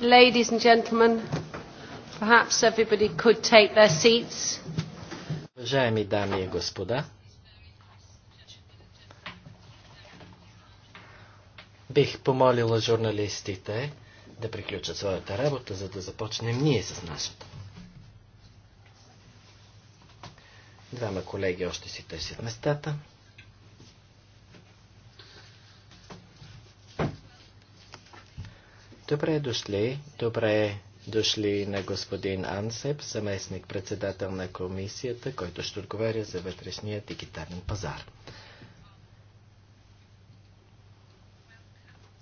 Ladies and gentlemen, perhaps everybody could take their seats. Уважаеми дами и господа, бих помолила журналистите да приключат своята работа, за да започнем ние с нашата. Двама колеги още си търсят местата. Добре дошли, добре дошли на господин Ансеп, съместник председател на комисията, който ще отговаря за вътрешния дигитален пазар.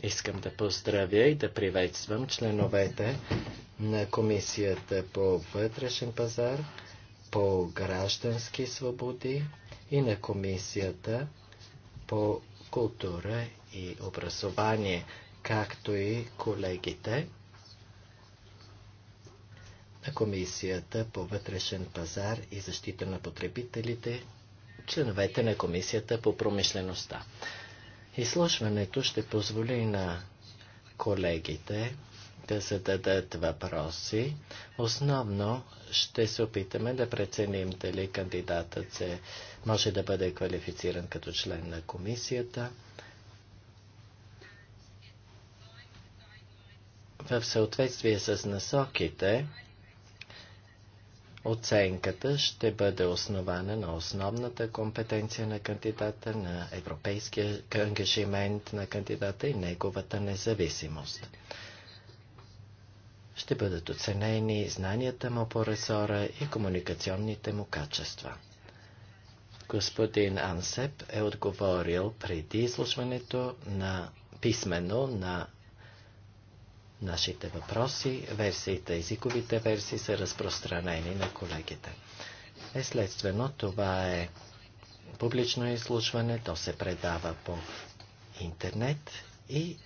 Искам да поздравя и да приветствам членовете на Комисията по вътрешен пазар, по граждански свободи и на Комисията по култура и образование както и колегите на Комисията по вътрешен пазар и защита на потребителите, членовете на Комисията по промишлеността. Изслушването ще позволи на колегите да зададат въпроси. Основно ще се опитаме да преценим дали кандидатът се може да бъде квалифициран като член на комисията. В съответствие с насоките, оценката ще бъде основана на основната компетенция на кандидата, на европейския ангажимент на кандидата и неговата независимост. Ще бъдат оценени знанията му по ресора и комуникационните му качества. Господин Ансеп е отговорил преди изслушването на писменно на нашите въпроси. Версиите, езиковите версии са разпространени на колегите. Естествено, това е публично изслушване, то се предава по интернет и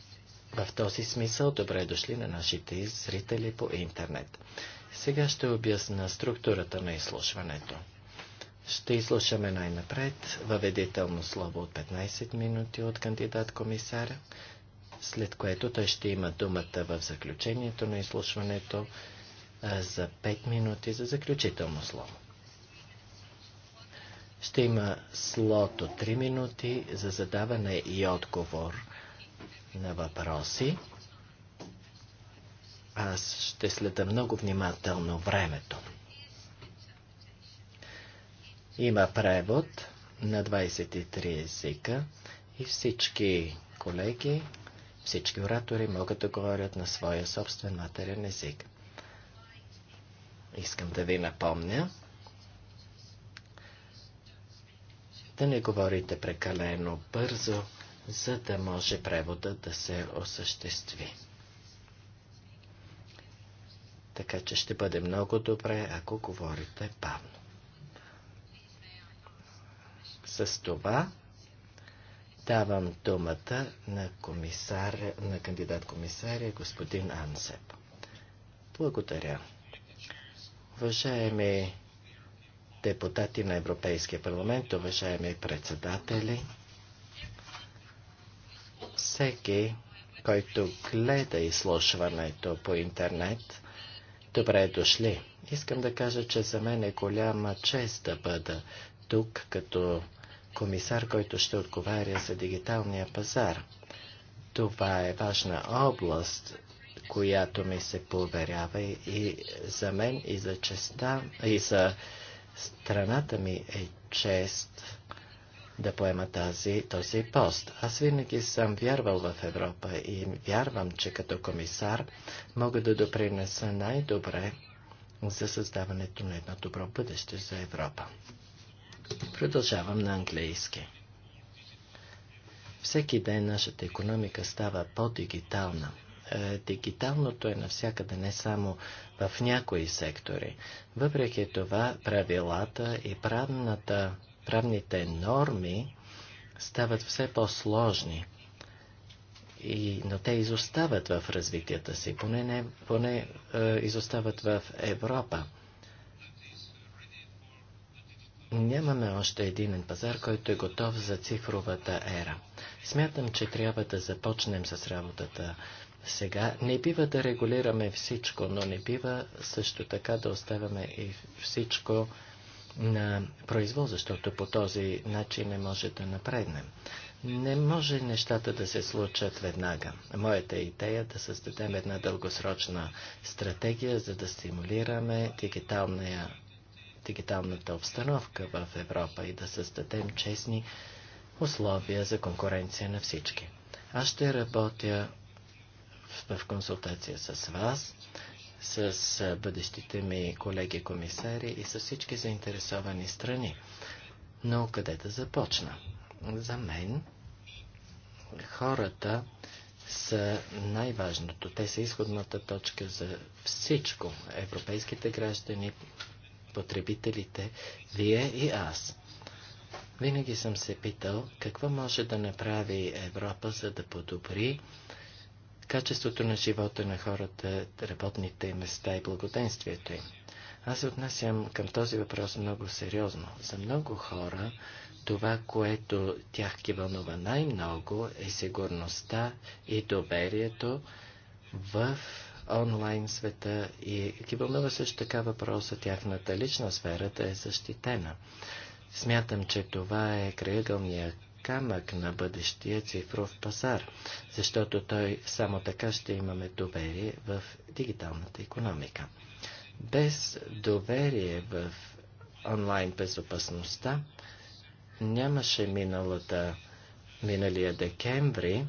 в този смисъл добре дошли на нашите зрители по интернет. Сега ще обясна структурата на изслушването. Ще изслушаме най-напред въведително слово от 15 минути от кандидат комисаря след което той ще има думата в заключението на изслушването за 5 минути за заключително слово. Ще има слото 3 минути за задаване и отговор на въпроси. Аз ще следа много внимателно времето. Има превод на 23 езика и всички колеги всички оратори могат да говорят на своя собствен матерен език. Искам да ви напомня да не говорите прекалено бързо, за да може превода да се осъществи. Така че ще бъде много добре, ако говорите бавно. С това Давам думата на, комисар, на кандидат-комисаря господин Ансеп. Благодаря. Уважаеми депутати на Европейския парламент, уважаеми председатели, всеки, който гледа изслушването по интернет, добре дошли. Искам да кажа, че за мен е голяма чест да бъда тук като комисар, който ще отговаря за дигиталния пазар. Това е важна област, която ми се поверява и за мен, и за честа, и за страната ми е чест да поема тази, този пост. Аз винаги съм вярвал в Европа и вярвам, че като комисар мога да допринеса най-добре за създаването на едно добро бъдеще за Европа. Продължавам на английски. Всеки ден нашата економика става по-дигитална. Е, дигиталното е навсякъде, не само в някои сектори. Въпреки това, правилата и правната, правните норми стават все по-сложни. И, но те изостават в развитията си, поне, не, поне е, изостават в Европа нямаме още един пазар, който е готов за цифровата ера. Смятам, че трябва да започнем с работата сега. Не бива да регулираме всичко, но не бива също така да оставяме и всичко на произвол, защото по този начин не може да напреднем. Не може нещата да се случат веднага. Моята идея е да създадем една дългосрочна стратегия, за да стимулираме дигиталния дигиталната обстановка в Европа и да създадем честни условия за конкуренция на всички. Аз ще работя в консултация с вас, с бъдещите ми колеги комисари и с всички заинтересовани страни. Но къде да започна? За мен хората са най-важното. Те са изходната точка за всичко. Европейските граждани потребителите, вие и аз. Винаги съм се питал какво може да направи Европа, за да подобри качеството на живота на хората, работните места и благоденствието им. Аз се отнасям към този въпрос много сериозно. За много хора това, което тях ги вълнува най-много е сигурността и доверието в онлайн света и ги вълнува също така въпроса тяхната лична сфера да е защитена. Смятам, че това е крайъгълния камък на бъдещия цифров пазар, защото той само така ще имаме доверие в дигиталната економика. Без доверие в онлайн безопасността нямаше миналата, миналия декември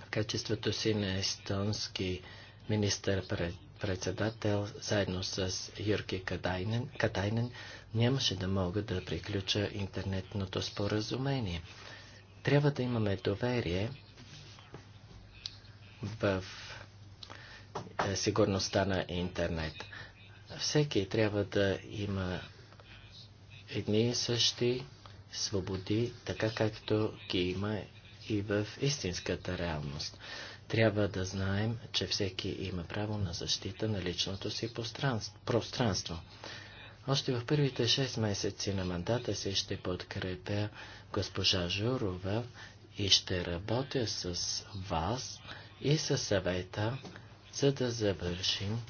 в качеството си на естонски министър-председател, заедно с Юрки Катайнен, Катайнен, нямаше да мога да приключа интернетното споразумение. Трябва да имаме доверие в е, сигурността на интернет. Всеки трябва да има едни и същи свободи, така както ги има и в истинската реалност. Трябва да знаем, че всеки има право на защита на личното си пространство. Още в първите 6 месеци на мандата си ще подкрепя госпожа Журова и ще работя с вас и със съвета, за да завършим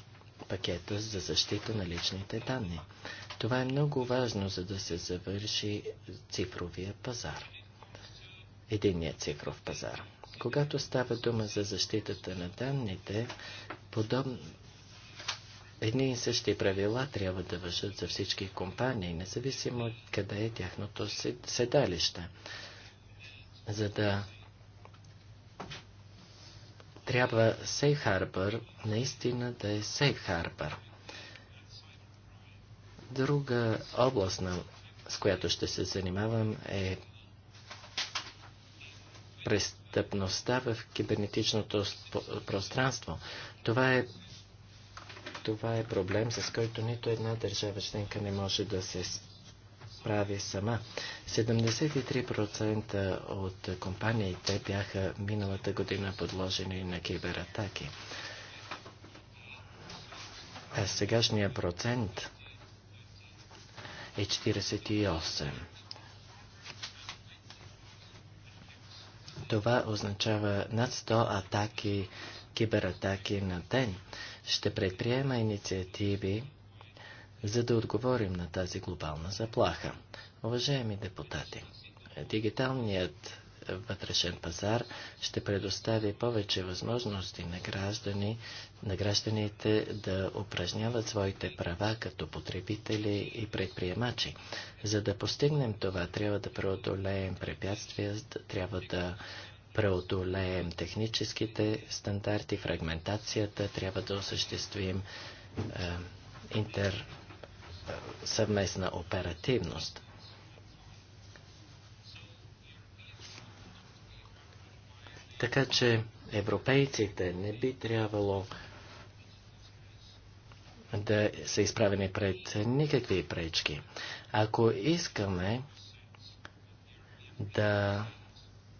пакета за защита на личните данни. Това е много важно, за да се завърши цифровия пазар. Единият цифров пазар. Когато става дума за защитата на данните, подобно едни и същи правила трябва да вършат за всички компании, независимо от къде е тяхното седалище. За да трябва Safe Harbor наистина да е Safe Harbor. Друга област, с която ще се занимавам е през престъпността в кибернетичното пространство. Това е, това е проблем, с който нито една държава членка не може да се прави сама. 73% от компаниите бяха миналата година подложени на кибератаки. А сегашния процент е 48%. Това означава над 100 атаки, кибератаки на ден. Ще предприема инициативи, за да отговорим на тази глобална заплаха. Уважаеми депутати, дигиталният вътрешен пазар ще предостави повече възможности на, граждани, на гражданите да упражняват своите права като потребители и предприемачи. За да постигнем това, трябва да преодолеем препятствия, трябва да преодолеем техническите стандарти, фрагментацията, трябва да осъществим е, интер е, съвместна оперативност. Така че европейците не би трябвало да са изправени пред никакви пречки. Ако искаме да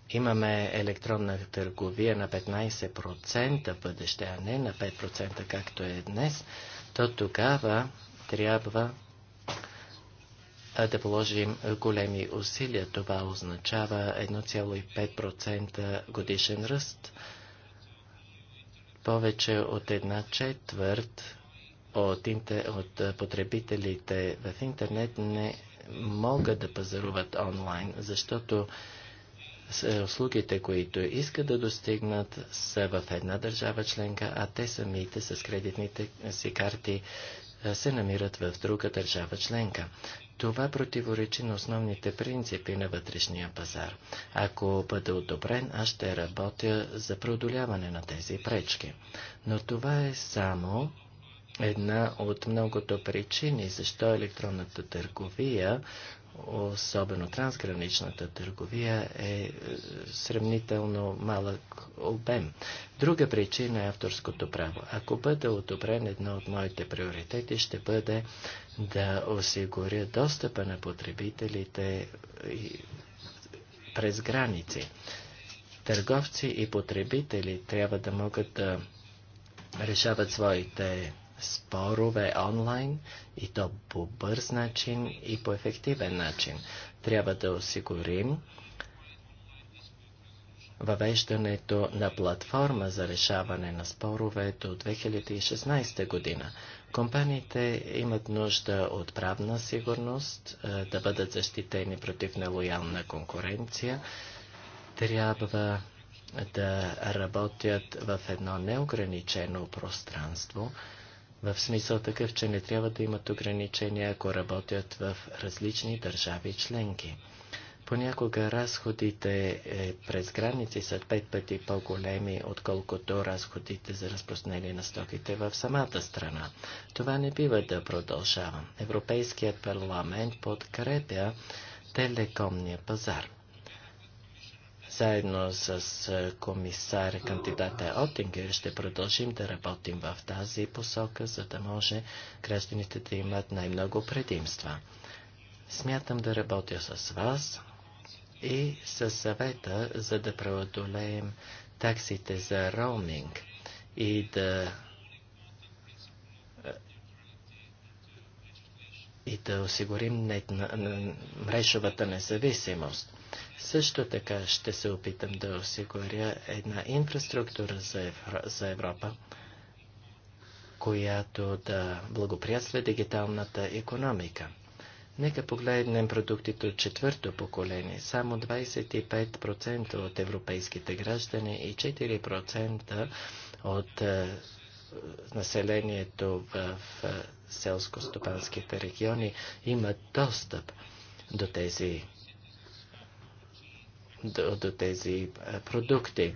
имаме електронна търговия на 15% в бъдеще, а не на 5% както е днес, то тогава трябва да положим големи усилия. Това означава 1,5% годишен ръст. Повече от една четвърт от, интер... от потребителите в интернет не могат да пазаруват онлайн, защото услугите, които искат да достигнат, са в една държава членка, а те самите с кредитните си карти се намират в друга държава членка. Това противоречи на основните принципи на вътрешния пазар. Ако бъде одобрен, аз ще работя за преодоляване на тези пречки. Но това е само една от многото причини, защо електронната търговия особено трансграничната търговия, е, е сравнително малък обем. Друга причина е авторското право. Ако бъде одобрен едно от моите приоритети, ще бъде да осигуря достъпа на потребителите през граници. Търговци и потребители трябва да могат да решават своите спорове онлайн и то по бърз начин и по ефективен начин. Трябва да осигурим въвеждането на платформа за решаване на спорове до 2016 година. Компаниите имат нужда от правна сигурност, е, да бъдат защитени против нелоялна конкуренция. Трябва да работят в едно неограничено пространство – в смисъл такъв, че не трябва да имат ограничения, ако работят в различни държави членки. Понякога разходите е, през граници са пет пъти по-големи, отколкото разходите за разпространение на стоките в самата страна. Това не бива да продължава. Европейският парламент подкрепя телекомния пазар заедно с комисар кандидата Отингер ще продължим да работим в тази посока, за да може гражданите да имат най-много предимства. Смятам да работя с вас и с съвета, за да преодолеем таксите за роуминг и да и да осигурим мрежовата независимост. Също така ще се опитам да осигуря една инфраструктура за, Евро, за Европа, която да благоприятства дигиталната економика. Нека погледнем продуктите от четвърто поколение. Само 25% от европейските граждани и 4% от е, населението в селско-стопанските региони имат достъп до тези до, до тези е, продукти.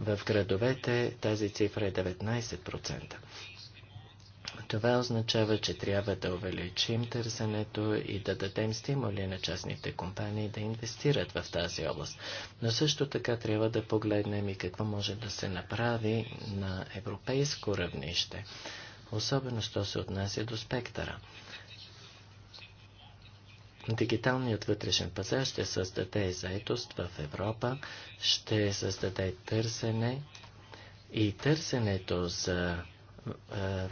В градовете тази цифра е 19%. Това означава, че трябва да увеличим търсенето и да дадем стимули на частните компании да инвестират в тази област. Но също така трябва да погледнем и какво може да се направи на европейско равнище, особено що се отнася до спектъра. Дигиталният вътрешен пазар ще създаде заетост в Европа, ще създаде търсене и търсенето за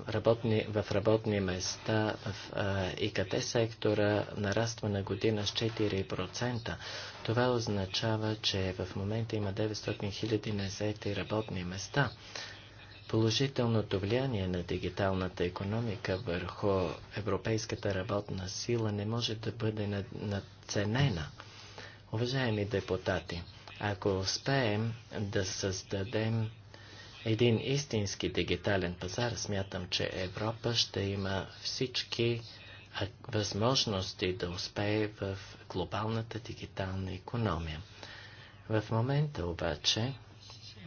работни, в работни места в ИКТ сектора нараства на година с 4%. Това означава, че в момента има 900 000 незаети работни места. Положителното влияние на дигиталната економика върху европейската работна сила не може да бъде надценена. Уважаеми депутати, ако успеем да създадем един истински дигитален пазар, смятам, че Европа ще има всички възможности да успее в глобалната дигитална економия. В момента обаче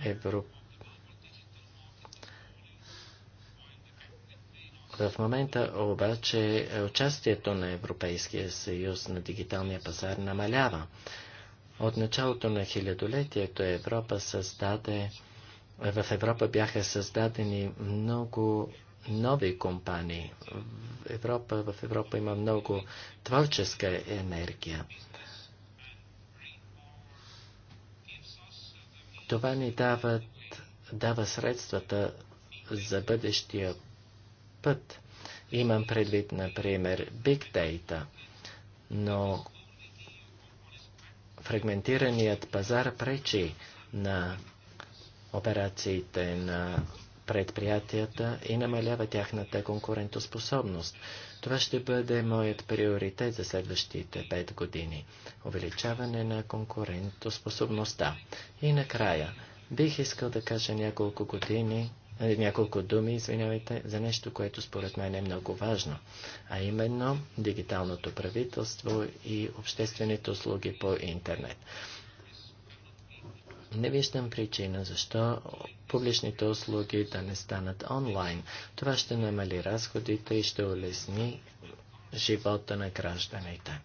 Европа В момента обаче участието на Европейския съюз на дигиталния пазар намалява. От началото на хилядолетието Европа създаде, в Европа бяха създадени много нови компании. В Европа, в Европа има много творческа енергия. Това ни дават, дава средствата за бъдещия път. Имам предвид, например, Big Data, но фрагментираният пазар пречи на операциите на предприятията и намалява тяхната конкурентоспособност. Това ще бъде моят приоритет за следващите 5 години – увеличаване на конкурентоспособността. И накрая, бих искал да кажа няколко години е, няколко думи, извинявайте, за нещо, което според мен е много важно, а именно дигиталното правителство и обществените услуги по интернет. Не виждам причина защо публичните услуги да не станат онлайн. Това ще намали разходите и ще улесни живота на гражданите.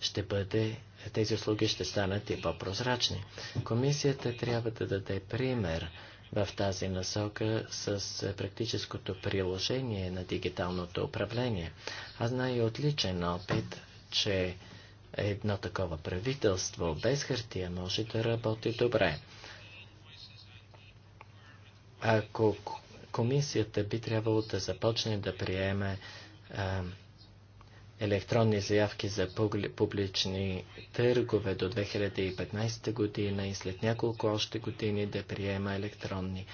Ще бъде, тези услуги ще станат и по-прозрачни. Комисията трябва да даде пример в тази насока с е, практическото приложение на дигиталното управление. Аз знае и отличен опит, че едно такова правителство без хартия може да работи добре. Ако комисията би трябвало да започне да приеме а, електронни заявки за публични търгове до 2015 година и след няколко още години да приема електронни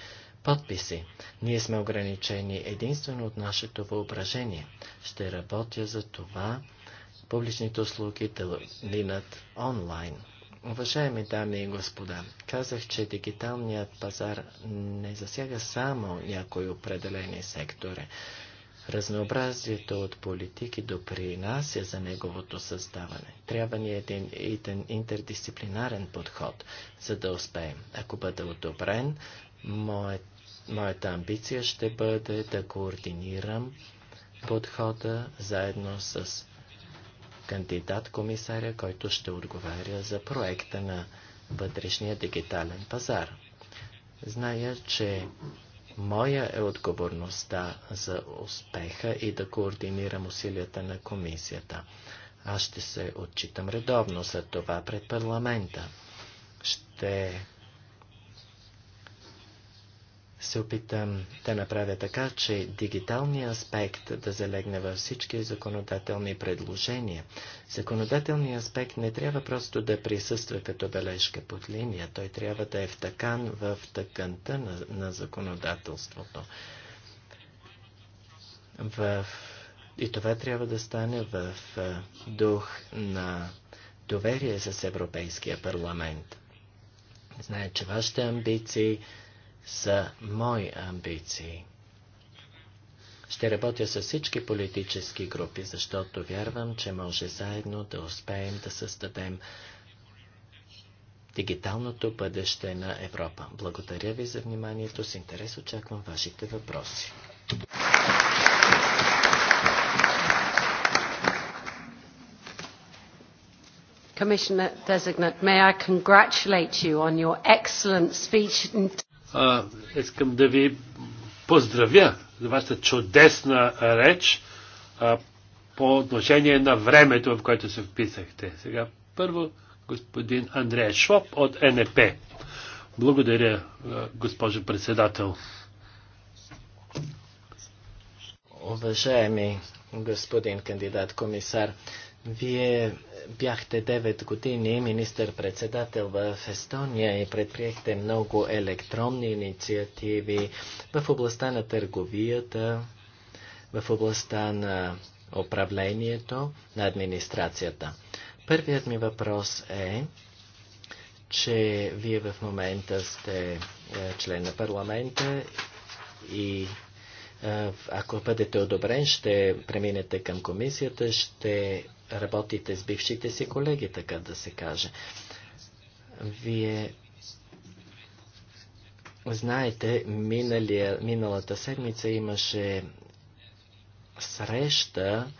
подписи. Ние сме ограничени единствено от нашето въображение. Ще работя за това публичните услуги да минат онлайн. Уважаеми дами и господа, казах, че дигиталният пазар не засяга само някои определени сектори. Разнообразието от политики допринася за неговото създаване. Трябва ни един, един интердисциплинарен подход, за да успеем. Ако бъде одобрен, моят, моята амбиция ще бъде да координирам подхода заедно с кандидат-комисаря, който ще отговаря за проекта на вътрешния дигитален пазар. Зная, че Моя е отговорността за успеха и да координирам усилията на комисията. Аз ще се отчитам редовно за това пред парламента. Ще се опитам да направя така, че дигиталният аспект да залегне във всички законодателни предложения. Законодателният аспект не трябва просто да присъства като бележка под линия, той трябва да е втъкан в тъканта на, на законодателството. В... И това трябва да стане в дух на доверие с Европейския парламент. Знае, че вашите амбиции са мои амбиции. Ще работя с всички политически групи, защото вярвам, че може заедно да успеем да създадем дигиталното бъдеще на Европа. Благодаря ви за вниманието. С интерес очаквам вашите въпроси. Commissioner Designate, may I congratulate you on your excellent speech а, искам да ви поздравя за вашата чудесна реч а, по отношение на времето, в което се вписахте. Сега първо господин Андрея Шоп от НП. Благодаря, госпожо председател. Уважаеми господин кандидат комисар, вие бяхте 9 години министър-председател в Естония и предприехте много електронни инициативи в областта на търговията, в областта на управлението, на администрацията. Първият ми въпрос е, че вие в момента сте е, член на парламента и е, ако бъдете одобрен, ще преминете към комисията, ще работите с бившите си колеги, така да се каже. Вие знаете, миналия, миналата седмица имаше среща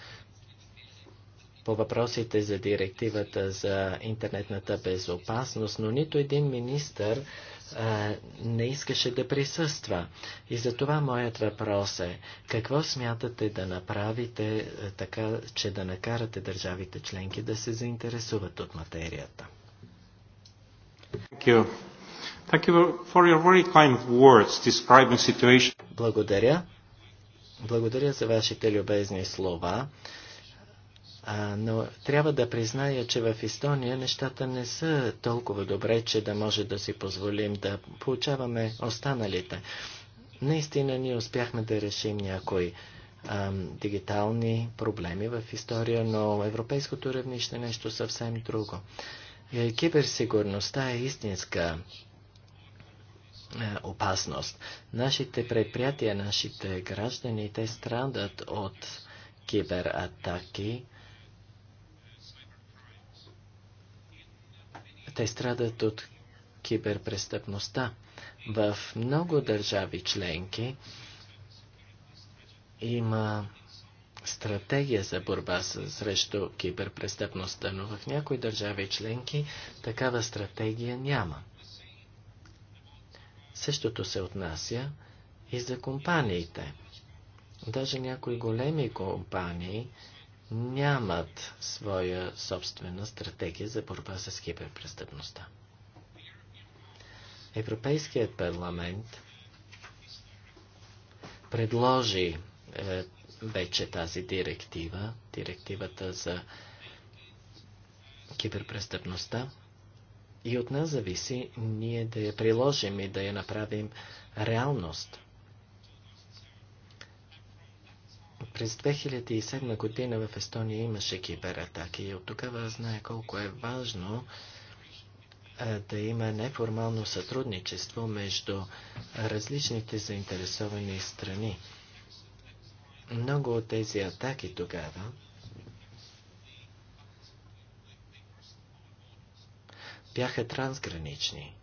по въпросите за директивата за интернетната безопасност, но нито един министър не искаше да присъства. И за това моят въпрос е, какво смятате да направите така, че да накарате държавите членки да се заинтересуват от материята? Thank you. Thank you for your very kind words describing situation. Благодаря. Благодаря за вашите любезни слова. А, но трябва да призная, че в Естония нещата не са толкова добре, че да може да си позволим да получаваме останалите. Наистина ние успяхме да решим някои а, дигитални проблеми в история, но европейското равнище е нещо съвсем друго. Е, киберсигурността е истинска е, опасност. Нашите предприятия, нашите граждани, те страдат от кибератаки Те страдат от киберпрестъпността. В много държави членки има стратегия за борба срещу киберпрестъпността, но в някои държави членки такава стратегия няма. Същото се отнася и за компаниите. Даже някои големи компании нямат своя собствена стратегия за борба с киберпрестъпността. Европейският парламент предложи е, вече тази директива, директивата за киберпрестъпността и от нас зависи ние да я приложим и да я направим реалност – През 2007 година в Естония имаше кибератаки и от тогава знае колко е важно да има неформално сътрудничество между различните заинтересовани страни. Много от тези атаки тогава бяха трансгранични.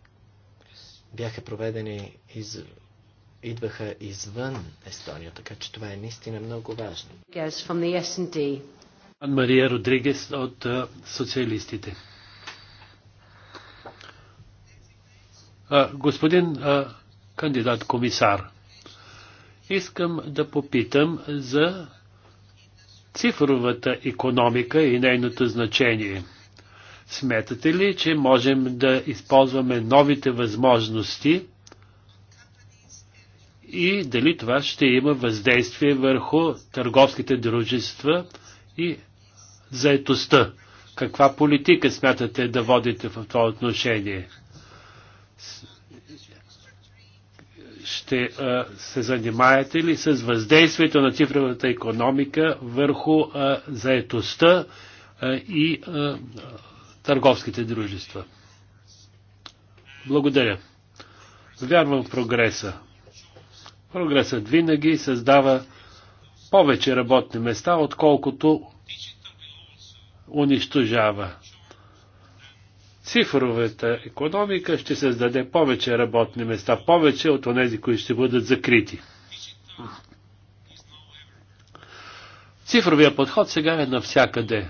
Бяха проведени из идваха извън Естония, така че това е наистина много важно. Ан Мария Родригес от социалистите. А, господин а, кандидат комисар, искам да попитам за цифровата економика и нейното значение. Смятате ли, че можем да използваме новите възможности и дали това ще има въздействие върху търговските дружества и заетостта. Каква политика смятате да водите в това отношение? Ще а, се занимаете ли с въздействието на цифровата економика върху а, заетостта а, и а, търговските дружества? Благодаря. Вярвам в прогреса. Прогресът винаги създава повече работни места, отколкото унищожава. Цифровата економика ще създаде повече работни места, повече от тези, които ще бъдат закрити. Цифровия подход сега е навсякъде.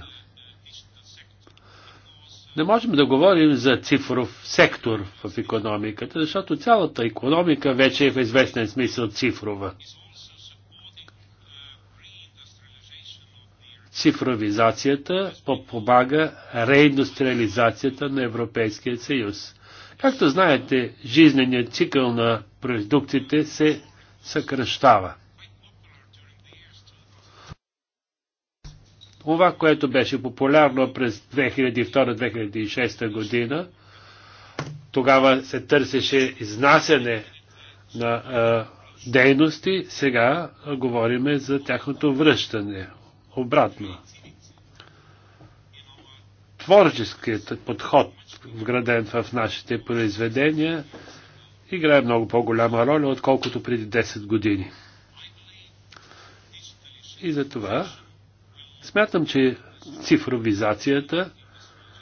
Не можем да говорим за цифров сектор в економиката, защото цялата економика вече е в известен смисъл цифрова. Цифровизацията подпомага реиндустриализацията на Европейския съюз. Както знаете, жизненият цикъл на продуктите се съкръщава. Това, което беше популярно през 2002-2006 година, тогава се търсеше изнасяне на а, дейности, сега говориме за тяхното връщане. Обратно. Творческият подход, вграден в нашите произведения, играе много по-голяма роля, отколкото преди 10 години. И за това Смятам, че цифровизацията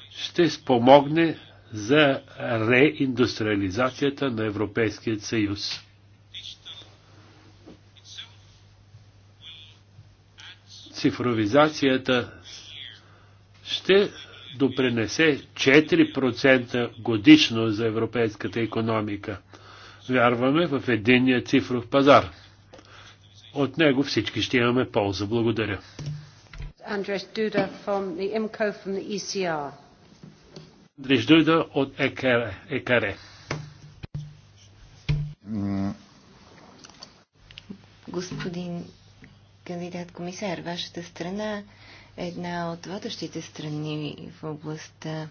ще спомогне за реиндустриализацията на Европейския съюз. Цифровизацията ще допренесе 4% годишно за европейската економика. Вярваме в единния цифров пазар. От него всички ще имаме полза. Благодаря. Andres Duda from the IMCO from the ECR. Андреш Дуда от ЕКР, ЕКР. Господин кандидат комисар, вашата страна е една от водещите страни в областта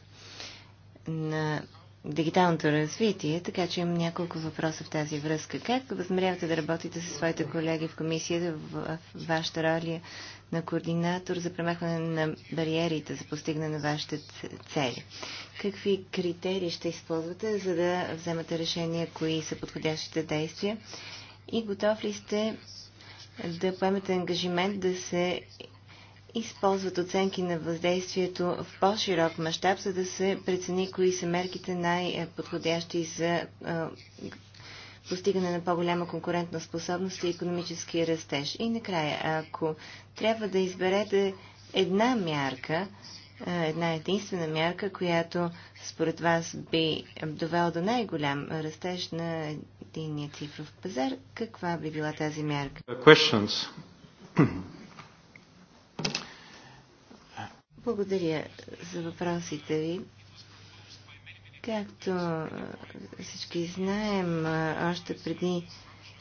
на дигиталното развитие, така че имам няколко въпроса в тази връзка. Как възмерявате да работите с своите колеги в комисията в вашата роля на координатор за премахване на бариерите за постигане на вашите цели? Какви критерии ще използвате, за да вземате решение, кои са подходящите действия? И готов ли сте да поемете ангажимент да се използват оценки на въздействието в по-широк мащаб, за да се прецени кои са мерките най-подходящи за постигане на по-голяма конкурентна способност и економически растеж. И накрая, ако трябва да изберете една мярка, една единствена мярка, която според вас би довела до най-голям растеж на единния цифров пазар, каква би била тази мярка? Questions. Благодаря за въпросите ви. Както всички знаем, още преди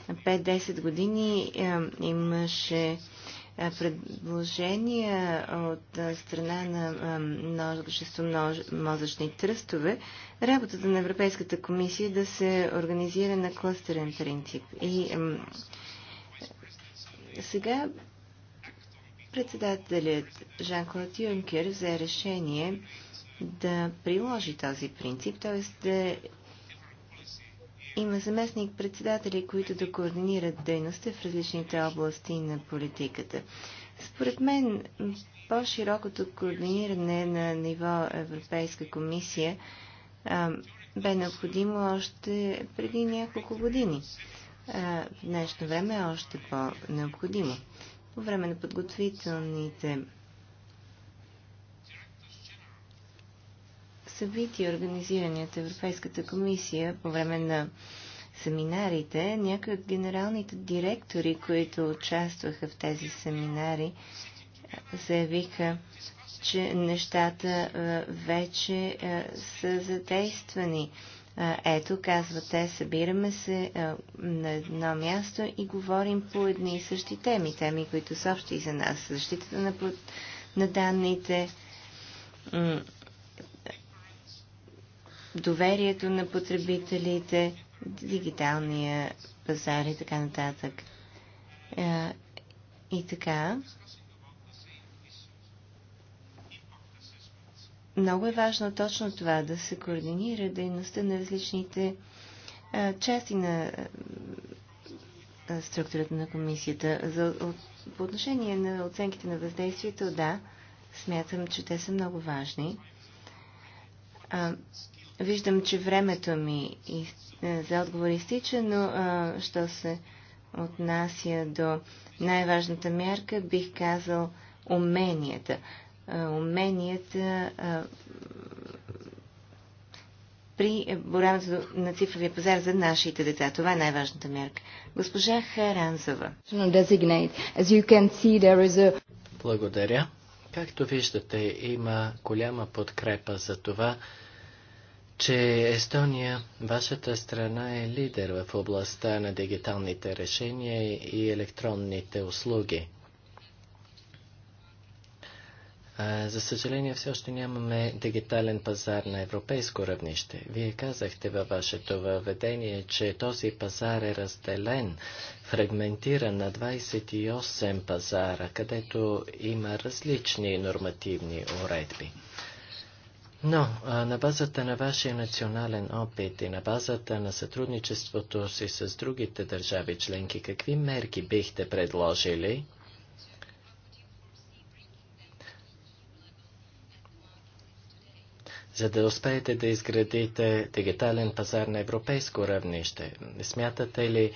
5-10 години имаше предложения от страна на множество мозъчни тръстове, работата на Европейската комисия да се организира на кластерен принцип. И сега Председателят Жан-Клод Юнкер взе решение да приложи този принцип, т.е. да има заместник председатели, които да координират дейността в различните области на политиката. Според мен по-широкото координиране на ниво Европейска комисия а, бе необходимо още преди няколко години. А, в днешно време е още по-необходимо по време на подготвителните събития, организирани от Европейската комисия по време на семинарите, някои от генералните директори, които участваха в тези семинари, заявиха, че нещата вече са задействани. Ето, казвате, събираме се на едно място и говорим по едни и същи теми, теми, които са общи и за нас. Защитата на, на данните, доверието на потребителите, дигиталния пазар и така нататък. И така, много е важно точно това да се координира дейността на различните а, части на а, структурата на комисията. За, от, по отношение на оценките на въздействието, да, смятам, че те са много важни. А, виждам, че времето ми из, а, е, за отговор изтича, но а, що се отнася до най-важната мярка, бих казал уменията уменията при боравенето на цифровия пазар за нашите деца. Това е най-важната мерка. Госпожа Харанзова. Благодаря. Както виждате, има голяма подкрепа за това, че Естония, вашата страна е лидер в областта на дигиталните решения и електронните услуги. За съжаление, все още нямаме дигитален пазар на европейско равнище. Вие казахте във вашето въведение, че този пазар е разделен, фрагментиран на 28 пазара, където има различни нормативни уредби. Но на базата на вашия национален опит и на базата на сътрудничеството си с другите държави членки, какви мерки бихте предложили? за да успеете да изградите дигитален пазар на европейско равнище? Смятате ли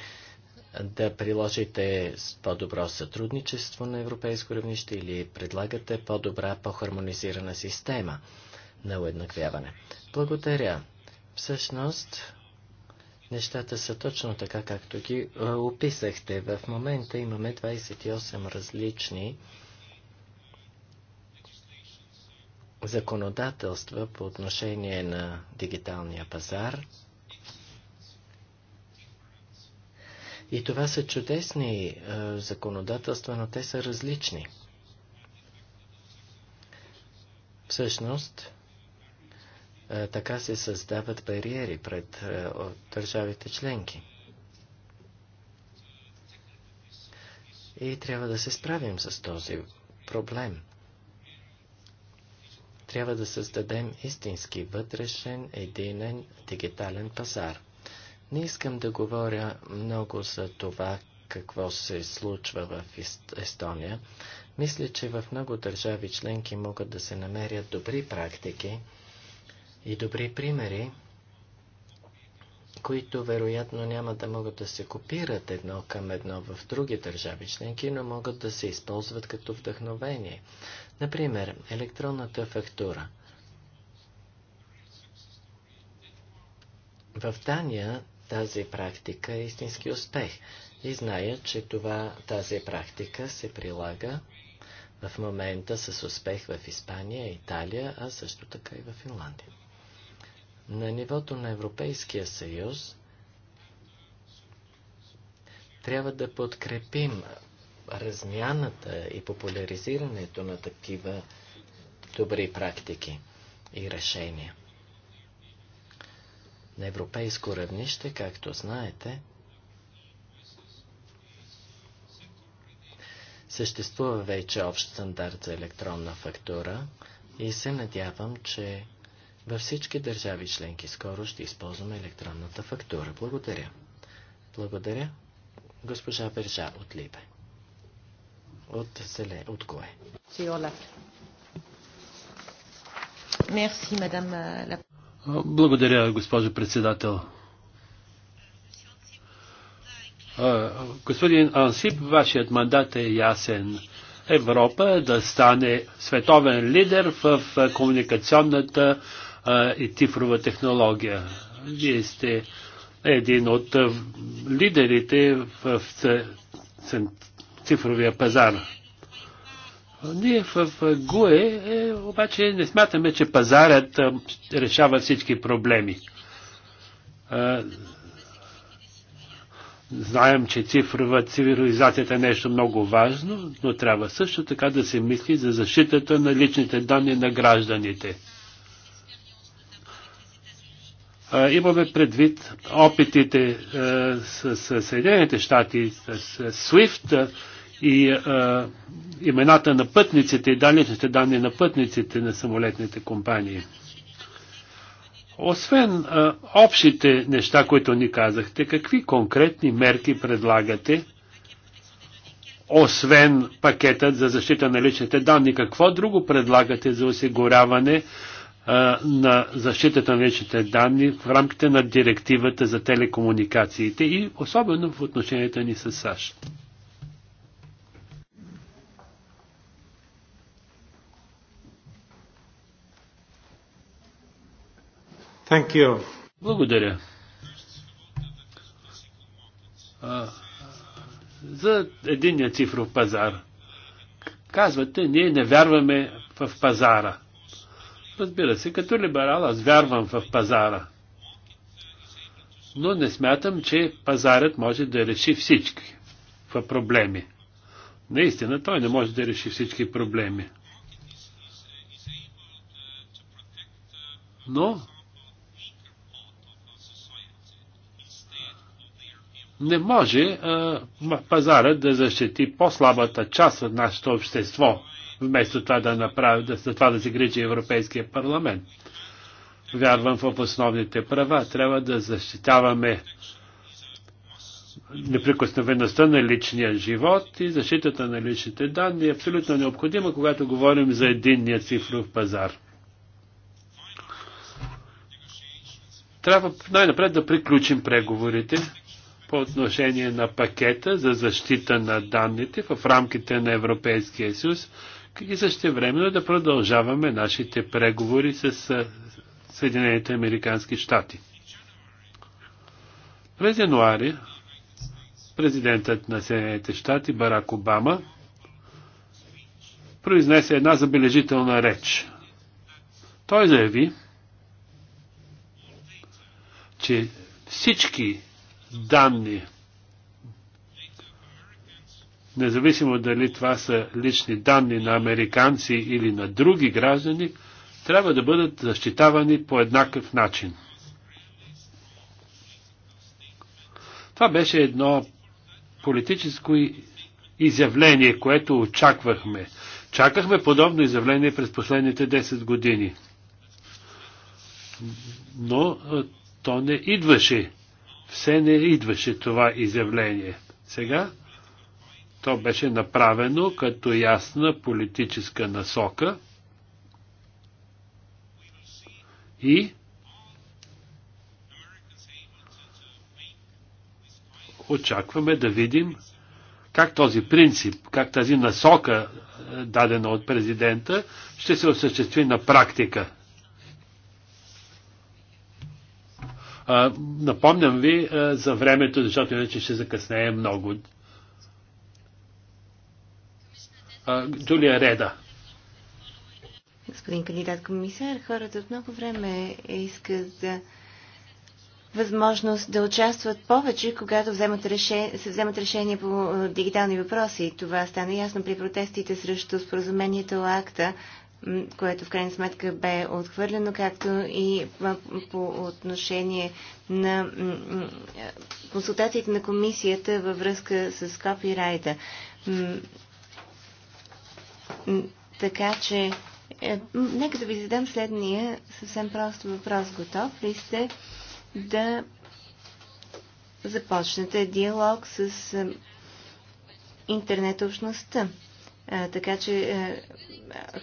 да приложите по-добро сътрудничество на европейско равнище или предлагате по-добра, по-хармонизирана система на уеднаквяване? Благодаря. Всъщност, нещата са точно така, както ги е, описахте. В момента имаме 28 различни законодателства по отношение на дигиталния пазар. И това са чудесни е, законодателства, но те са различни. Всъщност, е, така се създават бариери пред е, държавите членки. И трябва да се справим с този проблем. Трябва да създадем истински вътрешен, единен, дигитален пазар. Не искам да говоря много за това, какво се случва в Естония. Мисля, че в много държави членки могат да се намерят добри практики и добри примери, които вероятно няма да могат да се копират едно към едно в други държави членки, но могат да се използват като вдъхновение. Например, електронната фактура. В Дания тази практика е истински успех и зная, че това, тази практика се прилага в момента с успех в Испания, Италия, а също така и в Финландия. На нивото на Европейския съюз трябва да подкрепим размяната и популяризирането на такива добри практики и решения. На европейско равнище, както знаете, съществува вече общ стандарт за електронна фактура и се надявам, че във всички държави членки скоро ще използваме електронната фактура. Благодаря. Благодаря, госпожа Бержа от Либе. От селе. от Кое. Благодаря, госпожо председател. Господин Ансип, вашият мандат е ясен. Европа да стане световен лидер в комуникационната а, и цифрова технология. Вие сте един от лидерите в цифровия пазар. Ние в ГУЕ е, обаче не смятаме, че пазарът решава всички проблеми. Знаем, че цифрова цивилизацията е нещо много важно, но трябва също така да се мисли за защитата на личните данни на гражданите. Имаме предвид опитите с Съединените щати, с SWIFT и имената на пътниците и данните данни на пътниците на самолетните компании. Освен общите неща, които ни казахте, какви конкретни мерки предлагате, освен пакетът за защита на личните данни, какво друго предлагате за осигуряване на защитата на личните данни в рамките на директивата за телекомуникациите и особено в отношенията ни с САЩ. Thank you. Благодаря. А, за единния цифров пазар. Казвате, ние не вярваме в пазара. Разбира се, като либерал аз вярвам в пазара. Но не смятам, че пазарът може да реши всички проблеми. Наистина, той не може да реши всички проблеми. Но не може а, пазара да защити по-слабата част от нашето общество, вместо това да направи, да, за това да се грижи Европейския парламент. Вярвам в основните права. Трябва да защитаваме неприкосновеността на личния живот и защитата на личните данни е абсолютно необходима, когато говорим за единния цифров пазар. Трябва най-напред да приключим преговорите по отношение на пакета за защита на данните в рамките на Европейския съюз и също времено да продължаваме нашите преговори с Съединените Американски щати. През януари президентът на Съединените щати Барак Обама произнесе една забележителна реч. Той заяви, че всички данни независимо дали това са лични данни на американци или на други граждани, трябва да бъдат защитавани по еднакъв начин. Това беше едно политическо изявление, което очаквахме. Чакахме подобно изявление през последните 10 години. Но то не идваше. Все не идваше това изявление. Сега то беше направено като ясна политическа насока и очакваме да видим как този принцип, как тази насока, е, дадена от президента, ще се осъществи на практика. А, напомням ви а, за времето, защото иначе ще закъснее много. Джулия Реда. Господин кандидат комисар, хората от много време искат да възможност да участват повече, когато вземат реше... се вземат решения по дигитални въпроси. Това стана ясно при протестите срещу споразумението АКТА, което в крайна сметка бе отхвърлено, както и по отношение на консултациите на комисията във връзка с копирайта. Така че, е, нека да ви задам следния съвсем прост въпрос. Готов ли сте да започнете диалог с е, интернет общността? Е, така че е,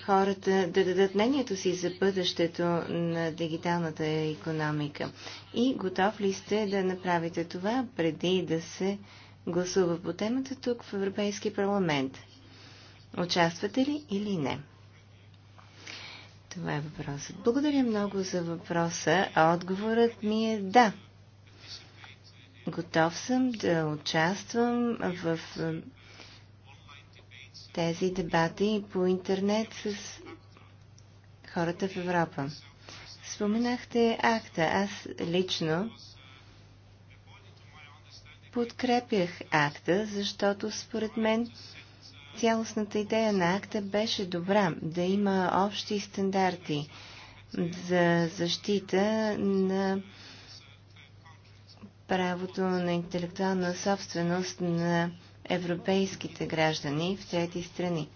хората да дадат мнението си за бъдещето на дигиталната економика. И готов ли сте да направите това преди да се гласува по темата тук в Европейски парламент? Участвате ли или не? Това е въпросът. Благодаря много за въпроса, а отговорът ми е да. Готов съм да участвам в тези дебати по интернет с хората в Европа. Споменахте акта. Аз лично подкрепях акта, защото според мен цялостната идея на акта беше добра, да има общи стандарти за защита на правото на интелектуална собственост на европейските граждани в трети страни.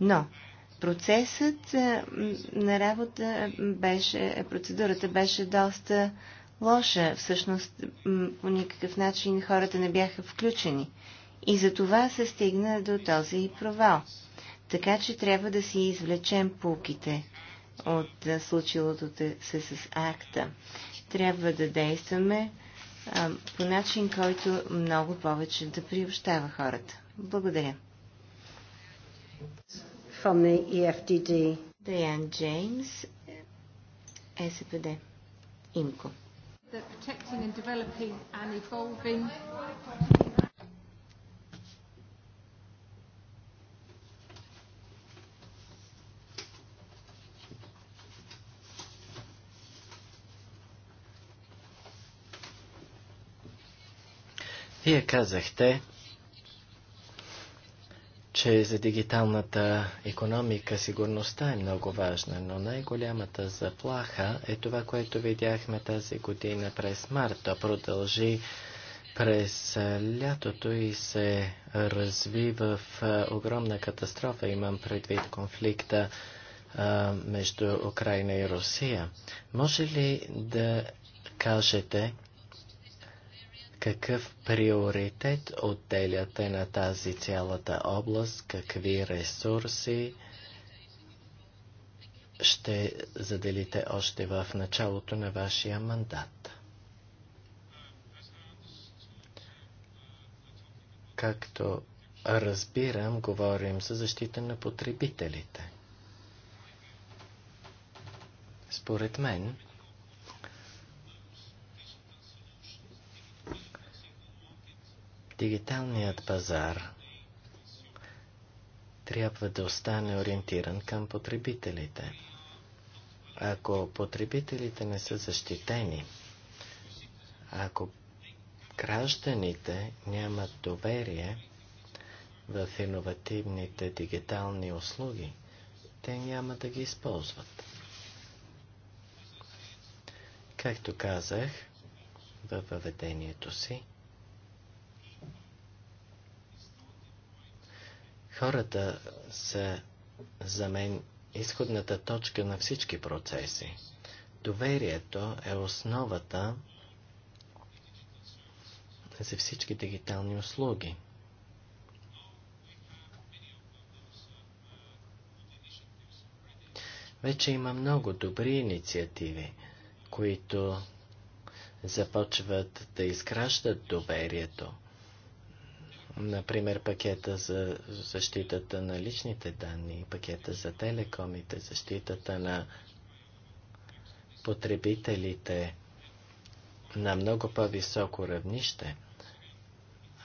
Но процесът е, на работа беше, процедурата беше доста лоша. Всъщност по никакъв начин хората не бяха включени. И за това се стигна до този провал. Така че трябва да си извлечем пулките от случилото се с акта. Трябва да действаме а, по начин, който много повече да приобщава хората. Благодаря. From the EFDD. Даян Джеймс, е СПД. Имко. protecting and developing and evolving Вие казахте, че за дигиталната економика сигурността е много важна, но най-голямата заплаха е това, което видяхме тази година през март. То продължи през лятото и се разви в огромна катастрофа. Имам предвид конфликта между Украина и Русия. Може ли да кажете какъв приоритет отделяте на тази цялата област? Какви ресурси ще заделите още в началото на вашия мандат? Както разбирам, говорим за защита на потребителите. Според мен, Дигиталният пазар трябва да остане ориентиран към потребителите. Ако потребителите не са защитени, ако гражданите нямат доверие в иновативните дигитални услуги, те няма да ги използват. Както казах във въведението си, Хората са за мен изходната точка на всички процеси. Доверието е основата за всички дигитални услуги. Вече има много добри инициативи, които започват да изкращат доверието. Например, пакета за защитата на личните данни, пакета за телекомите, защитата на потребителите на много по-високо равнище.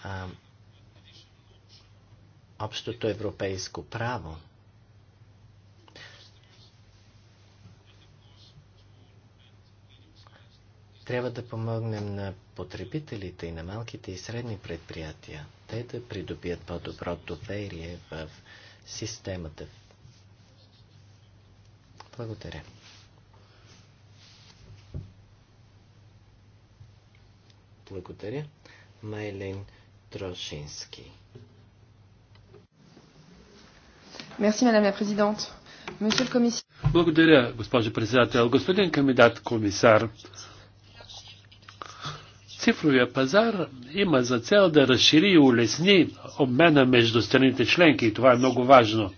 А, общото европейско право. Трябва да помогнем на потребителите и на малките и средни предприятия те да придобият по-добро доверие в системата. Благодаря. Благодаря. Майлин Трошински. Мерси, мадам ла президент. Благодаря, госпожо председател. Господин кандидат комисар, Цифровия пазар има за цел да разшири и улесни обмена между страните членки и това е много важно.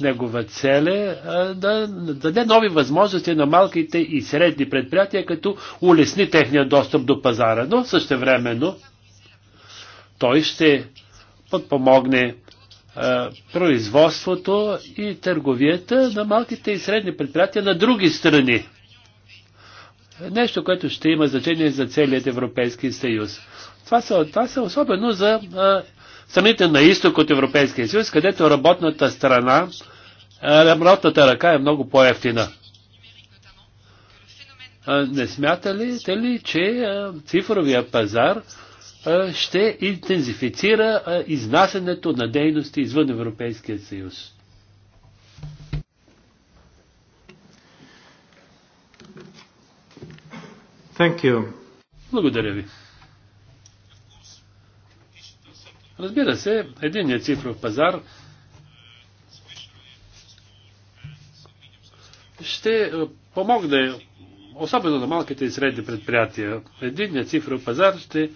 Негова цел е да даде нови възможности на малките и средни предприятия, като улесни техния достъп до пазара, но същевременно той ще подпомогне производството и търговията на малките и средни предприятия на други страни. Нещо, което ще има значение за целият Европейски съюз. Това са, това са особено за а, страните на изток от Европейския съюз, където работната страна, а, работната ръка е много по-ефтина. Не смятате ли, че а, цифровия пазар ще интензифицира изнасянето на дейности извън Европейския съюз. Thank you. Благодаря ви. Разбира се, единният цифров пазар ще е, помогне, особено на малките и средни предприятия. Единният цифров пазар ще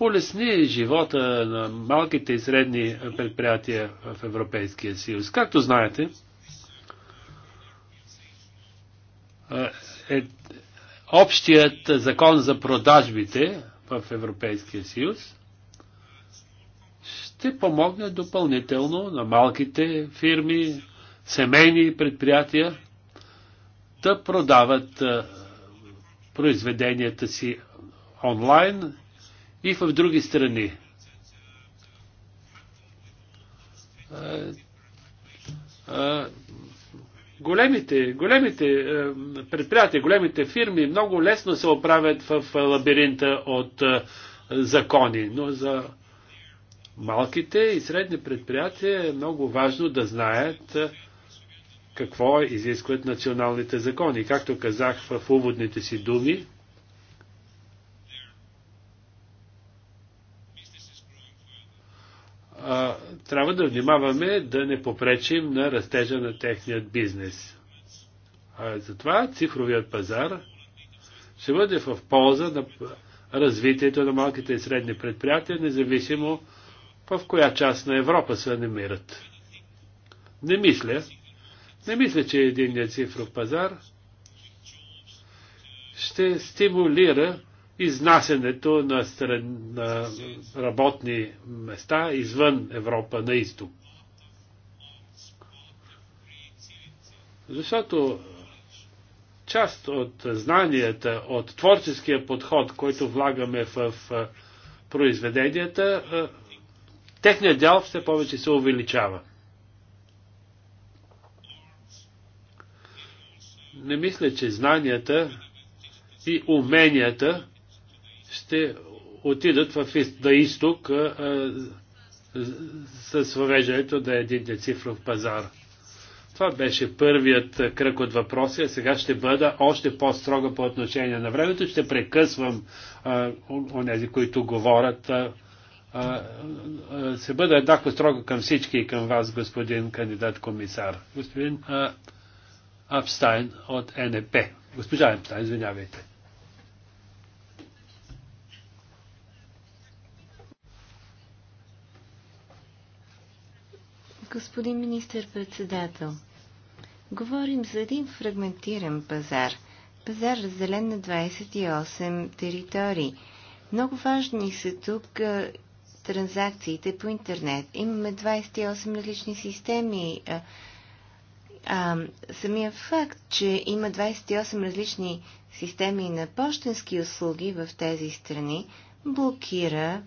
улесни живота на малките и средни предприятия в Европейския съюз. Както знаете, е, е, общият закон за продажбите в Европейския съюз ще помогне допълнително на малките фирми, семейни предприятия да продават произведенията си онлайн и в други страни. Големите, големите е, предприятия, големите фирми много лесно се оправят в лабиринта от е, закони, но за малките и средни предприятия е много важно да знаят е, какво изискват националните закони. Както казах в уводните си думи, трябва да внимаваме да не попречим на растежа на техният бизнес. А затова цифровият пазар ще бъде в полза на развитието на малките и средни предприятия, независимо в коя част на Европа се намират. Не мисля, не мисля, че единният цифров пазар ще стимулира изнасянето на, стран, на работни места извън Европа на изток. Защото част от знанията, от творческия подход, който влагаме в произведенията, техният дял все повече се увеличава. Не мисля, че знанията и уменията ще отидат в, на изток с въвеждането на един цифров пазар. Това беше първият кръг от въпроси, а сега ще бъда още по-строга по отношение на времето. Ще прекъсвам онези, които говорят. А, а, се бъда еднакво строго към всички и към вас, господин кандидат комисар. Господин а, Апстайн от НП. Госпожа Апстайн, извинявайте. господин министър-председател. Говорим за един фрагментиран пазар. Пазар разделен на 28 територии. Много важни са тук а, транзакциите по интернет. Имаме 28 различни системи. А, а, самия факт, че има 28 различни системи на почтенски услуги в тези страни, блокира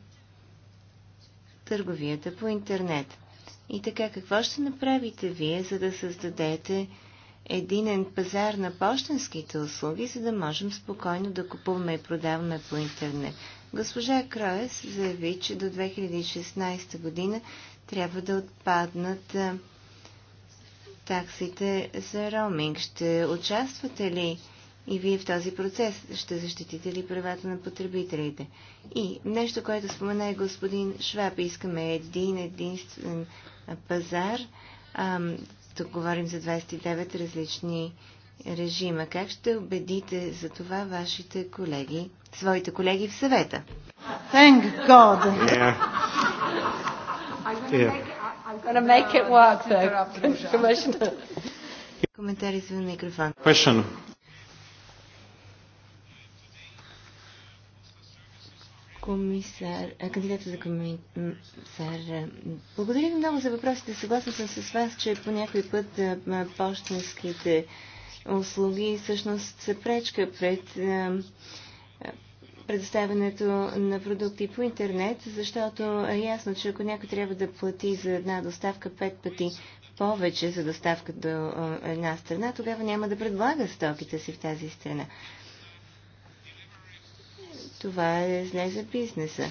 търговията по интернет. И така, какво ще направите вие, за да създадете единен пазар на почтенските услуги, за да можем спокойно да купуваме и продаваме по интернет? Госпожа Кроес заяви, че до 2016 година трябва да отпаднат таксите за роуминг. Ще участвате ли и вие в този процес? Ще защитите ли правата на потребителите? И нещо, което спомена и господин Шваб, искаме един единствен пазар. Тук говорим за 29 различни режима. Как ще убедите за това вашите колеги, своите колеги в съвета? Thank God. Yeah. yeah. Коментари за микрофон. Question. комисар, кандидата за комисар. Благодаря ви много за въпросите. Съгласна съм с вас, че по някой път почтенските услуги всъщност са пречка пред предоставянето на продукти по интернет, защото е ясно, че ако някой трябва да плати за една доставка пет пъти повече за доставка до една страна, тогава няма да предлага стоките си в тази страна. Това е зле за бизнеса.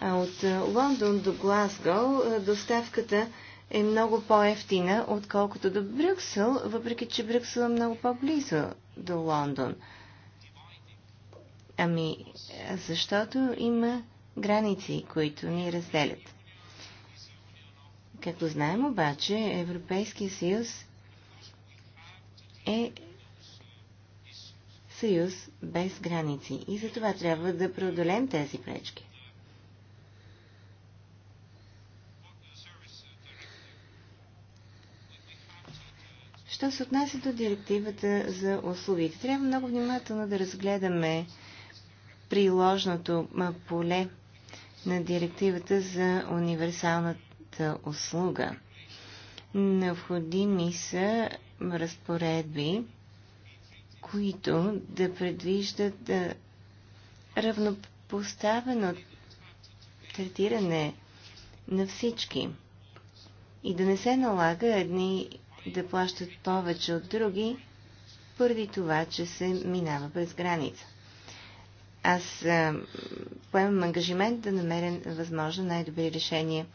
А от Лондон до Глазго доставката е много по-ефтина, отколкото до Брюксел, въпреки че Брюксел е много по-близо до Лондон. Ами, защото има граници, които ни разделят. Както знаем обаче, Европейския съюз е съюз без граници. И за това трябва да преодолем тези пречки. Що се отнася до директивата за услугите, трябва много внимателно да разгледаме приложното поле на директивата за универсалната услуга. Необходими са разпоредби, които да предвиждат равнопоставено третиране на всички и да не се налага едни да плащат повече от други, поради това, че се минава през граница. Аз а, поемам ангажимент да намеря възможно най-добри решения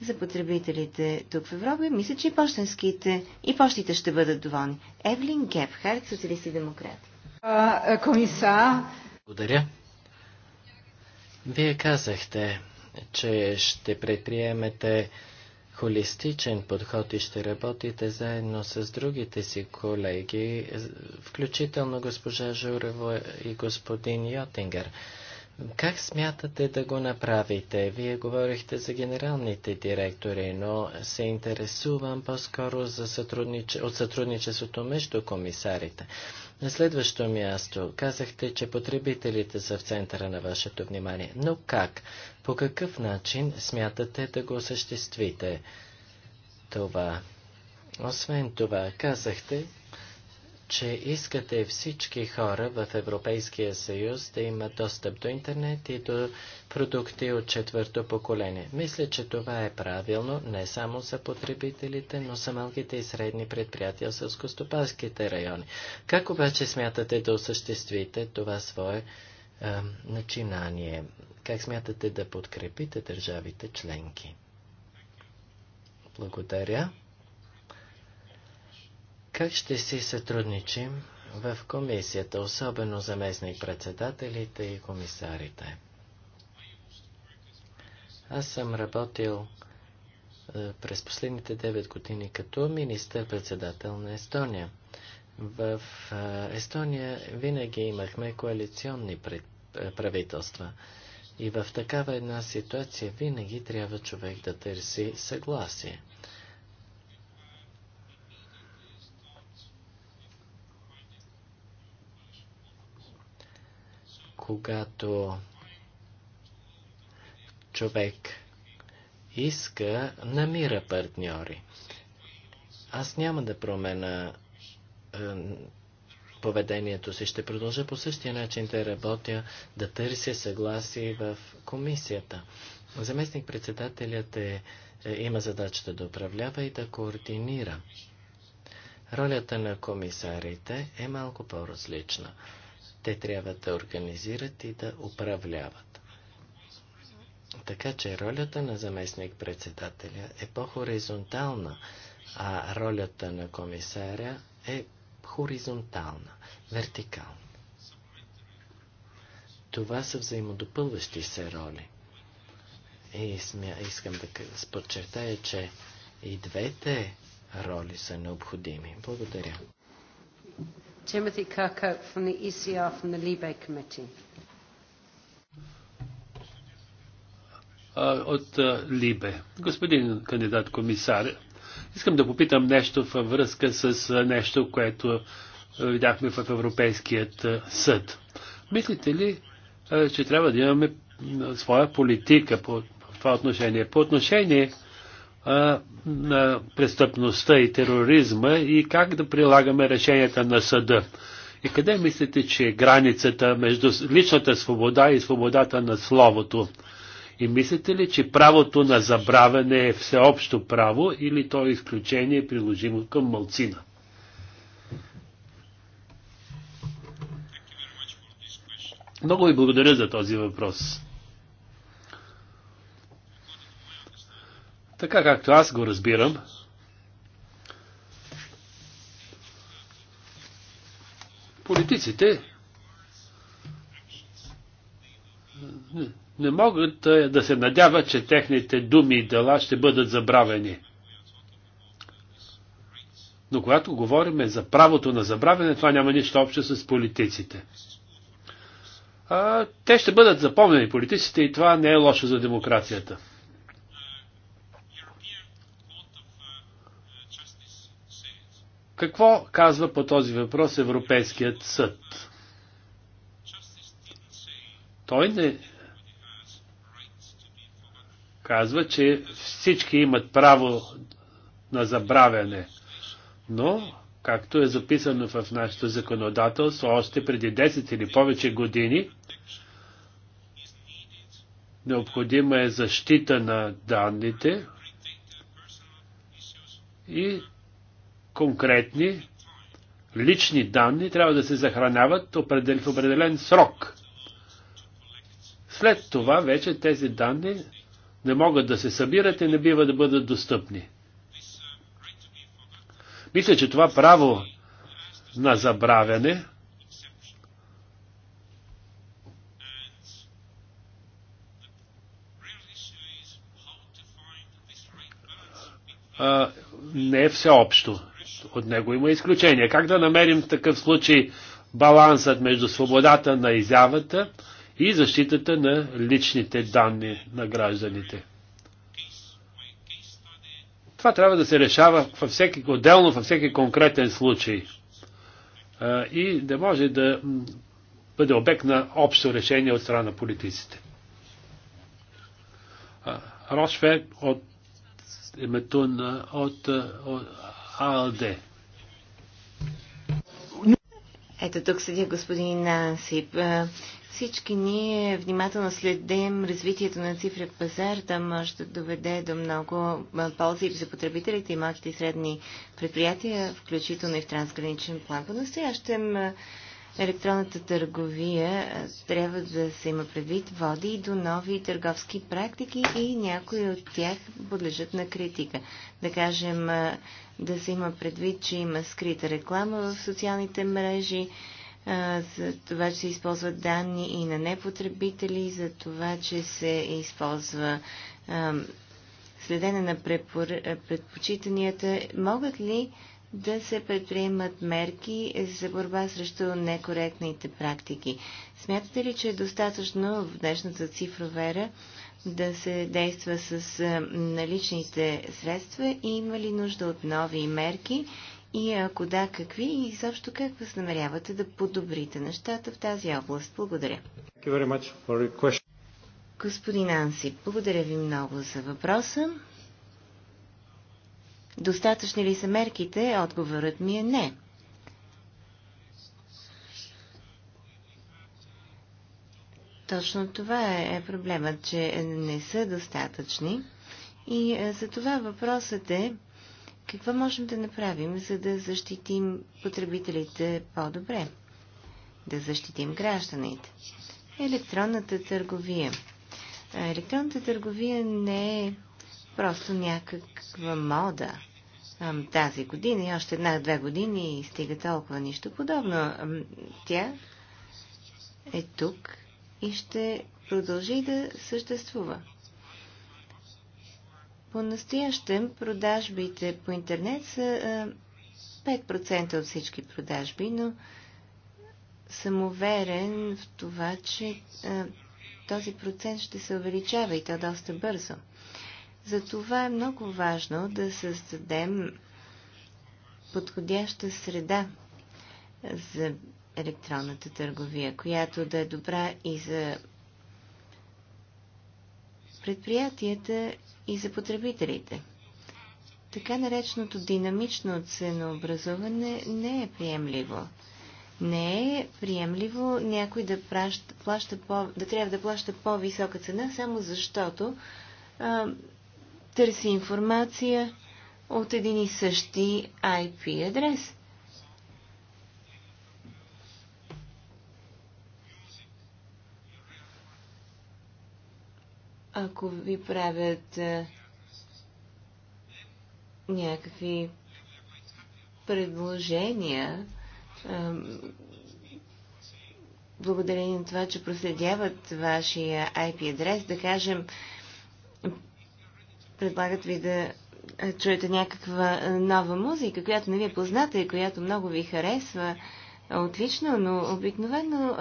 за потребителите тук в Европа. Мисля, че и почтенските и почтите ще бъдат доволни. Евлин Гепхард, социалист и демократ. Е, комисар. Благодаря. Вие казахте, че ще предприемете холистичен подход и ще работите заедно с другите си колеги, включително госпожа Журево и господин Йотингер. Как смятате да го направите? Вие говорихте за генералните директори, но се интересувам по-скоро за сътруднич... от сътрудничеството между комисарите. На следващо място казахте, че потребителите са в центъра на вашето внимание. Но как? По какъв начин смятате да го осъществите това? Освен това, казахте, че искате всички хора в Европейския съюз да имат достъп до интернет и до продукти от четвърто поколение. Мисля, че това е правилно не само за потребителите, но за малките и средни предприятия в костопанските райони. Как обаче смятате да осъществите това свое е, начинание? Как смятате да подкрепите държавите членки? Благодаря. Как ще си сътрудничим в комисията, особено заместник-председателите и комисарите? Аз съм работил е, през последните 9 години като министър-председател на Естония. В е, Естония винаги имахме коалиционни е, правителства. И в такава една ситуация винаги трябва човек да търси съгласие. когато човек иска, намира партньори. Аз няма да променя е, поведението си. Ще продължа по същия начин да работя, да търся съгласие в комисията. Заместник-председателят е, е, има задачата да управлява и да координира. Ролята на комисарите е малко по-различна. Те трябва да организират и да управляват. Така че ролята на заместник-председателя е по-хоризонтална, а ролята на комисаря е хоризонтална, вертикална. Това са взаимодопълващи се роли. И смя, искам да подчертая, че и двете роли са необходими. Благодаря. Timothy Kirkhope from the ECR from the Libe Committee. Uh, от Либе. Uh, Господин кандидат комисар, искам да попитам нещо във връзка с uh, нещо, което видяхме в Европейският съд. Мислите ли, че трябва да имаме своя политика по това отношение? По отношение на престъпността и тероризма и как да прилагаме решенията на съда. И къде мислите, че е границата между личната свобода и свободата на словото? И мислите ли, че правото на забравяне е всеобщо право или то е изключение приложимо към малцина? Много ви благодаря за този въпрос. Така както аз го разбирам, политиците не, могат да се надяват, че техните думи и дела ще бъдат забравени. Но когато говорим за правото на забравяне, това няма нищо общо с политиците. А, те ще бъдат запомнени политиците и това не е лошо за демокрацията. Какво казва по този въпрос Европейският съд? Той не казва, че всички имат право на забравяне, но, както е записано в нашето законодателство, още преди 10 или повече години, необходима е защита на данните и конкретни лични данни трябва да се захраняват в определен срок. След това вече тези данни не могат да се събират и не бива да бъдат достъпни. Мисля, че това право на забравяне а, не е всеобщо от него има изключение. Как да намерим в такъв случай балансът между свободата на изявата и защитата на личните данни на гражданите? Това трябва да се решава във всеки, отделно във всеки конкретен случай и да може да бъде обект на общо решение от страна на политиците. Рошфе от името на, от, от АД. Ето тук седи господин Насип. Е, всички ние внимателно следим развитието на цифрен пазар. Там да може да доведе до много е, ползи за потребителите и малките и средни предприятия, включително и в трансграничен план. По настоящем е, електронната търговия трябва да се има предвид, води и до нови търговски практики и някои от тях подлежат на критика. Да кажем, да се има предвид, че има скрита реклама в социалните мрежи, за това, че се използват данни и на непотребители, за това, че се използва следене на предпочитанията. Могат ли да се предприемат мерки за борба срещу некоректните практики. Смятате ли, че е достатъчно в днешната цифровера да се действа с наличните средства и има ли нужда от нови мерки? И ако да, какви и изобщо как възнамерявате да подобрите нещата в тази област? Благодаря. Господин Анси, благодаря ви много за въпроса. Достатъчни ли са мерките? Отговорът ми е не. Точно това е, е проблемът, че не са достатъчни. И е, за това въпросът е какво можем да направим, за да защитим потребителите по-добре, да защитим гражданите. Електронната търговия. Електронната търговия не е просто някаква мода тази година и още една-две години и стига толкова нищо подобно. Тя е тук и ще продължи да съществува. По-настоящем продажбите по интернет са 5% от всички продажби, но съм уверен в това, че този процент ще се увеличава и то доста бързо. Затова е много важно да създадем подходяща среда за електронната търговия, която да е добра и за предприятията и за потребителите. Така нареченото динамично ценообразуване не е приемливо. Не е приемливо някой да, праща, плаща по, да трябва да плаща по-висока цена, само защото а, търси информация от един и същи IP адрес. Ако ви правят някакви предложения, благодарение на това, че проследяват вашия IP адрес, да кажем, предлагат ви да чуете някаква нова музика, която не ви е позната и която много ви харесва. Отлично, но обикновено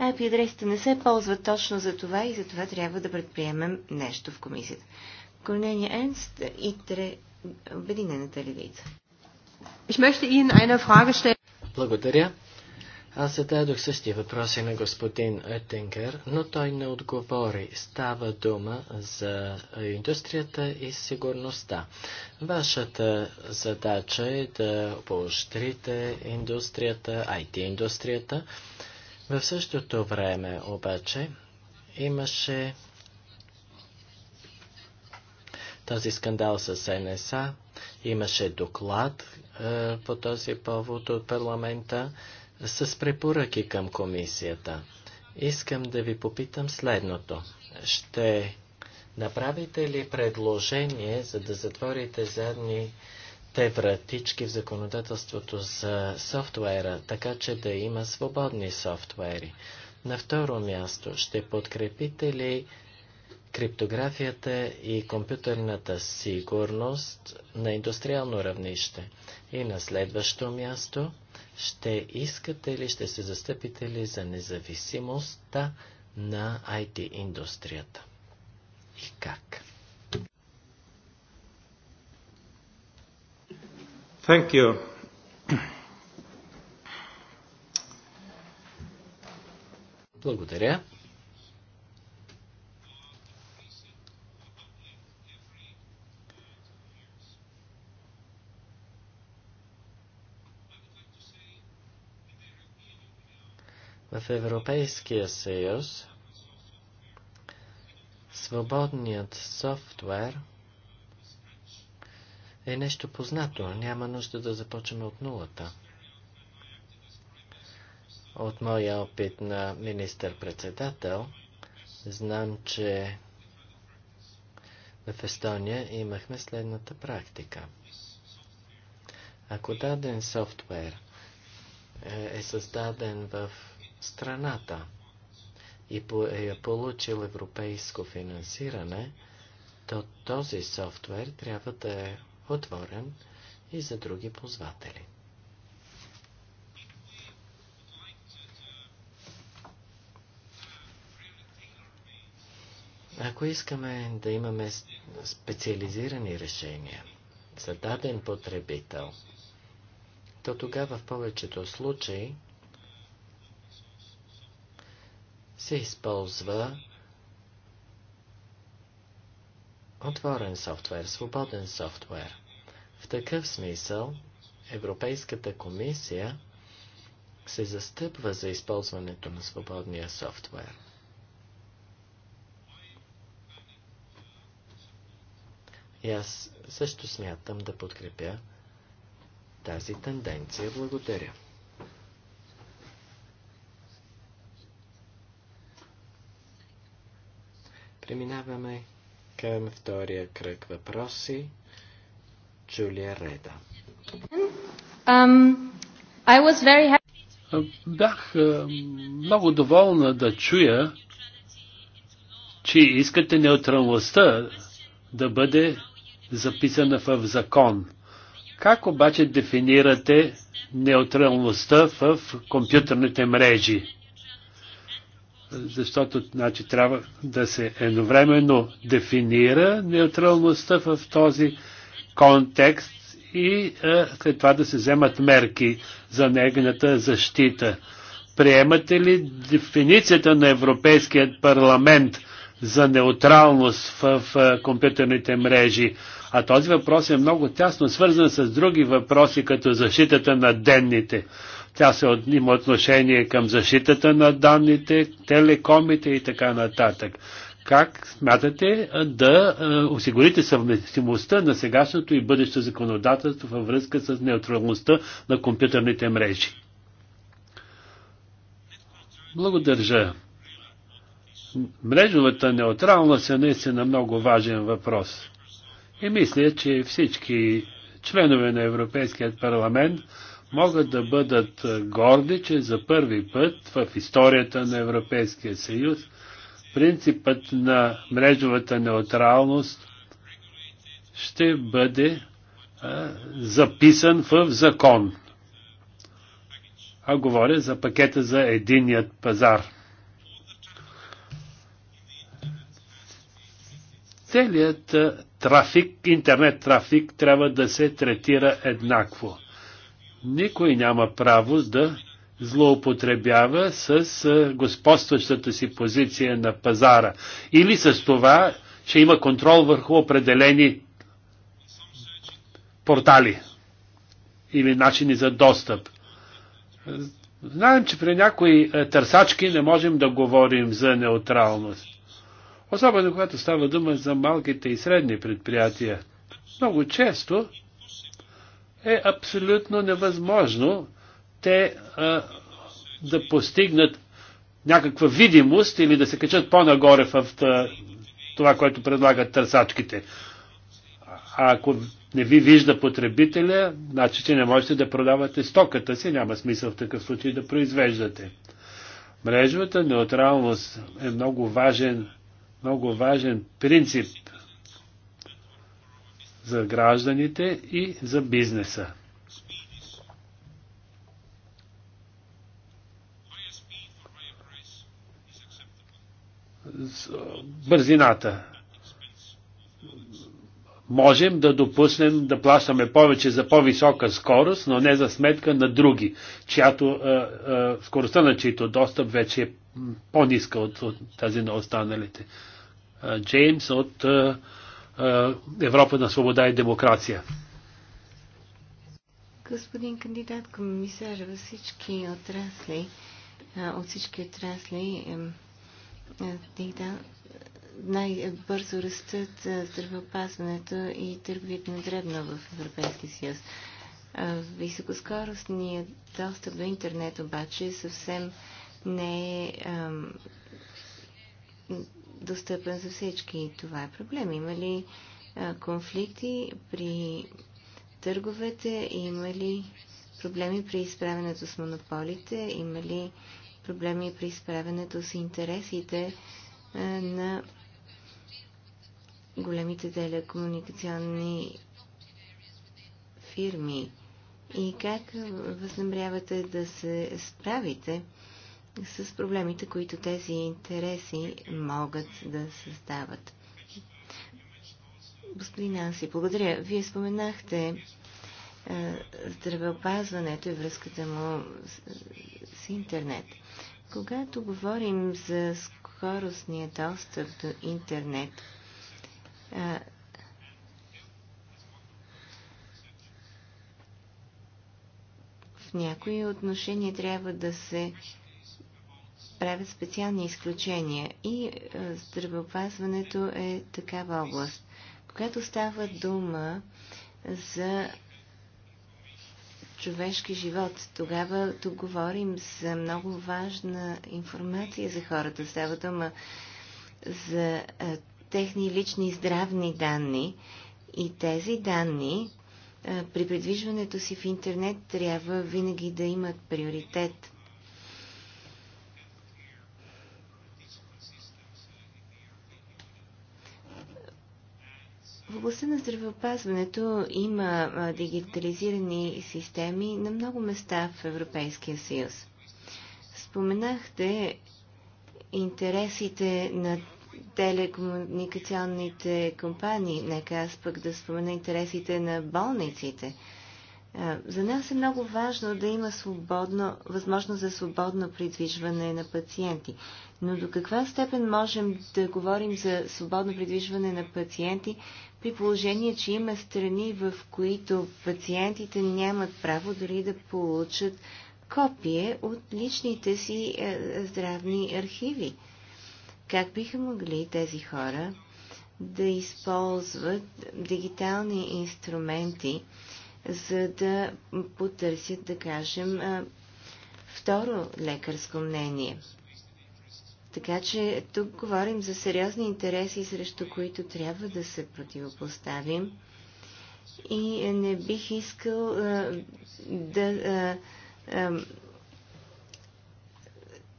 IP адресите не се ползват точно за това и за това трябва да предприемем нещо в комисията. Корнения Енст и Тре... Обединената левица. Благодаря. Аз зададох същия въпроси на господин Оттенгър, но той не отговори. Става дума за индустрията и сигурността. Вашата задача е да поощрите индустрията, IT-индустрията. В същото време обаче имаше този скандал с НСА, имаше доклад е, по този повод от парламента с препоръки към комисията. Искам да ви попитам следното. Ще направите ли предложение, за да затворите задни те вратички в законодателството за софтуера, така че да има свободни софтуери. На второ място, ще подкрепите ли криптографията и компютърната сигурност на индустриално равнище? И на следващо място, ще искате ли, ще се застъпите ли за независимостта на IT-индустрията? И как? Thank you. Благодаря. В Европейския съюз свободният софтуер е нещо познато. Няма нужда да започваме от нулата. От моя опит на министър-председател знам, че в Естония имахме следната практика. Ако даден софтуер е, е създаден в страната и е получил европейско финансиране, то този софтуер трябва да е отворен и за други ползватели. Ако искаме да имаме специализирани решения за даден потребител, то тогава в повечето случаи се използва отворен софтуер, свободен софтуер. В такъв смисъл Европейската комисия се застъпва за използването на свободния софтуер. И аз също смятам да подкрепя тази тенденция. Благодаря. Преминаваме към втория кръг въпроси. Джулия Реда. Бях много доволна да чуя, че искате неутралността да бъде записана в закон. Как обаче дефинирате неутралността в компютърните мрежи? защото значи, трябва да се едновременно дефинира неутралността в този контекст и а, след това да се вземат мерки за нейната защита. Приемате ли дефиницията на Европейският парламент за неутралност в, в компютърните мрежи? А този въпрос е много тясно свързан с други въпроси, като защитата на денните. Тя се има отношение към защитата на данните, телекомите и така нататък. Как смятате да осигурите съвместимостта на сегашното и бъдещо законодателство във връзка с неутралността на компютърните мрежи? Благодаря. Мрежовата неутралност е наистина много важен въпрос. И мисля, че всички членове на Европейският парламент могат да бъдат горди, че за първи път в историята на Европейския съюз принципът на мрежовата неутралност ще бъде а, записан в закон. А говоря за пакета за единият пазар. Целият трафик, интернет трафик трябва да се третира еднакво никой няма право да злоупотребява с господстващата си позиция на пазара или с това, че има контрол върху определени портали или начини за достъп. Знаем, че при някои търсачки не можем да говорим за неутралност. Особено когато става дума за малките и средни предприятия. Много често е абсолютно невъзможно те а, да постигнат някаква видимост или да се качат по-нагоре в това, което предлагат търсачките. А ако не ви вижда потребителя, значи, че не можете да продавате стоката си, няма смисъл в такъв случай да произвеждате. Мрежовата неутралност е много важен, много важен принцип за гражданите и за бизнеса. бързината. Можем да допуснем да плащаме повече за по-висока скорост, но не за сметка на други, чиято, а, а, скоростта на чието достъп вече е по-ниска от, от тази на останалите. Джеймс от а, е, Европа на свобода и демокрация. Господин кандидат комисар, във всички отрасли, е, от всички отрасли, е, най-бързо растат здравеопазването и търговията на дребно в Европейския съюз. Високоскоростният достъп до интернет обаче съвсем не е достъпен за всички. Това е проблем. Има ли конфликти при търговете? Има ли проблеми при изправенето с монополите? Има ли проблеми при изправенето с интересите на големите телекомуникационни фирми? И как възнамерявате да се справите с проблемите, които тези интереси могат да създават. Господин Анси, благодаря. Вие споменахте е, здравеопазването и връзката му с интернет. Когато говорим за скоростния достъп до интернет, е, в някои отношения трябва да се правят специални изключения и е, здравеопазването е такава област. Когато става дума за човешки живот, тогава тук говорим за много важна информация за хората. Става дума за е, техни лични здравни данни и тези данни е, при предвижването си в интернет трябва винаги да имат приоритет В областта на здравеопазването има дигитализирани системи на много места в Европейския съюз. Споменахте интересите на телекомуникационните компании. Нека аз пък да спомена интересите на болниците – е, за нас е много важно да има свободно, възможност за свободно придвижване на пациенти. Но до каква степен можем да говорим за свободно придвижване на пациенти при положение, че има страни, в които пациентите нямат право дори да получат копие от личните си е, здравни архиви? Как биха могли тези хора да използват дигитални инструменти, за да потърсят, да кажем, второ лекарско мнение. Така че тук говорим за сериозни интереси, срещу които трябва да се противопоставим. И не бих искал да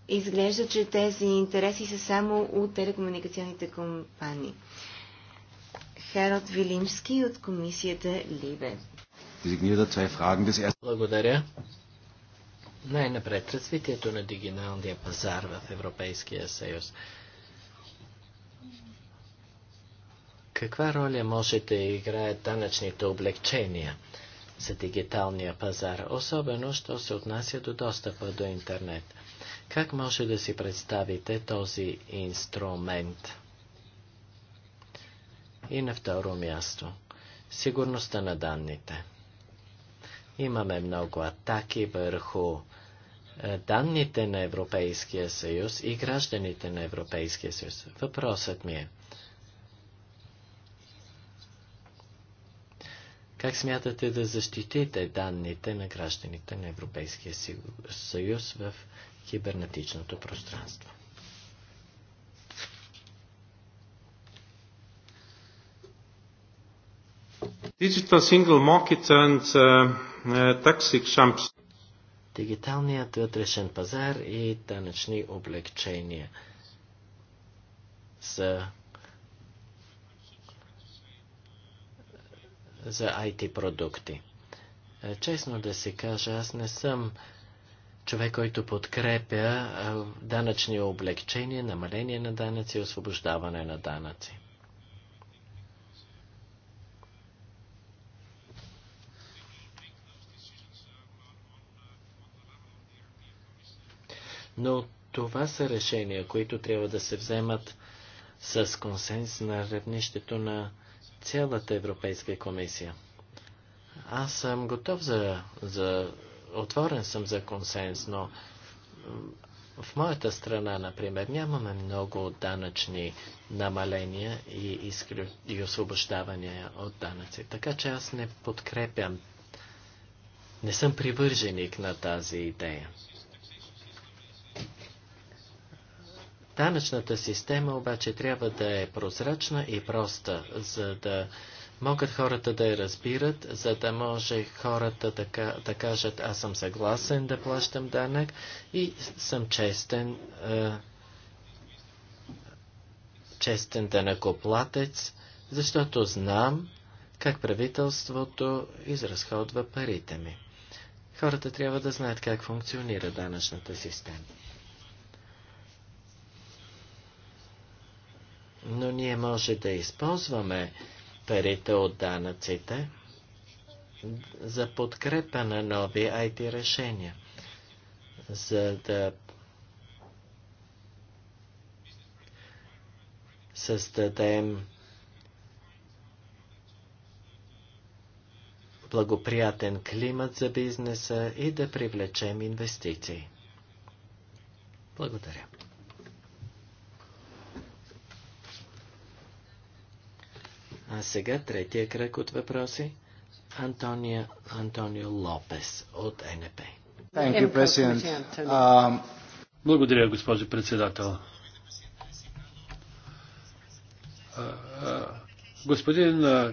изглежда, че тези интереси са само от телекомуникационните компании. Харот Вилимски от комисията Либе. Благодаря. Най-напред развитието на дигиталния пазар в Европейския съюз. Каква роля можете да играят данъчните облегчения за дигиталния пазар, особено що се отнася до достъпа до интернет? Как може да си представите този инструмент? И на второ място – сигурността на данните – Имаме много атаки върху е, данните на Европейския съюз и гражданите на Европейския съюз. Въпросът ми е, Как смятате да защитите данните на гражданите на Европейския съюз в кибернетичното пространство? Digital Single Market and uh, е, шампс. Дигиталният вътрешен пазар и данъчни облегчения за, за IT продукти. Е, честно да се кажа, аз не съм човек, който подкрепя е, данъчни облегчения, намаление на данъци и освобождаване на данъци. Но това са решения, които трябва да се вземат с консенс на равнището на цялата Европейска комисия. Аз съм готов за, за отворен съм за консенс, но в моята страна, например, нямаме много данъчни намаления и, изклю... и освобождавания от данъци. Така че аз не подкрепям, не съм привърженик на тази идея. Данъчната система обаче трябва да е прозрачна и проста, за да могат хората да я разбират, за да може хората да, да кажат аз съм съгласен да плащам данък и съм честен, е, честен данъкоплатец, защото знам как правителството изразходва парите ми. Хората трябва да знаят как функционира данъчната система. но ние може да използваме парите от данъците за подкрепа на нови IT решения, за да създадем благоприятен климат за бизнеса и да привлечем инвестиции. Благодаря. А сега третия кръг от въпроси. Антония, Антонио Лопес от НП. You, um... Благодаря, госпожо председател. господин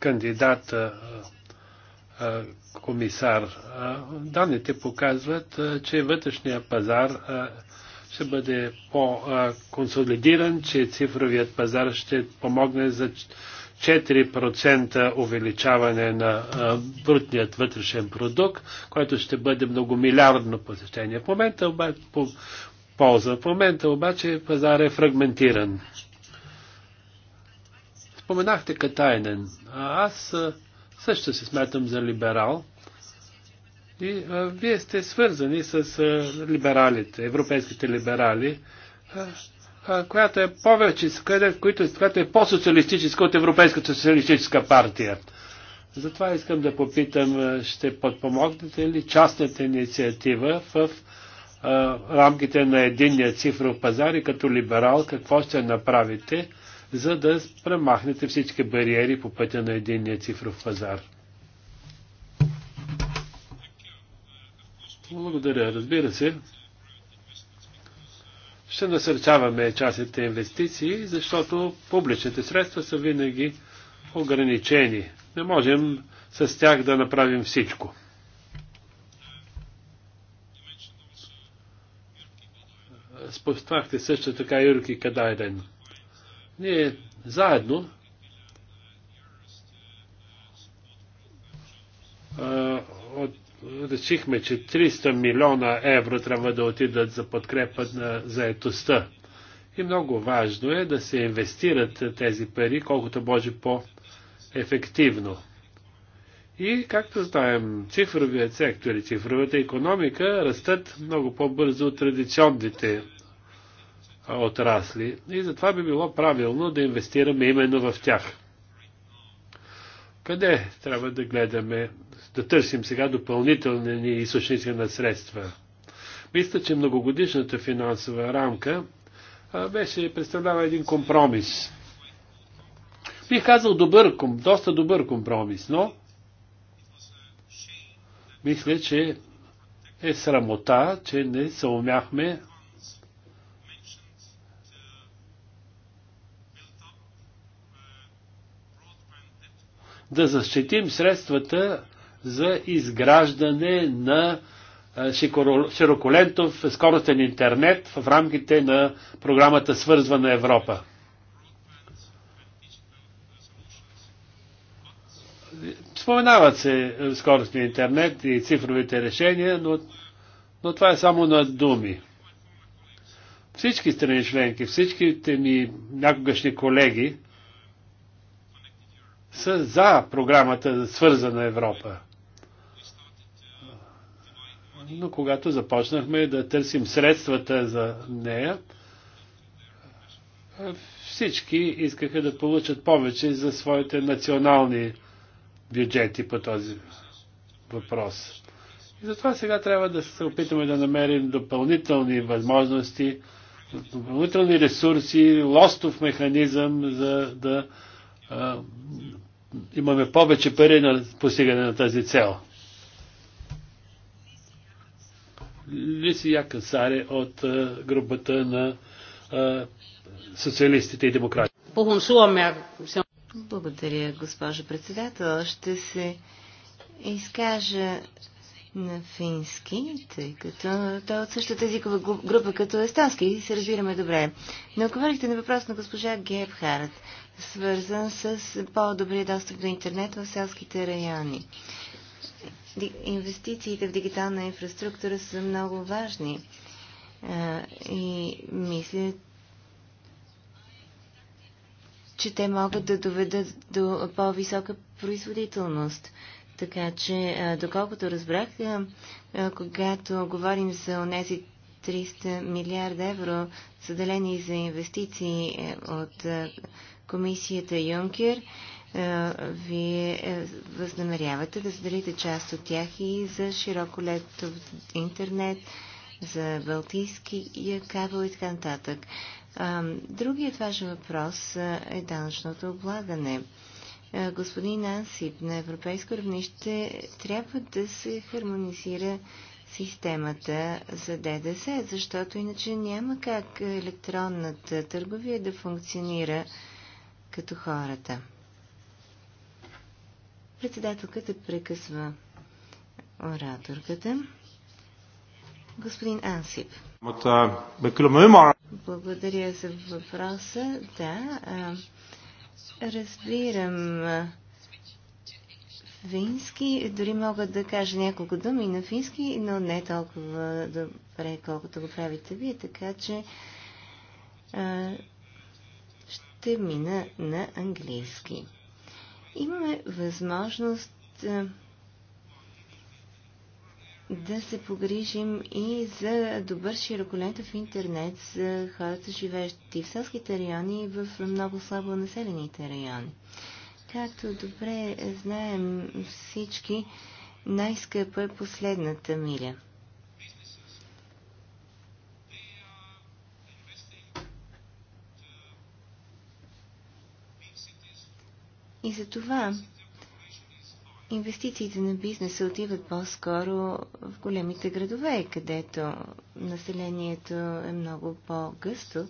кандидат комисар, данните показват, че вътрешния пазар ще бъде по-консолидиран, че цифровият пазар ще помогне за 4% увеличаване на брутният вътрешен продукт, който ще бъде многомилиардно посещение. В момента обаче, по, полза. В момента обаче пазар е фрагментиран. Споменахте Катайнен. А аз също се смятам за либерал. И а, вие сте свързани с а, либералите, европейските либерали, а, а, която е повече, която, която е по-социалистическа от Европейската социалистическа партия. Затова искам да попитам, ще подпомогнете ли частната инициатива в а, рамките на единния цифров пазар и като либерал какво ще направите, за да премахнете всички бариери по пътя на единния цифров пазар? Благодаря, разбира се. Ще насърчаваме частните инвестиции, защото публичните средства са винаги ограничени. Не можем с тях да направим всичко. Споставахте също така Юрки Кадайден. Е Ние заедно от решихме, че 300 милиона евро трябва да отидат за подкрепа на заетостта. И много важно е да се инвестират тези пари колкото може по-ефективно. И, както знаем, цифровият сектор и цифровата економика растат много по-бързо от традиционните отрасли. И затова би било правилно да инвестираме именно в тях къде трябва да гледаме, да търсим сега допълнителни източници на средства. Мисля, че многогодишната финансова рамка беше представлява един компромис. Бих казал добър, доста добър компромис, но мисля, че е срамота, че не съумяхме да защитим средствата за изграждане на широколентов скоростен интернет в рамките на програмата Свързвана Европа. Споменават се е, скоростния интернет и цифровите решения, но, но това е само на думи. Всички страни членки, всичките ми някогашни колеги са за програмата за свързана Европа. Но когато започнахме да търсим средствата за нея, всички искаха да получат повече за своите национални бюджети по този въпрос. И затова сега трябва да се опитаме да намерим допълнителни възможности, допълнителни ресурси, лостов механизъм, за да а, имаме повече пари на постигане на тази цел. Лисия Касаре от е, групата на е, социалистите и демократи. Благодаря, госпожо председател. Ще се изкажа на фински, тъй като той е от същата езикова група като естонски и се разбираме добре. Но отговорихте на въпрос на госпожа Гебхарт свързан с по-добрия достъп до интернет в селските райони. Инвестициите в дигитална инфраструктура са много важни и мисля, че те могат да доведат до по-висока производителност. Така че, доколкото разбрах, когато говорим за онези 300 милиарда евро, заделени за инвестиции е, от комисията Юнкер, е, вие е, възнамерявате да заделите част от тях и за широко лето интернет, за балтийски кабел и така нататък. Е, другият важен въпрос е данъчното облагане. Господин Ансип, на европейско равнище трябва да се хармонизира системата за ДДС, защото иначе няма как електронната търговия да функционира като хората. Председателката прекъсва ораторката. Господин Ансип. Благодаря за въпроса. Да, разбирам фински. Дори мога да кажа няколко думи на фински, но не толкова добре, колкото го правите вие. Така че ще мина на английски. Имаме възможност да се погрижим и за добър в интернет за хората, живеещи в селските райони и в много слабо населените райони. Както добре знаем всички, най-скъпа е последната миля – И за това инвестициите на бизнеса отиват по-скоро в големите градове, където населението е много по-гъсто.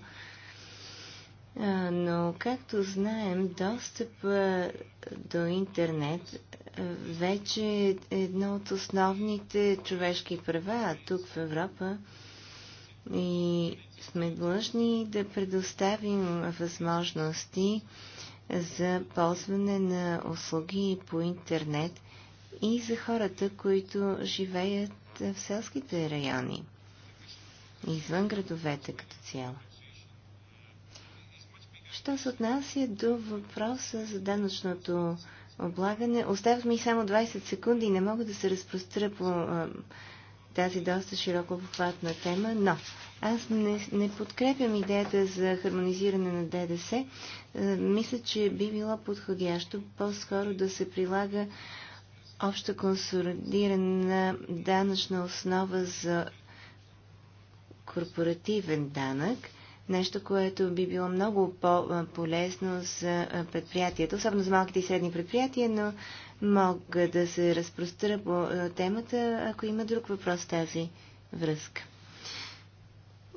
Но, както знаем, достъп до интернет вече е едно от основните човешки права тук в Европа и сме длъжни да предоставим възможности за ползване на услуги по интернет и за хората, които живеят в селските райони, извън градовете като цяло. Що се отнася до въпроса за данъчното облагане, остават ми само 20 секунди и не мога да се разпростра по тази доста широко обхватна тема, но аз не, не подкрепям идеята за хармонизиране на ДДС. Е, мисля, че би било подходящо по-скоро да се прилага обща консолидирана данъчна основа за корпоративен данък, нещо, което би било много по-полезно за е, предприятията, особено за малките и средни предприятия, но мога да се разпростра по е, темата, ако има друг въпрос тази връзка.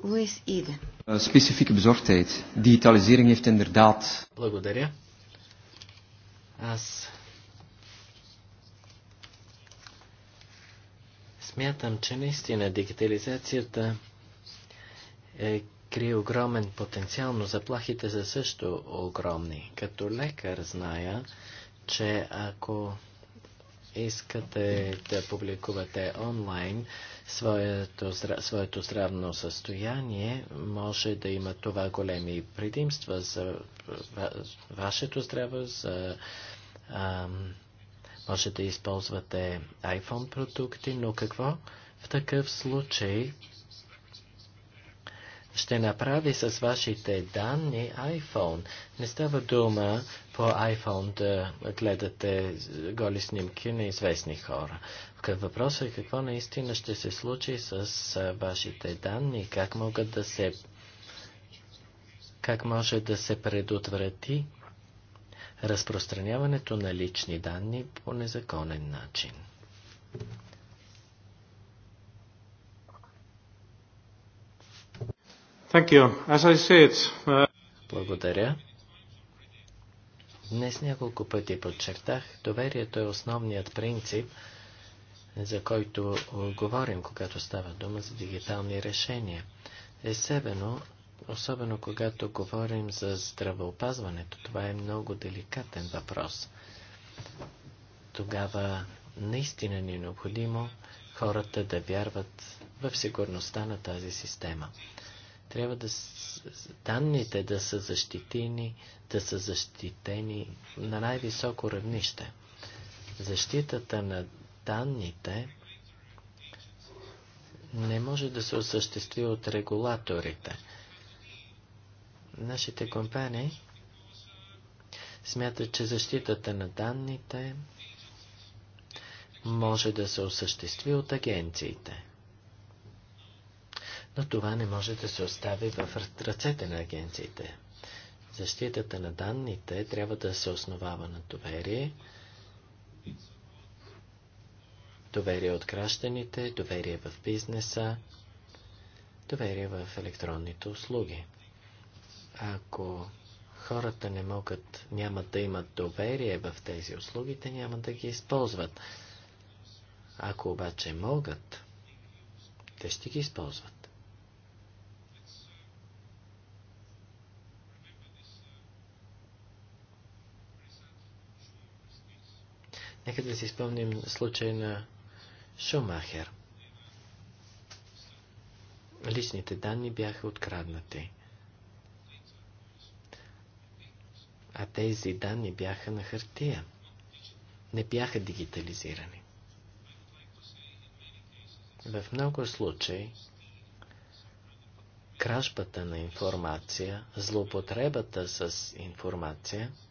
Луис Иде. Специфика bezorgdheid. е в тендердат. Благодаря. Аз смятам, че наистина дигитализацията е, кри огромен потенциал, но заплахите са също огромни. Като лекар зная, че ако искате да публикувате онлайн своето, своето здравно състояние, може да има това големи предимства за вашето здраве, за, ам, може да използвате iPhone продукти, но какво в такъв случай ще направи с вашите данни iPhone. Не става дума по iPhone да гледате голи снимки на известни хора. Въпросът е какво наистина ще се случи с вашите данни, как могат да се как може да се предотврати разпространяването на лични данни по незаконен начин. Thank you. As I said, uh... Благодаря. Днес няколко пъти подчертах, доверието е основният принцип, за който говорим, когато става дума за дигитални решения. Есебено, особено когато говорим за здравеопазването, това е много деликатен въпрос. Тогава наистина ни е необходимо хората да вярват в сигурността на тази система. Трябва да данните да са защитени, да са защитени на най-високо равнище. Защитата на данните не може да се осъществи от регулаторите. Нашите компании смятат, че защитата на данните може да се осъществи от агенциите но това не може да се остави в ръцете на агенциите. Защитата на данните трябва да се основава на доверие, доверие от гражданите, доверие в бизнеса, доверие в електронните услуги. Ако хората не могат, няма да имат доверие в тези услуги, те няма да ги използват. Ако обаче могат, те ще ги използват. Нека да си спомним случай на Шумахер. Личните данни бяха откраднати. А тези данни бяха на хартия. Не бяха дигитализирани. В много случаи кражбата на информация, злоупотребата с информация –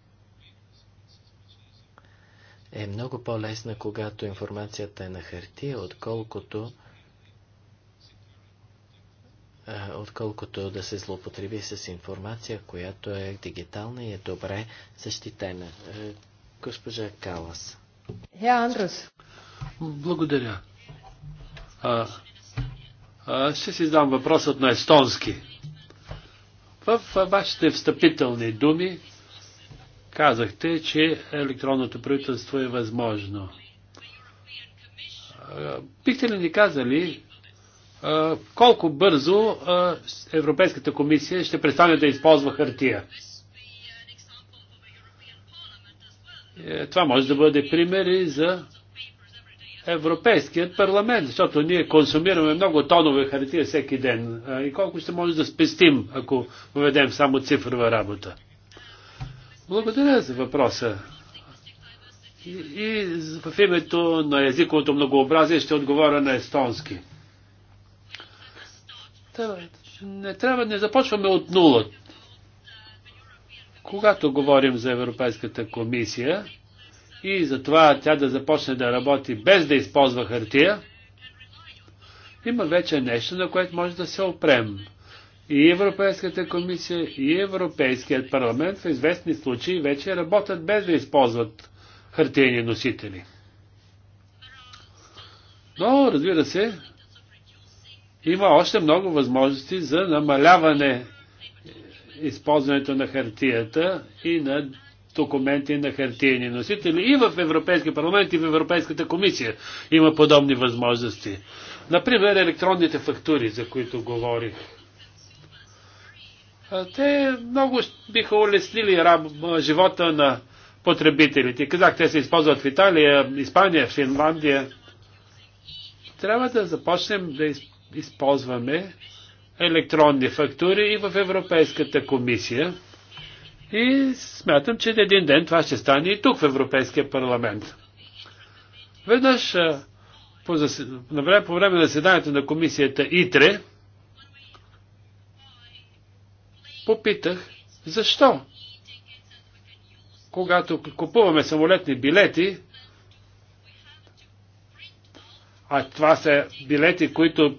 е много по-лесна, когато информацията е на хартия, отколкото отколкото да се злоупотреби с информация, която е дигитална и е добре защитена. Е, госпожа Калас. Я, Андрус. Благодаря. А, а, ще си задам въпросът на естонски. В вашите встъпителни думи Казахте, че електронното правителство е възможно. Бихте ли ни казали колко бързо Европейската комисия ще престане да използва хартия? Е, това може да бъде пример и за Европейският парламент, защото ние консумираме много тонове хартия всеки ден. И колко ще може да спестим, ако въведем само цифрова работа? Благодаря за въпроса. И, и в името на езиковото многообразие ще отговоря на естонски. Това, не трябва, не започваме от нула. Когато говорим за Европейската комисия и за това тя да започне да работи без да използва хартия, има вече нещо, на което може да се опрем и Европейската комисия, и Европейският парламент в известни случаи вече работят без да използват хартиени носители. Но, разбира се, има още много възможности за намаляване използването на хартията и на документи на хартиени носители и в Европейския парламент и в Европейската комисия има подобни възможности. Например, електронните фактури, за които говорих те много биха улеснили живота на потребителите. Казах, те се използват в Италия, Испания, Финландия. Трябва да започнем да използваме електронни фактури и в Европейската комисия. И смятам, че един ден това ще стане и тук в Европейския парламент. Веднъж по, засед... по време на заседанието на комисията ИТРЕ, попитах защо. Когато купуваме самолетни билети, а това са билети, които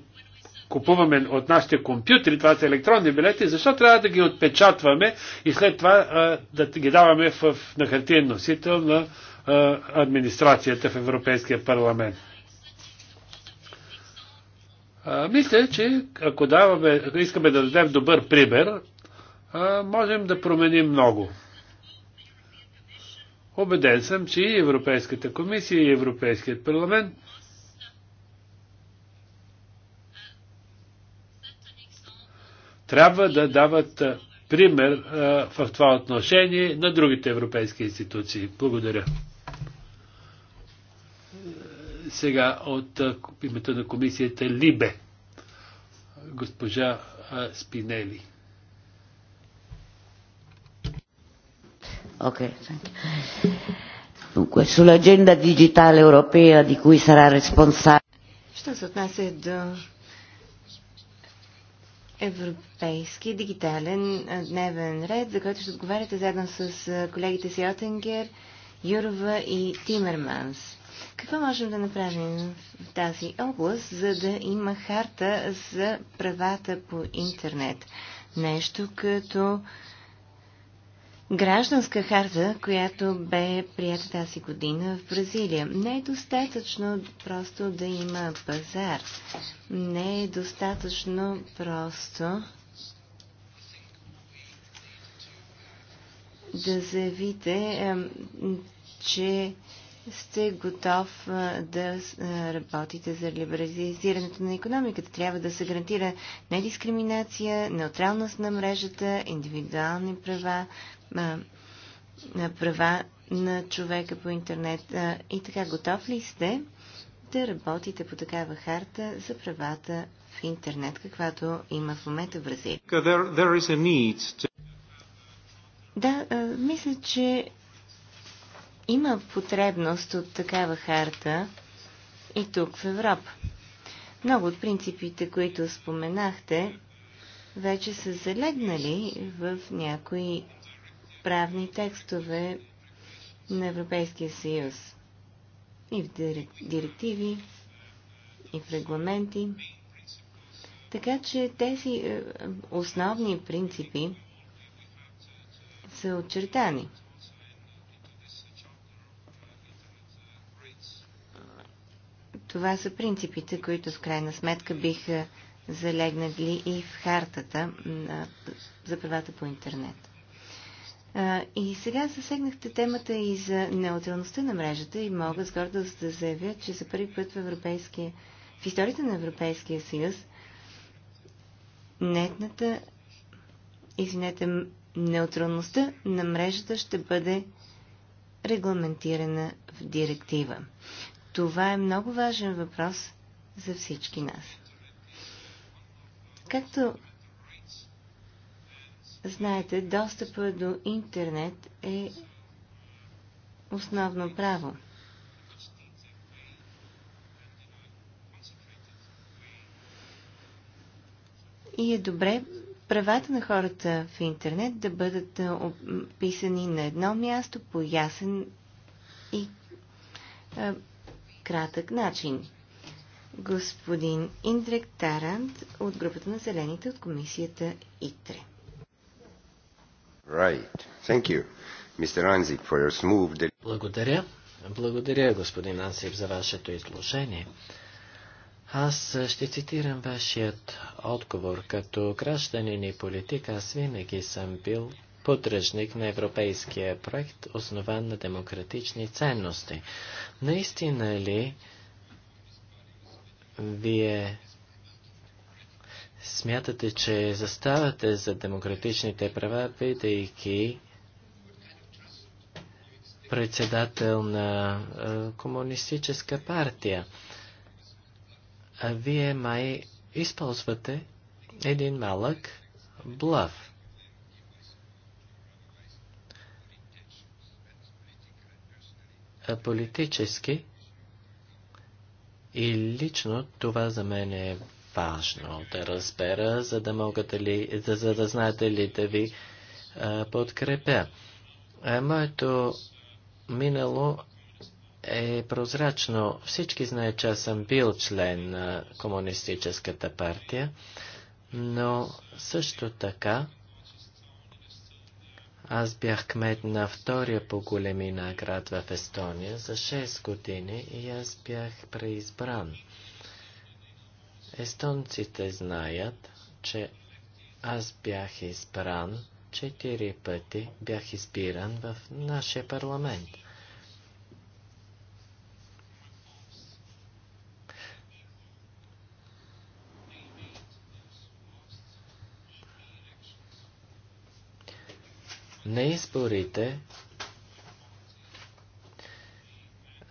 купуваме от нашите компютри, това са електронни билети, защо трябва да ги отпечатваме и след това а, да ги даваме в, на хартиен носител на а, администрацията в Европейския парламент? А, мисля, че ако даваме, ако искаме да дадем добър пример, можем да променим много. Обеден съм, че и Европейската комисия, и Европейският парламент трябва да дават пример в това отношение на другите европейски институции. Благодаря. Сега от името на комисията Либе, госпожа Спинели. Okay, thank you. Dunque, sull'agenda digitale europea di cui sarà responsabile. Що се отнася до европейски дигитален дневен ред, за който ще отговаряте заедно с колегите си Отенгер, Юрова и Тимерманс. Какво можем да направим в тази област, за да има харта за правата по интернет? Нещо като гражданска харта, която бе прията тази година в Бразилия. Не е достатъчно просто да има пазар. Не е достатъчно просто да заявите, че сте готов да работите за либерализирането на економиката. Трябва да се гарантира недискриминация, неутралност на мрежата, индивидуални права, а, права на човека по интернет. А, и така, готов ли сте да работите по такава харта за правата в интернет, каквато има в момента в Бразилия? to... Да, а, мисля, че има потребност от такава харта и тук в Европа. Много от принципите, които споменахте, вече са залегнали в някои правни текстове на Европейския съюз. И в директиви, и в регламенти. Така че тези е, основни принципи са очертани. Това са принципите, които в крайна сметка биха залегнали и в хартата за правата по интернет. И сега засегнахте темата и за неутралността на мрежата и мога с гордост да заявя, че за първи път в, европейския, в историята на Европейския съюз нетната, извинете, неутралността на мрежата ще бъде регламентирана в директива. Това е много важен въпрос за всички нас. Както Знаете, достъпа до интернет е основно право. И е добре правата на хората в интернет да бъдат описани на едно място по ясен и а, кратък начин. Господин Индрек Тарант от групата на Зелените от комисията ИТРЕ. Right. Thank you, Mr. Anzip, for your smooth... Благодаря. Благодаря, господин Ансип, за вашето изложение. Аз ще цитирам вашият отговор. Като гражданин и политик, аз винаги съм бил поддръжник на европейския проект, основан на демократични ценности. Наистина ли вие Смятате, че заставате за демократичните права, бидейки председател на е, комунистическа партия. А вие май използвате един малък блав. А политически и лично това за мен е важно да разбера, за да, мога ли, за, за да знаете ли да ви а, подкрепя. А, моето минало е прозрачно. Всички знаят, че аз съм бил член на Комунистическата партия, но също така аз бях кмет на втория по големина град в Естония за 6 години и аз бях преизбран. Естонците знаят, че аз бях избран четири пъти, бях избиран в нашия парламент. На изборите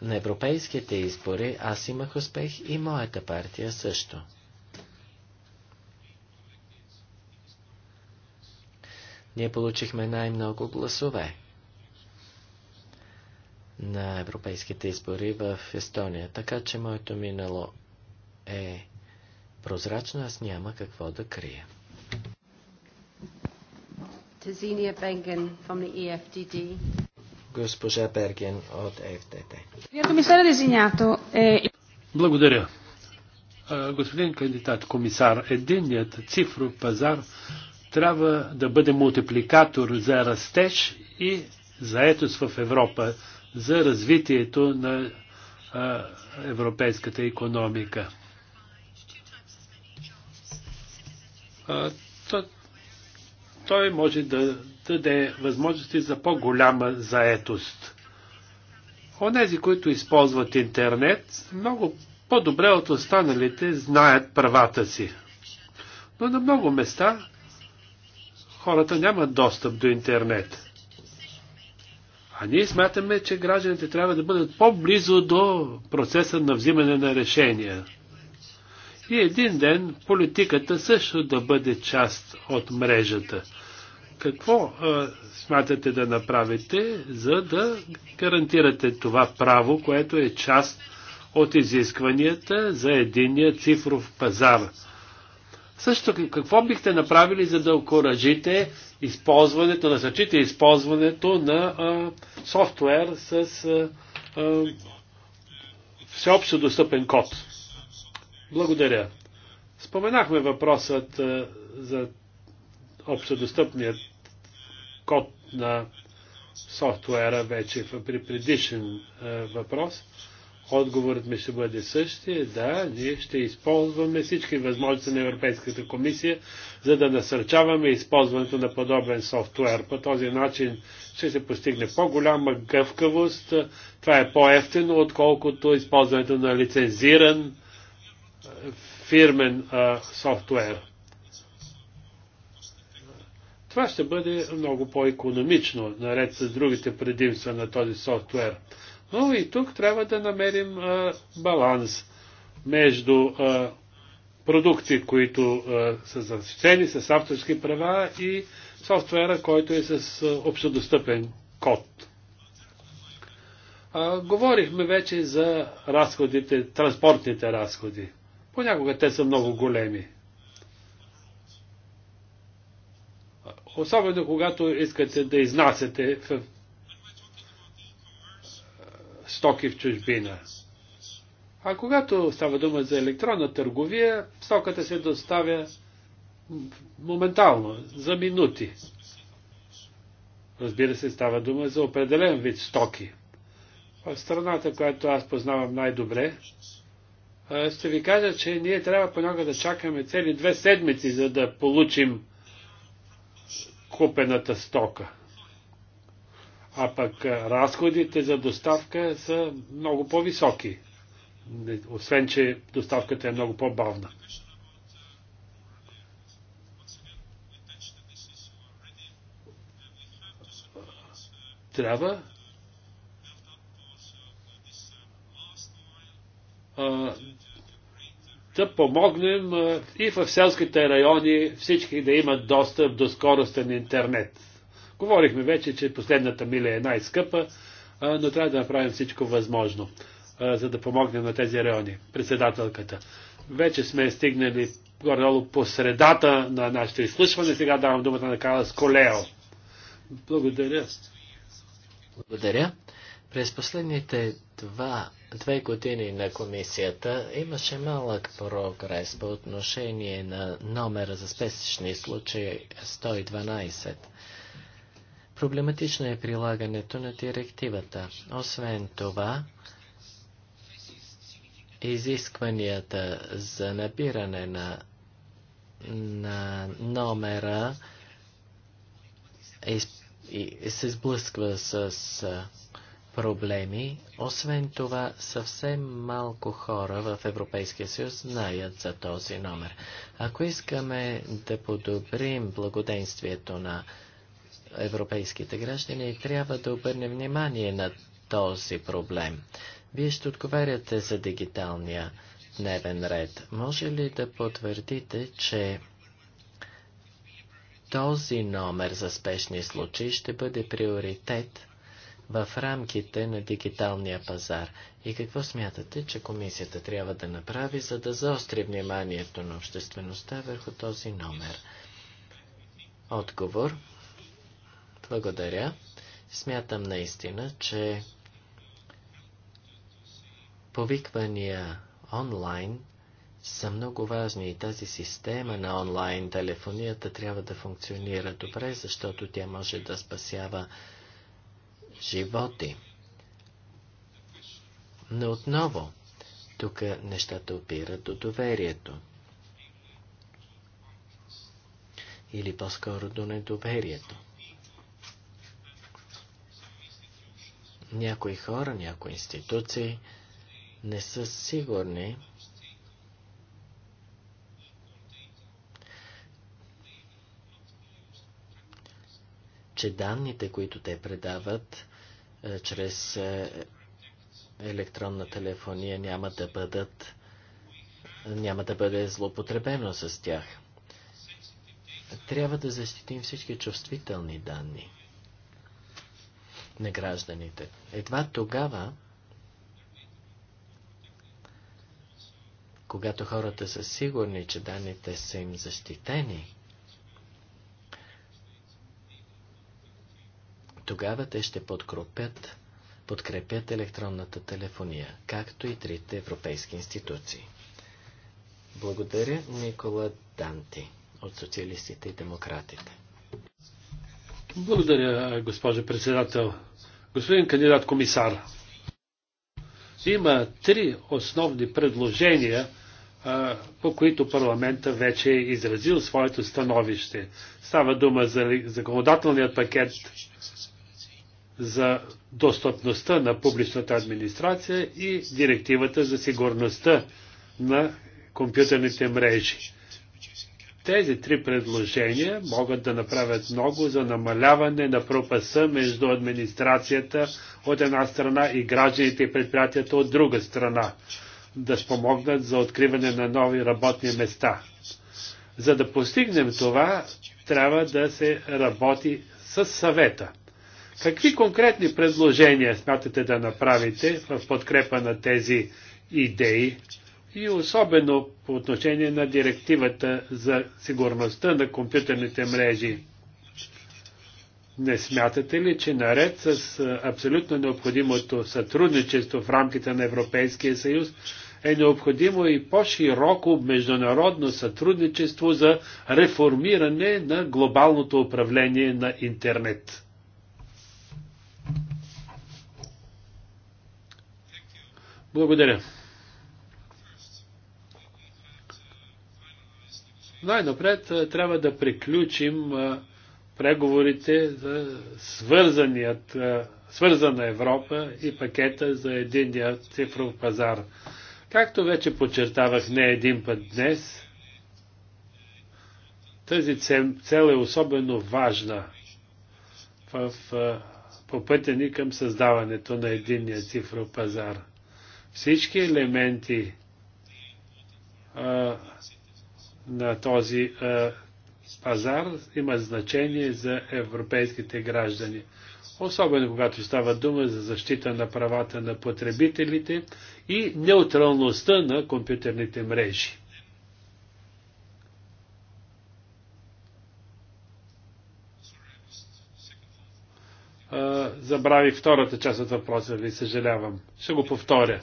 на европейските избори аз имах успех и моята партия също. Ние получихме най-много гласове на европейските избори в Естония, така че моето минало е прозрачно, аз няма какво да крия. Tazinia Bengen from the EFDD. Госпожа Берген от ФТТ. Е, Благодаря. Господин кандидат комисар, единният цифров пазар трябва да бъде мултипликатор за растеж и заетост в Европа, за развитието на европейската економика. той може да да е възможности за по-голяма заетост. Онези, които използват интернет, много по-добре от останалите знаят правата си. Но на много места хората нямат достъп до интернет. А ние смятаме, че гражданите трябва да бъдат по-близо до процеса на взимане на решения. И един ден политиката също да бъде част от мрежата. Какво а, смятате да направите, за да гарантирате това право, което е част от изискванията за единия цифров пазар? Също какво бихте направили, за да окоръжите използването, да насърчите използването на а, софтуер с а, а, всеобщо достъпен код? Благодаря. Споменахме въпросът а, за общодостъпният код на софтуера вече при предишен е, въпрос. Отговорът ми ще бъде същия. Да, ние ще използваме всички възможности на Европейската комисия, за да насърчаваме използването на подобен софтуер. По този начин ще се постигне по-голяма гъвкавост. Това е по-ефтино, отколкото използването на лицензиран е, фирмен а, е, софтуер. Това ще бъде много по-економично, наред с другите предимства на този софтуер. Но и тук трябва да намерим а, баланс между а, продукти, които а, са защитени с авторски права и софтуера, който е с а, общодостъпен код. А, говорихме вече за разходите, транспортните разходи. Понякога те са много големи. Особено когато искате да изнасяте в стоки в чужбина. А когато става дума за електронна търговия, стоката се доставя моментално, за минути. Разбира се, става дума за определен вид стоки. В страната, която аз познавам най-добре, ще ви кажа, че ние трябва понякога да чакаме цели две седмици, за да получим купената стока. А пък разходите за доставка са много по-високи, освен че доставката е много по-бавна. Трябва а, да помогнем и в селските райони всички да имат достъп до скоростен интернет. Говорихме вече, че последната миля е най-скъпа, но трябва да направим всичко възможно, за да помогнем на тези райони. Председателката. Вече сме стигнали горе-долу по средата на нашето изслушване. Сега давам думата на Кала Сколео. Благодаря. Благодаря. През последните два, две години на комисията имаше малък прогрес по отношение на номера за спесични случаи 112. Проблематично е прилагането на директивата. Освен това, изискванията за набиране на, на номера е и, се сблъсква с проблеми. Освен това, съвсем малко хора в Европейския съюз знаят за този номер. Ако искаме да подобрим благоденствието на европейските граждани, трябва да обърнем внимание на този проблем. Вие ще отговаряте за дигиталния дневен ред. Може ли да потвърдите, че този номер за спешни случаи ще бъде приоритет – в рамките на дигиталния пазар? И какво смятате, че комисията трябва да направи, за да заостри вниманието на обществеността върху този номер? Отговор. Благодаря. Смятам наистина, че повиквания онлайн са много важни и тази система на онлайн телефонията трябва да функционира добре, защото тя може да спасява животи. Но отново, тук нещата опират до доверието. Или по-скоро до недоверието. Някои хора, някои институции не са сигурни, че данните, които те предават, е, чрез е, електронна телефония няма да бъдат няма да бъде злоупотребено с тях. Трябва да защитим всички чувствителни данни на гражданите. Едва тогава, когато хората са сигурни, че данните са им защитени, Тогава те ще подкрепят, подкрепят електронната телефония, както и трите европейски институции. Благодаря Никола Данти от социалистите и демократите. Благодаря, госпожо председател. Господин кандидат комисар, има три основни предложения, по които парламента вече е изразил своето становище. Става дума за законодателният пакет за достъпността на публичната администрация и директивата за сигурността на компютърните мрежи. Тези три предложения могат да направят много за намаляване на пропаса между администрацията от една страна и гражданите и предприятията от друга страна, да спомогнат за откриване на нови работни места. За да постигнем това, трябва да се работи с съвета. Какви конкретни предложения смятате да направите в подкрепа на тези идеи и особено по отношение на директивата за сигурността на компютърните мрежи? Не смятате ли, че наред с абсолютно необходимото сътрудничество в рамките на Европейския съюз е необходимо и по-широко международно сътрудничество за реформиране на глобалното управление на интернет? Благодаря. Най-напред трябва да приключим преговорите за свързаният, свързана Европа и пакета за единия цифров пазар. Както вече подчертавах не един път днес, тази цел е особено важна в, по пътя ни към създаването на единния цифров пазар всички елементи а, на този а, пазар имат значение за европейските граждани. Особено когато става дума за защита на правата на потребителите и неутралността на компютърните мрежи. Забрави втората част от въпроса ви, съжалявам. Ще го повторя.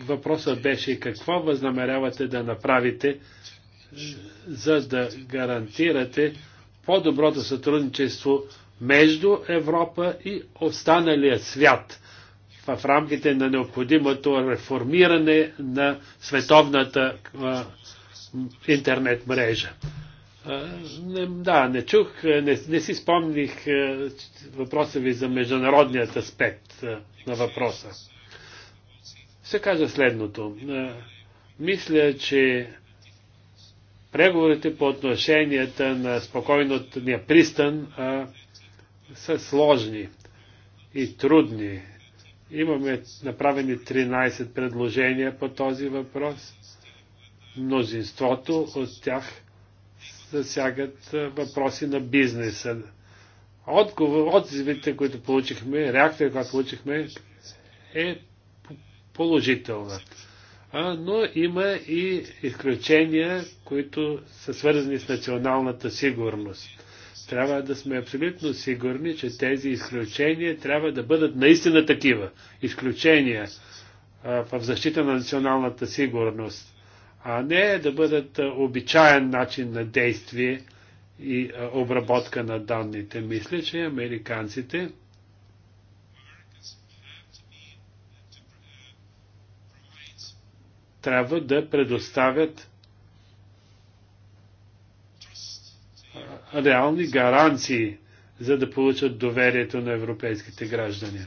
Въпросът беше какво възнамерявате да направите, за да гарантирате по-доброто сътрудничество между Европа и останалия свят в рамките на необходимото реформиране на световната а, интернет мрежа. Не, да, не чух, не, не си спомних въпроса ви за международният аспект на въпроса. Ще кажа следното. Мисля, че преговорите по отношенията на спокойния пристан а, са сложни и трудни. Имаме направени 13 предложения по този въпрос. Мнозинството от тях засягат въпроси на бизнеса. Отговор, отзивите, които получихме, реакцията, която получихме, е положителна. но има и изключения, които са свързани с националната сигурност. Трябва да сме абсолютно сигурни, че тези изключения трябва да бъдат наистина такива. Изключения в защита на националната сигурност а не да бъдат обичаен начин на действие и обработка на данните. Мисля, че американците трябва да предоставят реални гаранции, за да получат доверието на европейските граждани.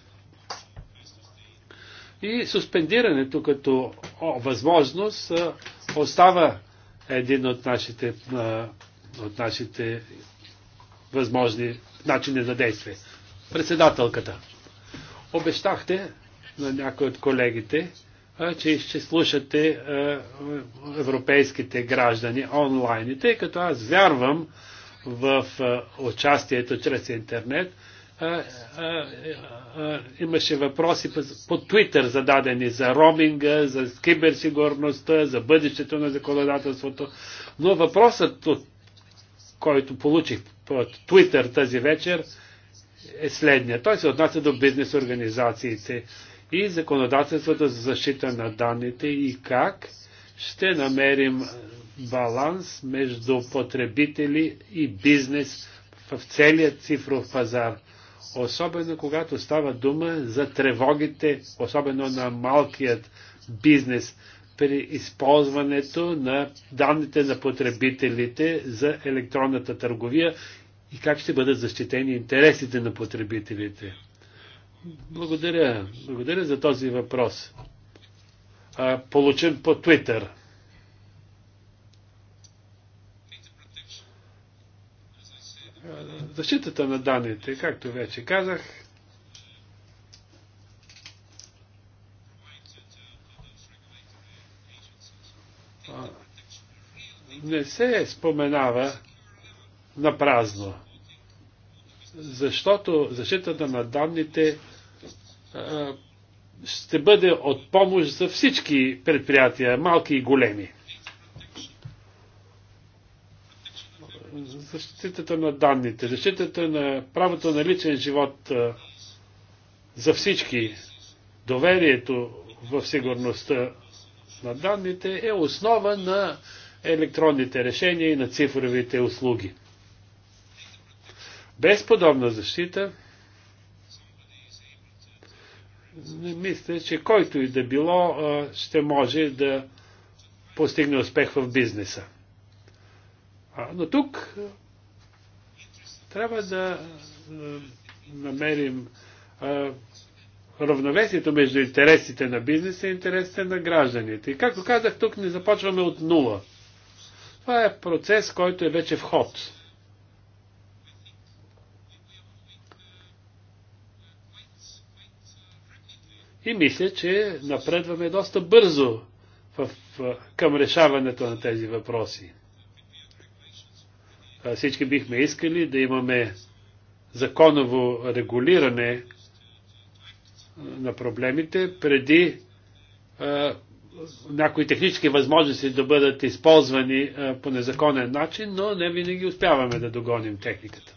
И суспендирането като възможност остава един от нашите, от нашите възможни начини на действие. Председателката. Обещахте на някои от колегите, че ще слушате европейските граждани онлайн. тъй като аз вярвам в участието чрез интернет, а, а, а, имаше въпроси по, Твитър Twitter зададени за роминга, за киберсигурността, за бъдещето на законодателството. Но въпросът, от, който получих по Твитър тази вечер, е следния. Той се отнася до бизнес организациите и законодателството за защита на данните и как ще намерим баланс между потребители и бизнес в целия цифров пазар – особено когато става дума за тревогите, особено на малкият бизнес при използването на данните на потребителите за електронната търговия и как ще бъдат защитени интересите на потребителите. Благодаря. Благодаря за този въпрос. получен по Твитър. Защитата на данните, както вече казах, не се споменава на празно. Защото защитата на данните ще бъде от помощ за всички предприятия, малки и големи. защитата на данните, защитата на правото на личен живот за всички, доверието в сигурността на данните е основа на електронните решения и на цифровите услуги. Без подобна защита, не мисля, че който и да било ще може да постигне успех в бизнеса. Но тук трябва да намерим равновесието между интересите на бизнеса и интересите на гражданите. И както казах, тук не започваме от нула. Това е процес, който е вече вход. И мисля, че напредваме доста бързо в, в, към решаването на тези въпроси. Всички бихме искали да имаме законово регулиране на проблемите преди някои технически възможности да бъдат използвани по незаконен начин, но не винаги успяваме да догоним техниката.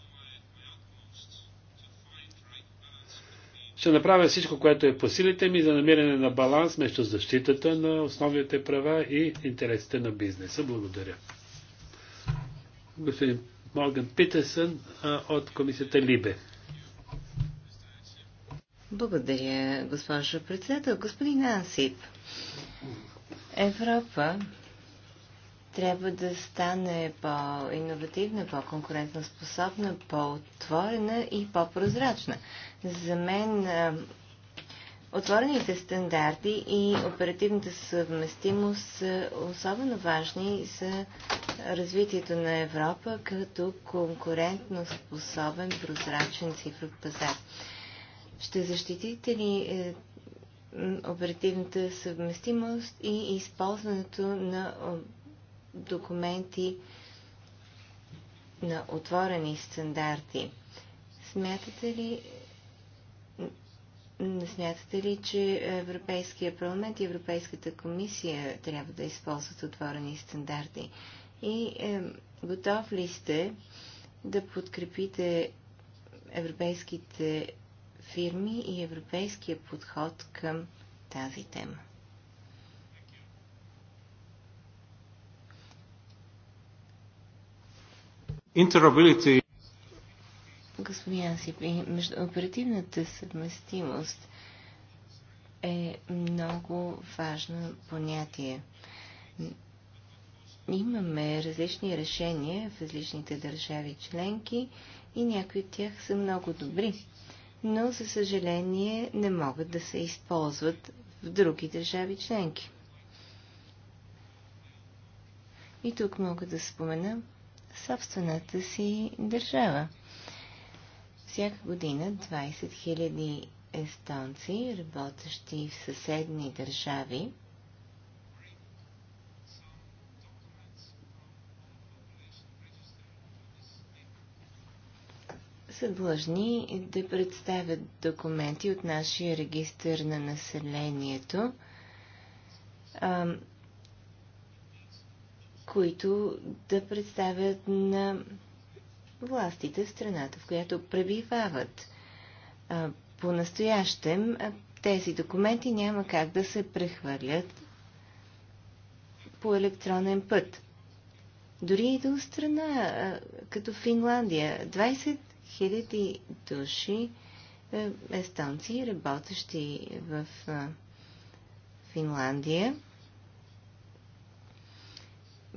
Ще направя всичко, което е по силите ми за намиране на баланс между защитата на основните права и интересите на бизнеса. Благодаря господин Морган Питерсън от комисията Либе. Благодаря, госпожо председател. Господин Ансип, Европа трябва да стане по-инновативна, по-конкурентно способна, по-отворена и по-прозрачна. За мен Отворените стандарти и оперативната съвместимост са особено важни за развитието на Европа като конкурентно способен прозрачен цифров пазар. Ще защитите ли е, оперативната съвместимост и използването на документи на отворени стандарти? Смятате ли, не смятате ли, че Европейския парламент и Европейската комисия трябва да използват отворени стандарти? И е, готов ли сте да подкрепите европейските фирми и европейския подход към тази тема? Interability господин Ансип, между оперативната съвместимост е много важно понятие. Имаме различни решения в различните държави членки и някои от тях са много добри, но за съжаление не могат да се използват в други държави членки. И тук мога да спомена собствената си държава. Всяка година 20 000 естонци, работещи в съседни държави, са длъжни да представят документи от нашия регистр на населението, които да представят на властите в страната, в която пребивават. По-настоящем тези документи няма как да се прехвърлят по електронен път. Дори и до страна, като Финландия, 20 000 души естонци, работещи в Финландия.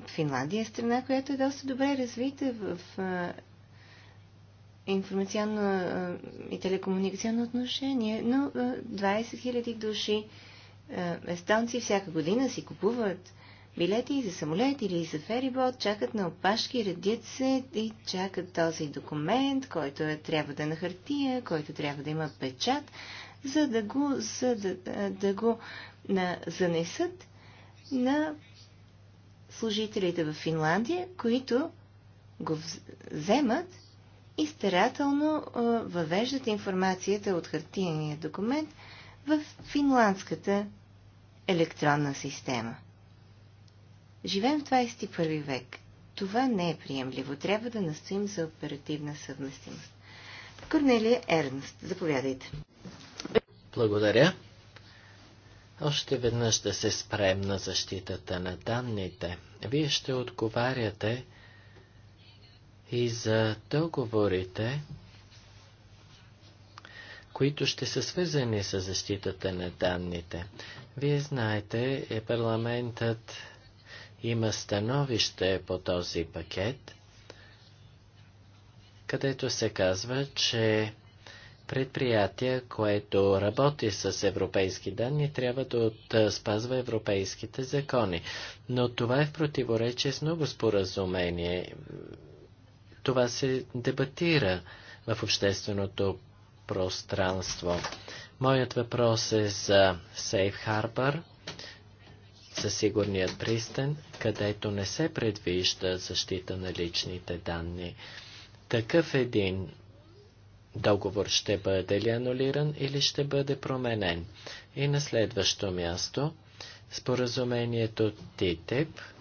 Финландия е страна, която е доста добре развита в информационно и телекомуникационно отношение, но 20 000 души естонци всяка година си купуват билети за самолет или за ферибот, чакат на опашки, редят се и чакат този документ, който е, трябва да е на хартия, който трябва да има печат, за да го, за да, да го на, занесат на служителите в Финландия, които го вземат и старателно въвеждат информацията от хартияния документ в финландската електронна система. Живеем в 21 век. Това не е приемливо. Трябва да настоим за оперативна съвместимост. Корнелия Ернст, заповядайте. Благодаря. Още веднъж да се спрем на защитата на данните. Вие ще отговаряте и за договорите, които ще са свързани с защитата на данните. Вие знаете, е парламентът има становище по този пакет, където се казва, че предприятия, което работи с европейски данни, трябва да спазва европейските закони. Но това е в противоречие с много споразумение това се дебатира в общественото пространство. Моят въпрос е за Сейф Харбър, за сигурният пристен, където не се предвижда защита на личните данни. Такъв един договор ще бъде ли анулиран или ще бъде променен? И на следващо място, споразумението ТИТЕП –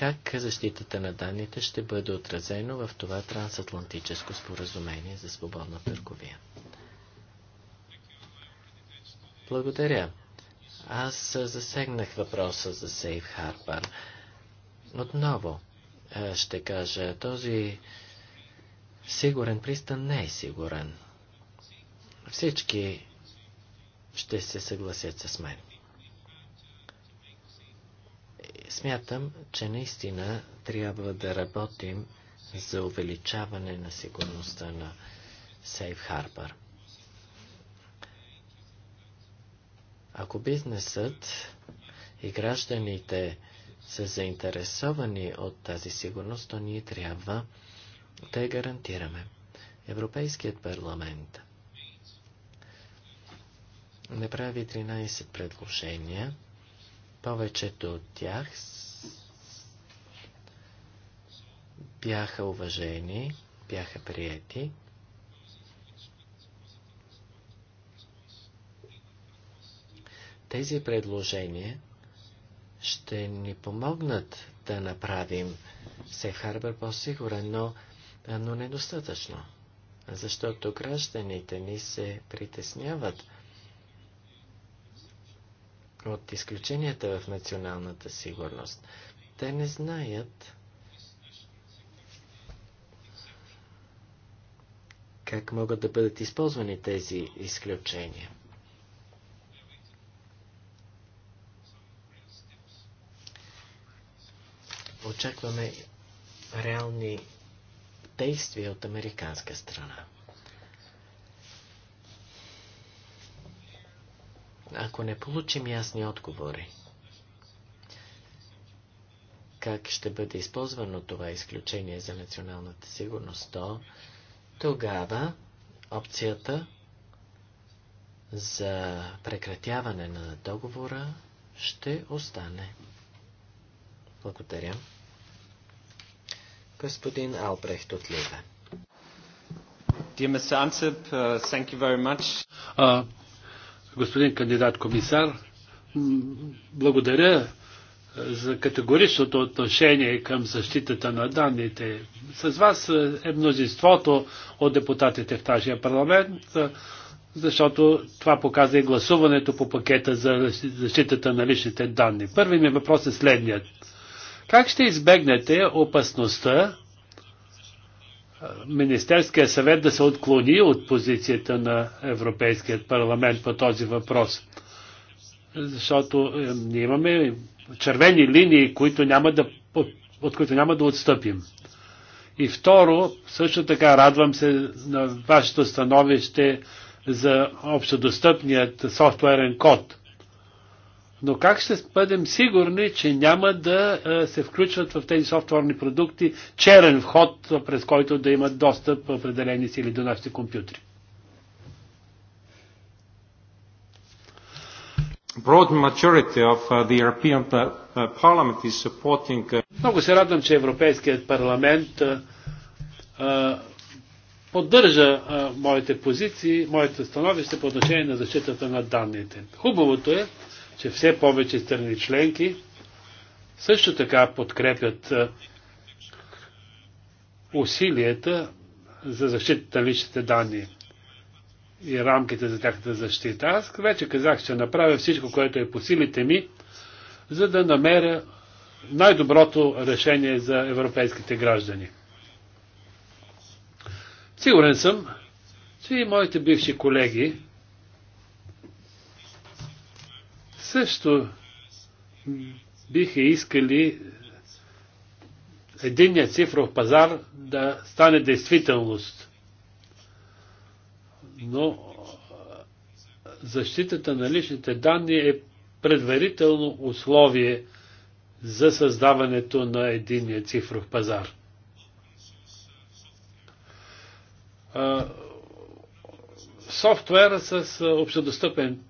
как защитата на данните ще бъде отразено в това трансатлантическо споразумение за свободна търговия. Благодаря. Аз засегнах въпроса за Сейф Harbor. Отново ще кажа, този сигурен пристан не е сигурен. Всички ще се съгласят с мен. Смятам, че наистина трябва да работим за увеличаване на сигурността на Сейф Harbor. Ако бизнесът и гражданите са заинтересовани от тази сигурност, то ние трябва да я гарантираме. Европейският парламент направи 13 предложения повечето от тях бяха уважени, бяха приети. Тези предложения ще ни помогнат да направим Safe Харбър по-сигурен, но, но недостатъчно, защото гражданите ни се притесняват – от изключенията в националната сигурност. Те не знаят как могат да бъдат използвани тези изключения. Очакваме реални действия от американска страна. Ако не получим ясни отговори, как ще бъде използвано това изключение за националната сигурност, то тогава опцията за прекратяване на договора ще остане. Благодаря. Господин Албрехт от Ливе. uh, thank you very much. Uh, господин кандидат комисар, благодаря за категоричното отношение към защитата на данните. С вас е мнозинството от депутатите в тази парламент, защото това показва и гласуването по пакета за защитата на личните данни. Първи ми въпрос е следният. Как ще избегнете опасността Министерския съвет да се отклони от позицията на Европейският парламент по този въпрос. Защото е, ние имаме червени линии, които няма да, от които няма да отстъпим. И второ, също така радвам се на вашето становище за общодостъпният софтуерен код. Но как ще бъдем сигурни, че няма да се включват в тези софтуерни продукти черен вход, през който да имат достъп определени сили до нашите компютри? Uh, uh, uh, Много се радвам, че Европейският парламент поддържа моите позиции, моите становище по отношение на защитата на данните. Хубавото е, че все повече страни членки също така подкрепят усилията за защита на личните данни и рамките за тяхната защита. Аз вече казах, че направя всичко, което е по силите ми, за да намеря най-доброто решение за европейските граждани. Сигурен съм, че и моите бивши колеги също биха искали единният цифров пазар да стане действителност. Но защитата на личните данни е предварително условие за създаването на единния цифров пазар. Софтуера с общодостъпен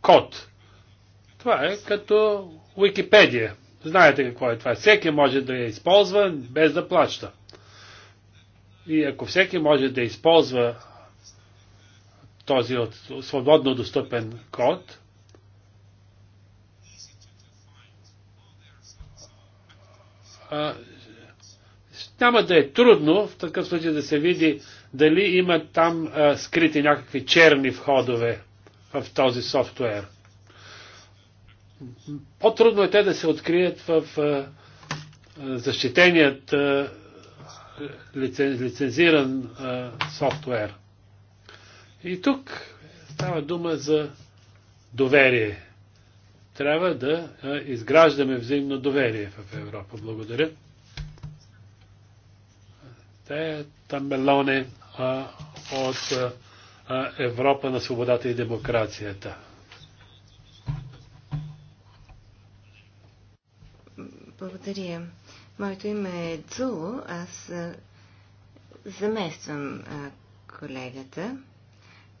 код. Това е като Википедия. Знаете какво е това. Всеки може да я използва без да плаща. И ако всеки може да използва този от свободно достъпен код, няма да е трудно в такъв случай да се види дали има там скрити някакви черни входове в този софтуер. По-трудно е те да се открият в защитеният лицензиран софтуер. И тук става дума за доверие. Трябва да изграждаме взаимно доверие в Европа. Благодаря. Те е Тамбелоне от Европа на свободата и демокрацията. Благодаря. Моето име е Дзу. Аз замествам колегата.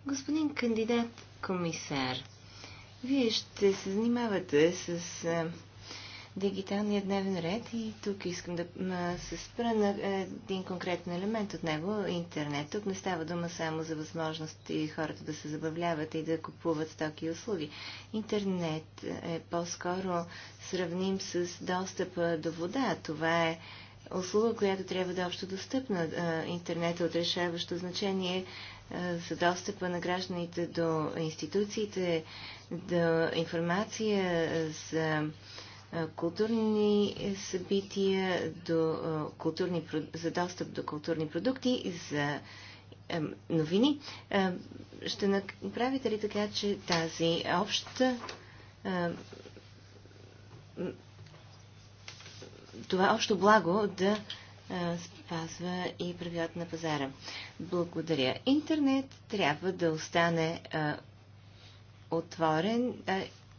Господин кандидат комисар, вие ще се занимавате с дигиталния дневен ред и тук искам да се спра на един конкретен елемент от него – интернет. Тук не става дума само за възможности хората да се забавляват и да купуват стоки и услуги. Интернет е по-скоро сравним с достъпа до вода. Това е услуга, която трябва да е общо достъпна. Интернет е от решаващо значение за достъпа на гражданите до институциите, до информация за културни събития, до, културни, за достъп до културни продукти, за новини. Ще направите ли така, че тази обща това общо благо да спазва и правилата на пазара. Благодаря. Интернет трябва да остане отворен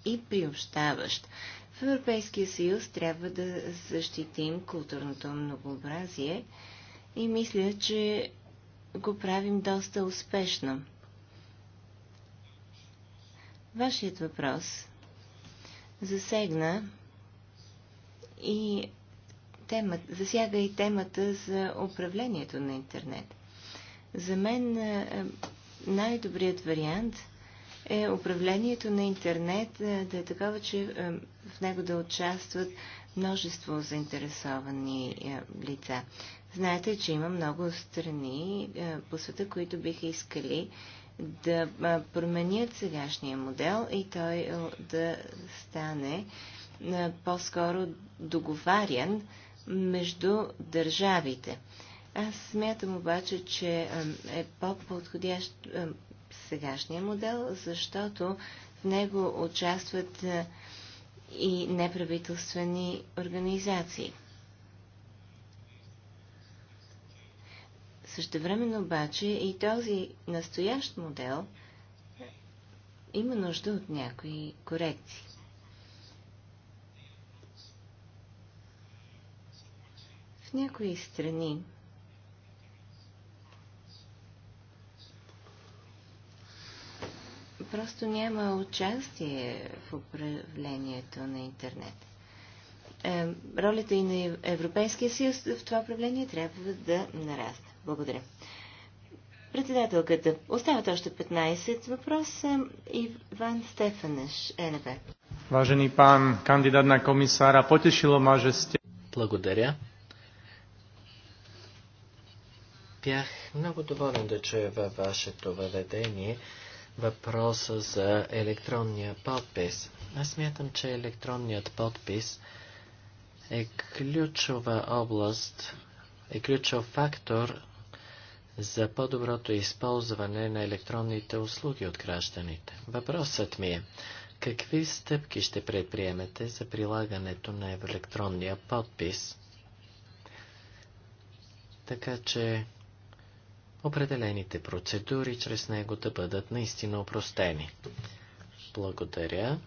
и приобщаващ. В Европейския съюз трябва да защитим културното многообразие и мисля, че го правим доста успешно. Вашият въпрос засегна и темата, засяга и темата за управлението на интернет. За мен е, най-добрият вариант – е управлението на интернет е, да е такова, че е, в него да участват множество заинтересовани е, лица. Знаете, че има много страни по света, които биха искали да променят сегашния модел и той да стане по-скоро договарян между държавите. Аз смятам обаче, че е по-подходящ сегашния модел, защото в него участват е, и неправителствени организации. Същевременно обаче и този настоящ модел има нужда от някои корекции. В някои страни просто няма участие в управлението на интернет. Е, ролята и на Европейския съюз в това управление трябва да нарасне. Благодаря. Председателката, остават още 15 въпроса. Иван Стефанеш, ЕНБ. Важен пан кандидат на комисара, потешило мажести. сте... Благодаря. Бях много доволен да чуя във вашето въведение, въпроса за електронния подпис. Аз смятам, че електронният подпис е ключова област, е ключов фактор за по-доброто използване на електронните услуги от гражданите. Въпросът ми е, какви стъпки ще предприемете за прилагането на електронния подпис, така че определените процедури чрез него да бъдат наистина опростени. Благодаря.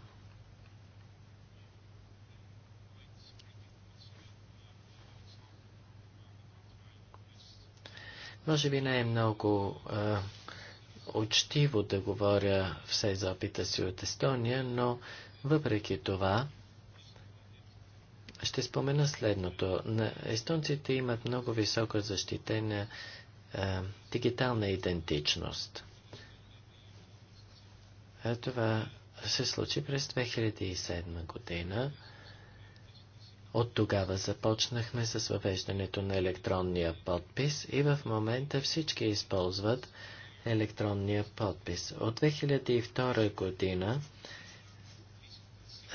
Може би не е много а, е, учтиво да говоря все за опита си от Естония, но въпреки това ще спомена следното. На естонците имат много висока защитена е, дигитална идентичност. Е, това се случи през 2007 година. От тогава започнахме с въвеждането на електронния подпис и в момента всички използват електронния подпис. От 2002 година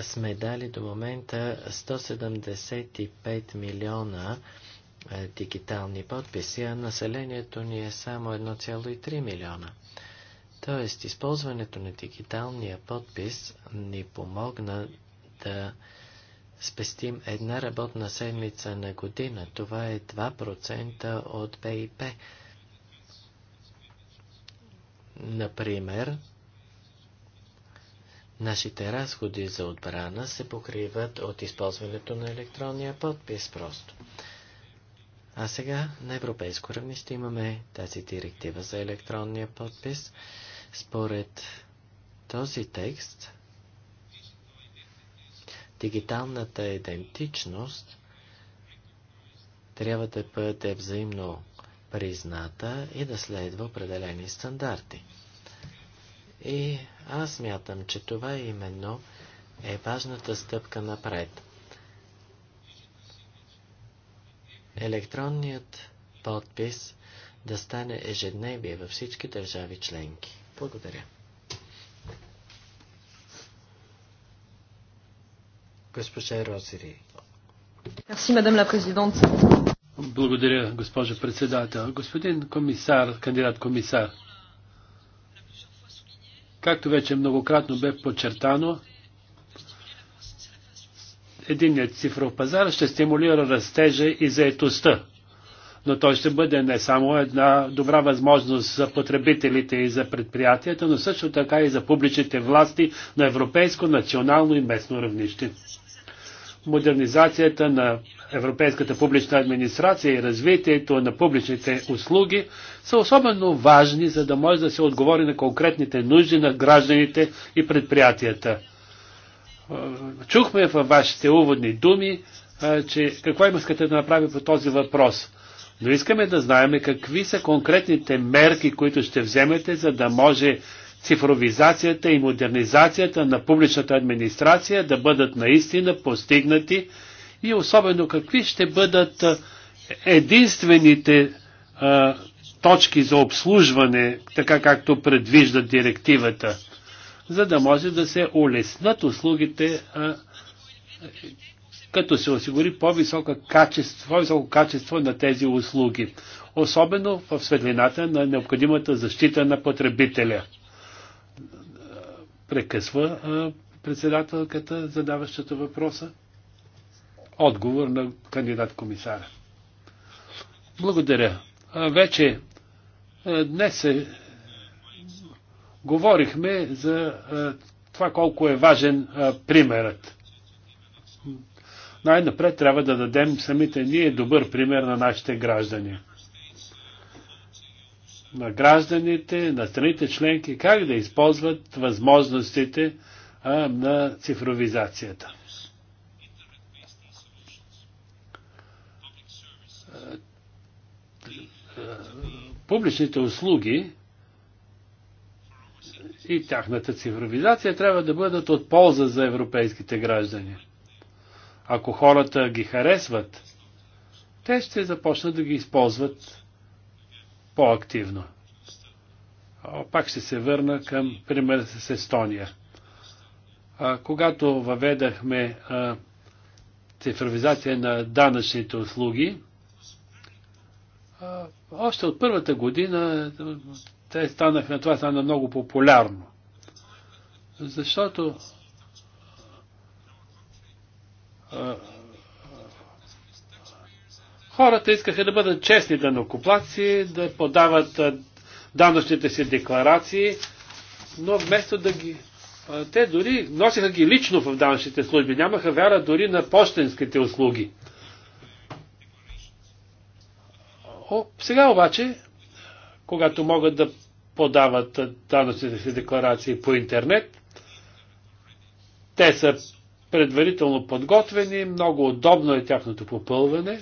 сме дали до момента 175 милиона е, дигитални подписи, а населението ни е само 1,3 милиона. Тоест, използването на дигиталния подпис ни помогна да спестим една работна седмица на година. Това е 2% от БИП. Например, нашите разходи за отбрана се покриват от използването на електронния подпис просто. А сега на европейско равнище имаме тази директива за електронния подпис. Според този текст, дигиталната идентичност трябва да бъде взаимно призната и да следва определени стандарти. И аз мятам, че това именно е важната стъпка напред – електронният подпис да стане ежедневие във всички държави членки. Благодаря. Госпожа Розири. Merci, madame la présidente. Благодаря, госпожа председател. Господин комисар, кандидат комисар, както вече многократно бе подчертано, единният цифров пазар ще стимулира растежа и заетостта. Но той ще бъде не само една добра възможност за потребителите и за предприятията, но също така и за публичните власти на европейско, национално и местно равнище. Модернизацията на европейската публична администрация и развитието на публичните услуги са особено важни, за да може да се отговори на конкретните нужди на гражданите и предприятията. Е, чухме във вашите уводни думи, е, че какво искате да направи по този въпрос. Но искаме да знаем какви са конкретните мерки, които ще вземете, за да може цифровизацията и модернизацията на публичната администрация да бъдат наистина постигнати и особено какви ще бъдат е, единствените а, точки за обслужване, така както предвижда директивата за да може да се улеснат услугите, а, като се осигури по-високо качество, по-високо качество на тези услуги, особено в светлината на необходимата защита на потребителя. Прекъсва а, председателката, задаващата въпроса. Отговор на кандидат-комисара. Благодаря. Вече днес се говорихме за това колко е важен примерът. Най-напред трябва да дадем самите ние добър пример на нашите граждани. На гражданите, на страните членки, как да използват възможностите а, на цифровизацията. Публичните услуги и тяхната цифровизация трябва да бъдат от полза за европейските граждани. Ако хората ги харесват, те ще започнат да ги използват по-активно. Пак ще се върна към пример с Естония. А, когато въведахме а, цифровизация на данъчните услуги, а, още от първата година те станаха, това стана много популярно. Защото а, хората искаха да бъдат честни данокоплаци, да подават а, данъчните си декларации, но вместо да ги... А, те дори носиха ги лично в данъчните служби, нямаха вяра дори на почтенските услуги. О, сега обаче когато могат да подават данъчните си декларации по интернет. Те са предварително подготвени, много удобно е тяхното попълване.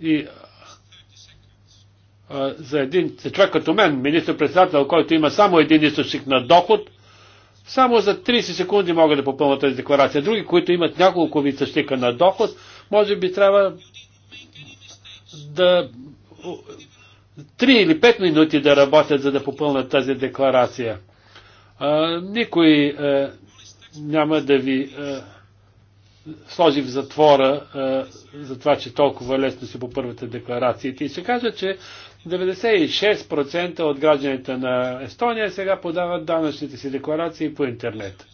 И а, за един за човек като мен, министр-председател, който има само един източник на доход, само за 30 секунди мога да попълна тази декларация. Други, които имат няколко източника на доход, може би трябва да три или пет минути да работят, за да попълнат тази декларация. А, никой а, е, няма да ви а, е, сложи в затвора а, е, за това, че толкова лесно си по първата декларация. И ще кажа, че 96% от гражданите на Естония сега подават данъчните си декларации по интернет.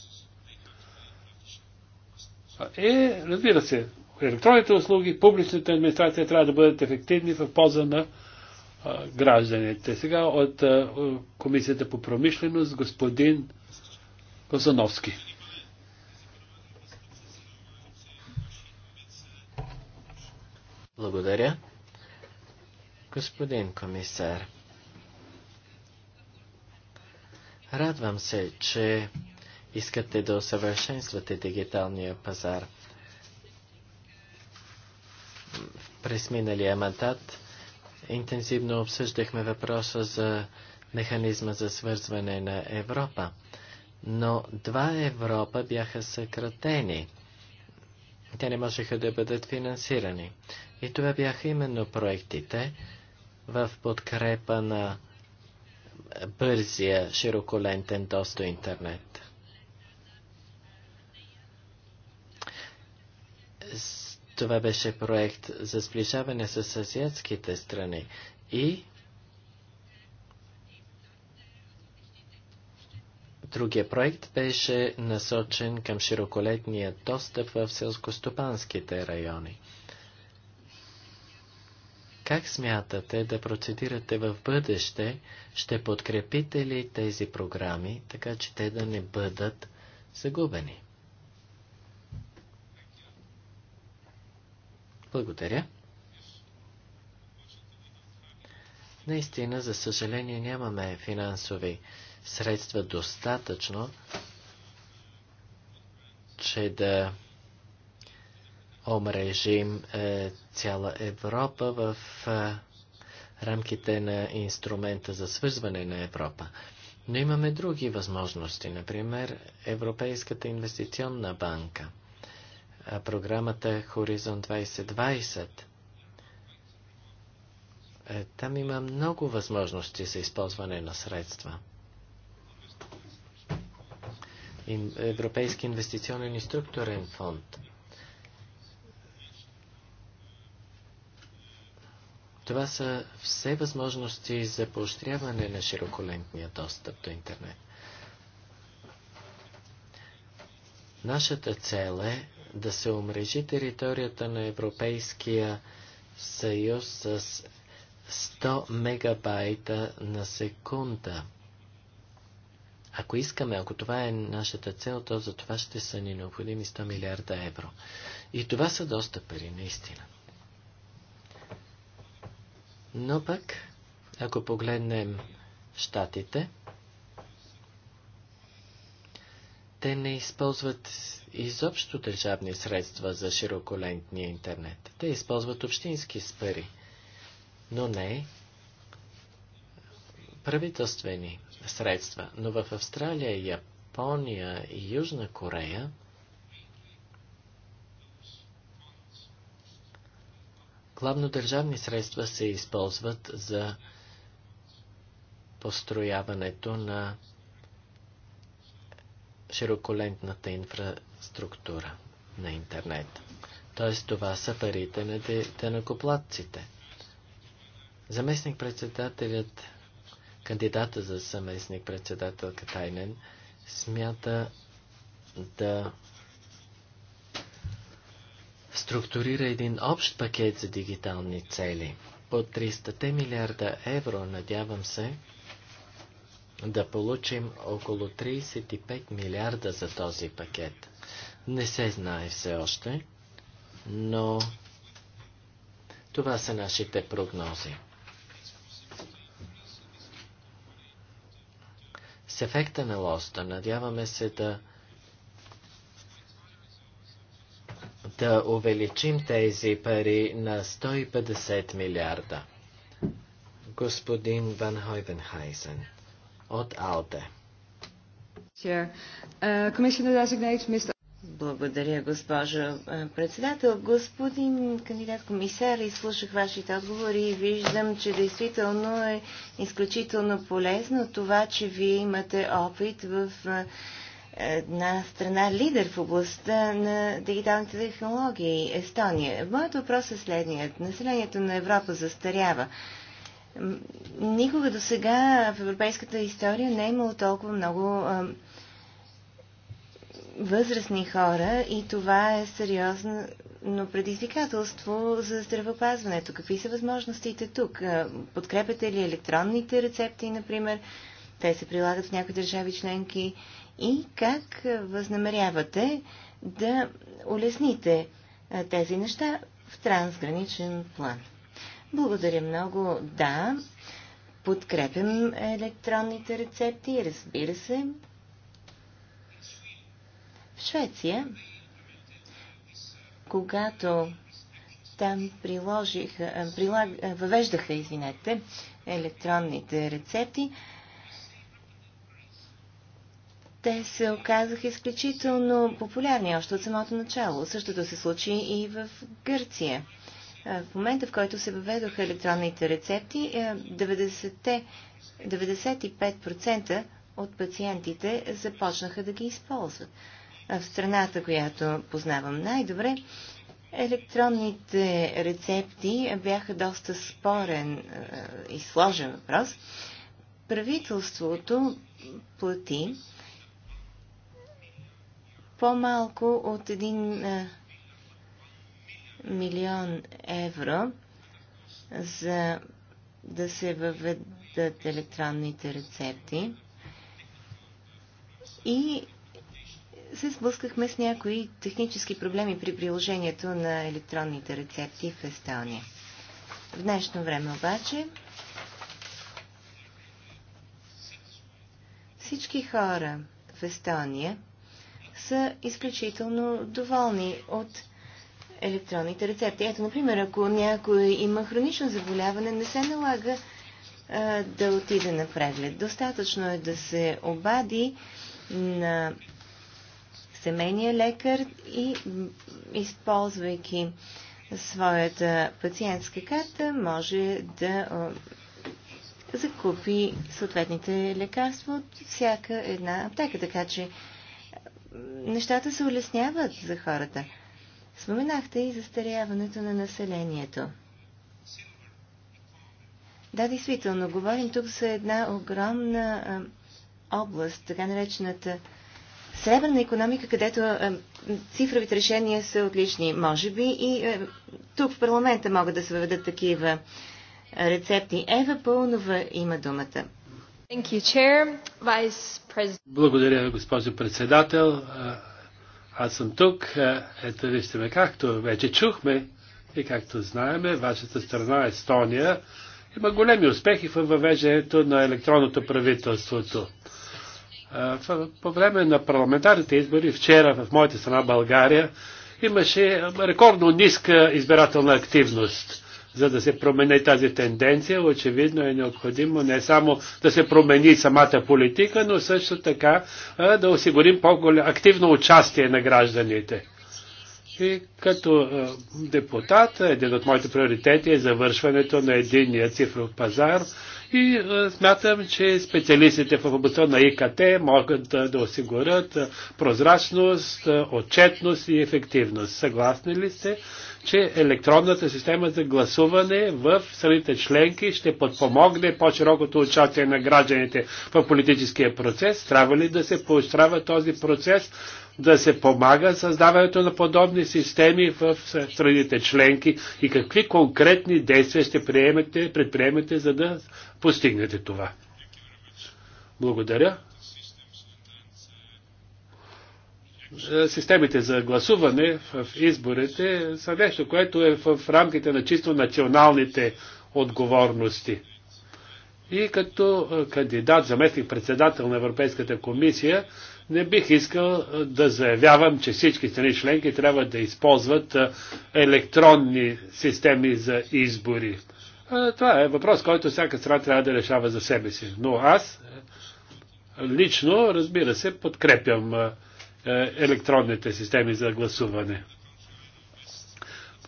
Е, разбира се, електронните услуги, публичната администрация трябва да бъдат ефективни в полза на а, гражданите. Сега от а, Комисията по промишленост господин Козановски. Благодаря. Господин комисар, радвам се, че искате да усъвършенствате дигиталния пазар през миналия мандат интензивно обсъждахме въпроса за механизма за свързване на Европа. Но два Европа бяха съкратени. Те не можеха да бъдат финансирани. И това бяха именно проектите в подкрепа на бързия широколентен достъп до интернет. Това беше проект за сближаване с азиатските страни и Другия проект беше насочен към широколетния достъп в селскостопанските райони. Как смятате да процедирате в бъдеще? Ще подкрепите ли тези програми, така че те да не бъдат загубени? Благодаря. Наистина, за съжаление, нямаме финансови средства достатъчно, че да омрежим е, цяла Европа в е, рамките на инструмента за свързване на Европа. Но имаме други възможности, например Европейската инвестиционна банка – програмата Хоризонт 2020. Е, там има много възможности за използване на средства. Европейски инвестиционен и структурен фонд. Това са все възможности за поощряване на широколентния достъп до интернет. Нашата цел е да се омрежи територията на Европейския съюз с 100 мегабайта на секунда. Ако искаме, ако това е нашата цел, то за това ще са ни необходими 100 милиарда евро. И това са доста пари, наистина. Но пък, ако погледнем щатите, те не използват изобщо държавни средства за широколентния интернет. Те използват общински спари, но не правителствени средства. Но в Австралия, Япония и Южна Корея главно държавни средства се използват за построяването на широколентната инфраструктура на интернет. Т.е. това са парите на денокоплатците. Заместник-председателят, кандидата за заместник-председател Катайнен, смята да структурира един общ пакет за дигитални цели. По 300 милиарда евро, надявам се, да получим около 35 милиарда за този пакет. Не се знае все още, но това са нашите прогнози. С ефекта на лоста надяваме се да да увеличим тези пари на 150 милиарда. Господин Ван Хойвенхайзен от АОТ. Uh, Благодаря, госпожо председател. Господин кандидат комисар, изслушах вашите отговори и виждам, че действително е изключително полезно това, че вие имате опит в една страна лидер в областта на дигиталните технологии – Естония. Моят въпрос е следният. Населението на Европа застарява. Никога до сега в европейската история не е имало толкова много възрастни хора и това е сериозно предизвикателство за здравеопазването. Какви са възможностите тук? Подкрепяте ли електронните рецепти, например? Те се прилагат в някои държави членки. И как възнамерявате да улесните тези неща в трансграничен план? Благодаря много. Да, подкрепям електронните рецепти, разбира се. В Швеция, когато там приложиха, прилаг, въвеждаха, извинете, електронните рецепти, те се оказаха изключително популярни още от самото начало. Същото се случи и в Гърция. В момента, в който се въведоха електронните рецепти, 90 е, 95% от пациентите започнаха да ги използват. В страната, която познавам най-добре, електронните рецепти бяха доста спорен и сложен въпрос. Правителството плати по-малко от 1 милион евро за да се въведат електронните рецепти. И се сблъскахме с някои технически проблеми при приложението на електронните рецепти в Естония. В днешно време обаче всички хора в Естония са изключително доволни от електронните рецепти. Ето, например, ако някой има хронично заболяване, не се налага а, да отиде на преглед. Достатъчно е да се обади на семейния лекар и използвайки своята пациентска карта, може да а, закупи съответните лекарства от всяка една аптека. Така че нещата се улесняват за хората. Споменахте и застаряването на населението. Да, действително, говорим тук за една огромна а, област, така наречената сребърна економика, където а, цифровите решения са отлични. Може би и а, тук в парламента могат да се въведат такива рецепти. Ева Пълнова има думата. Благодаря, госпожо председател. Аз съм тук, е, ето вижте ме, както вече чухме и както знаеме, вашата страна Естония има големи успехи в въвеждането на електронното правителството. Е, по време на парламентарните избори вчера в моята страна България имаше рекордно ниска избирателна активност. За да се промени тази тенденция, очевидно е необходимо не само да се промени самата политика, но също така да осигурим по-активно участие на гражданите. И като депутат, един от моите приоритети е завършването на единния цифров пазар и смятам, че специалистите в областта на ИКТ могат да, да осигурят прозрачност, отчетност и ефективност. Съгласни ли сте? че електронната система за гласуване в страните членки ще подпомогне по-широкото участие на гражданите в политическия процес. Трябва ли да се поощрява този процес, да се помага създаването на подобни системи в страните членки и какви конкретни действия ще приемете, предприемете, за да постигнете това? Благодаря. Е, системите за гласуване в изборите са нещо, което е в рамките на чисто националните отговорности. И като е, кандидат, заместник председател на Европейската комисия, не бих искал е, да заявявам, че всички страни членки трябва да използват електронни системи за избори. Това е въпрос, който всяка страна трябва да решава за себе си. Но аз лично, разбира се, подкрепям е, електронните системи за гласуване.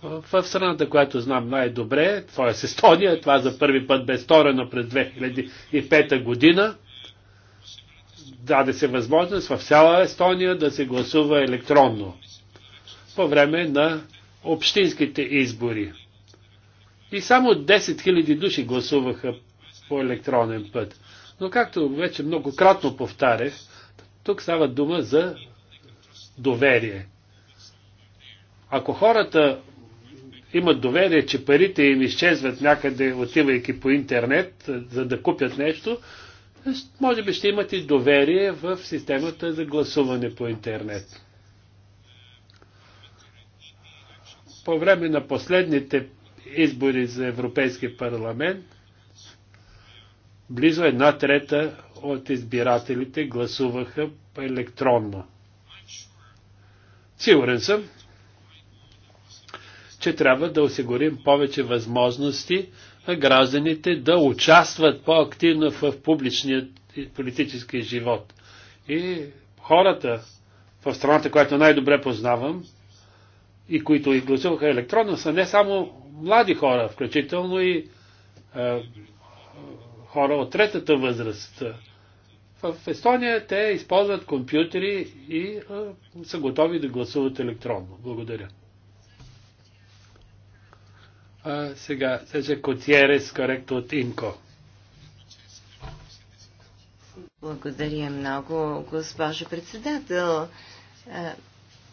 В страната, която знам най-добре, това е Естония, това за първи път бе сторено през 2005 година, даде се възможност в цяла Естония да се гласува електронно по време на общинските избори. И само 10 000 души гласуваха по електронен път. Но както вече много кратно повтарях, тук става дума за доверие. Ако хората имат доверие, че парите им изчезват някъде, отивайки по интернет, за да купят нещо, може би ще имат и доверие в системата за гласуване по интернет. По време на последните избори за Европейски парламент, близо една трета от избирателите гласуваха електронно. Сигурен съм, че трябва да осигурим повече възможности на гражданите да участват по-активно в публичния политически живот. И хората в страната, която най-добре познавам и които и гласуваха електронно, са не само млади хора, включително и е, хора от третата възраст, в Естония те използват компютри и а, са готови да гласуват електронно. Благодаря. А, сега, сега Котиерес, коректо от Инко. Благодаря много, госпожо председател.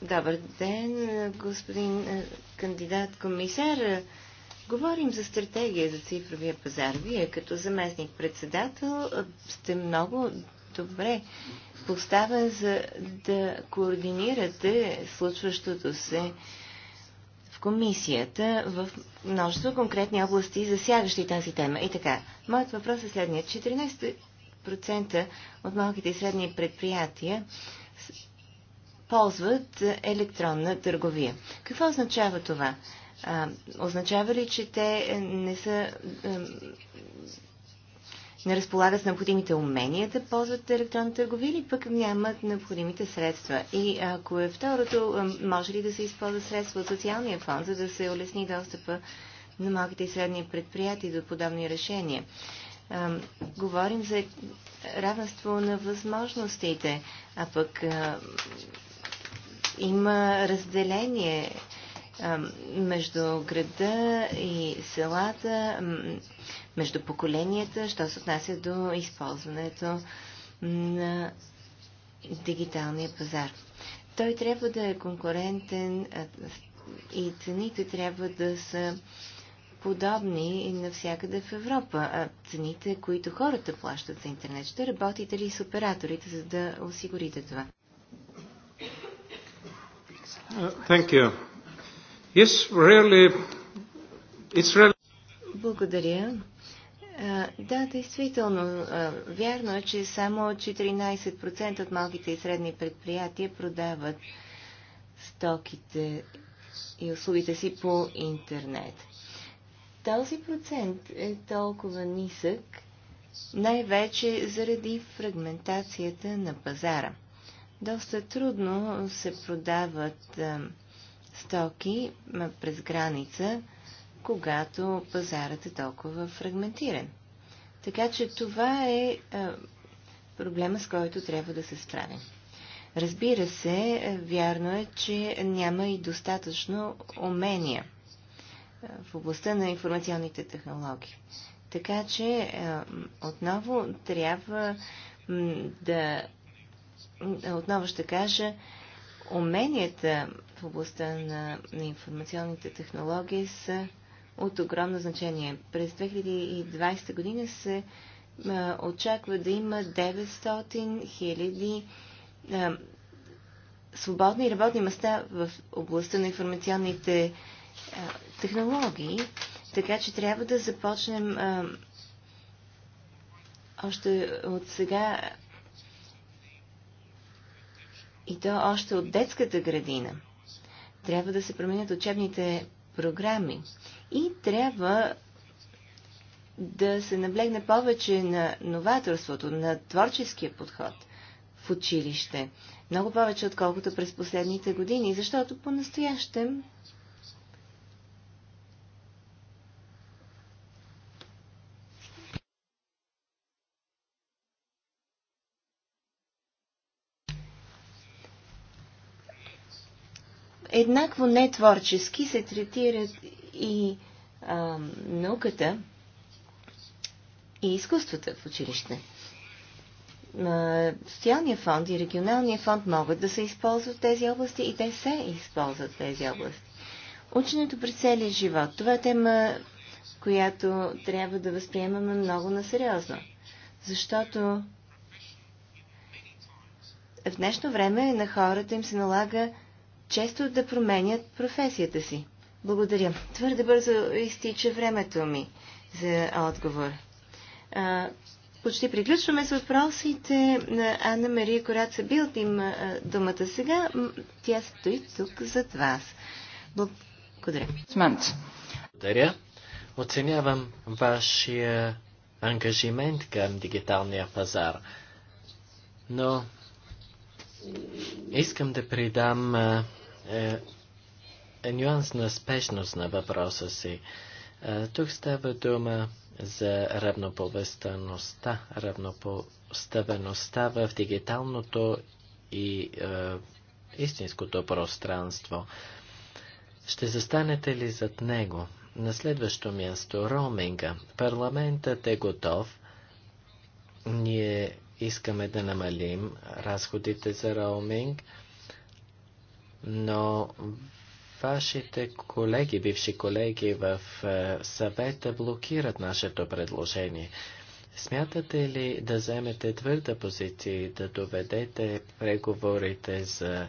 Добър ден, господин кандидат комисар. Говорим за стратегия за цифровия пазар. Вие като заместник председател сте много добре поставен за да координирате случващото се в комисията в множество конкретни области, засягащи тази тема. И така, моят въпрос е следният. 14% от малките и средни предприятия ползват електронна търговия. Какво означава това? А, означава ли, че те не са а, не разполагат с необходимите умения да ползват електронна търговия или пък нямат необходимите средства. И ако е второто, може ли да се използва средства от социалния фонд, за да се улесни достъпа на малките и средни предприятия до подобни решения? Говорим за равенство на възможностите, а пък има разделение между града и селата, между поколенията, що се отнася до използването на дигиталния пазар. Той трябва да е конкурентен и цените трябва да са подобни навсякъде в Европа. А цените, които хората плащат за интернет, ще работите ли с операторите, за да осигурите това? Thank you. Yes, really, it's really... Благодаря. Да, действително. Вярно е, че само 14% от малките и средни предприятия продават стоките и услугите си по интернет. Този процент е толкова нисък, най-вече заради фрагментацията на пазара. Доста трудно се продават стоки през граница, когато пазарът е толкова фрагментиран. Така че това е, е проблема, с който трябва да се справим. Разбира се, е, вярно е, че няма и достатъчно умения е, в областта на информационните технологии. Така че отново трябва да. Отново ще кажа, уменията в областта на, на информационните технологии са от огромно значение. През 2020 година се а, очаква да има 900 хиляди свободни работни места в областта на информационните а, технологии, така че трябва да започнем а, още от сега и то още от детската градина. Трябва да се променят учебните програми. И трябва да се наблегне повече на новаторството, на творческия подход в училище. Много повече, отколкото през последните години, защото по-настоящем еднакво нетворчески се третират и а, науката и изкуствата в училище. Социалния фонд и регионалния фонд могат да се използват тези области и те се използват в тези области. Ученето през целия живот. Това е тема, която трябва да възприемаме много насериозно. Защото в днешно време на хората им се налага често да променят професията си. Благодаря. Твърде бързо изтича времето ми за отговор. А, почти приключваме с въпросите на Анна Мария Кораца Билт. Има думата сега. Тя стои тук зад вас. Благодаря. Благодаря. Оценявам вашия ангажимент към дигиталния пазар. Но искам да придам е, е, нюанс на спешност на въпроса си. Е, тук става дума за равнопоставеността, равнопоставеността в дигиталното и е, истинското пространство. Ще застанете ли зад него? На следващо място роуминга. Парламентът е готов. Ние искаме да намалим разходите за роуминг но вашите колеги, бивши колеги в е, съвета блокират нашето предложение. Смятате ли да вземете твърда позиция и да доведете преговорите за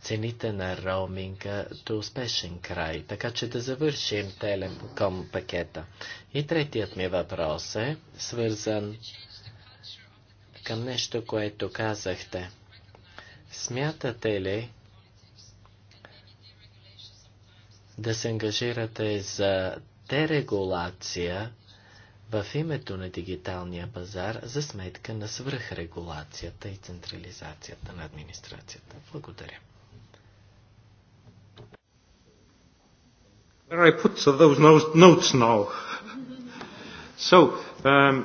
цените на роуминга до успешен край, така че да завършим телеком пакета? И третият ми въпрос е свързан към нещо, което казахте. Смятате ли, да се ангажирате за дерегулация в името на дигиталния пазар за сметка на свръхрегулацията и централизацията на администрацията. Благодаря. I put those notes now. So, um,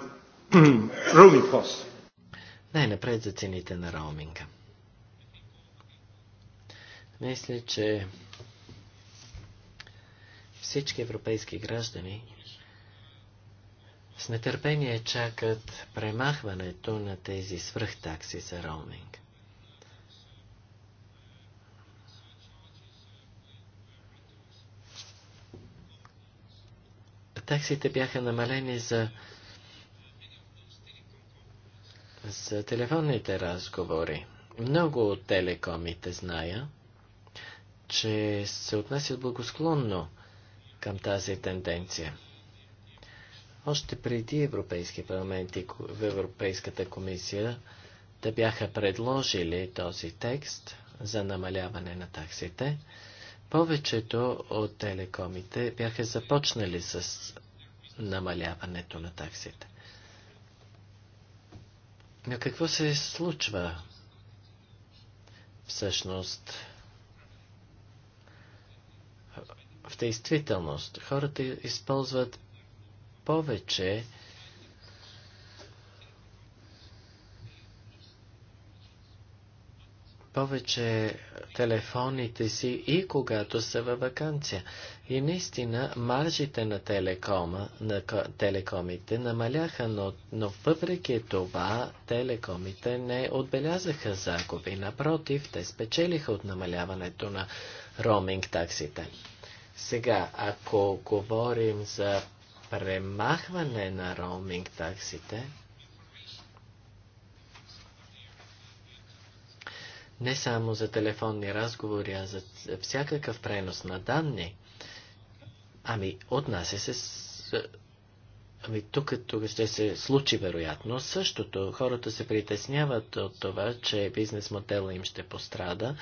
roaming costs. Най-напред за цените на роуминга. Мисля, че всички европейски граждани с нетърпение чакат премахването на тези свръхтакси за роуминг. Таксите бяха намалени за, за телефонните разговори. Много от телекомите зная, че се отнасят благосклонно към тази тенденция. Още преди Европейски парламент и в Европейската комисия да бяха предложили този текст за намаляване на таксите, повечето от телекомите бяха започнали с намаляването на таксите. Но какво се случва? Всъщност, действителност. Хората използват повече повече телефоните си и когато са във вакансия. И наистина маржите на, телекома, на телекомите намаляха, но, но въпреки това телекомите не отбелязаха загуби. Напротив, те спечелиха от намаляването на роуминг таксите. Сега, ако говорим за премахване на роуминг таксите, не само за телефонни разговори, а за всякакъв пренос на данни, ами отнася се с Ами тук, тук ще се случи вероятно същото. Хората се притесняват от това, че бизнес модела им ще пострада,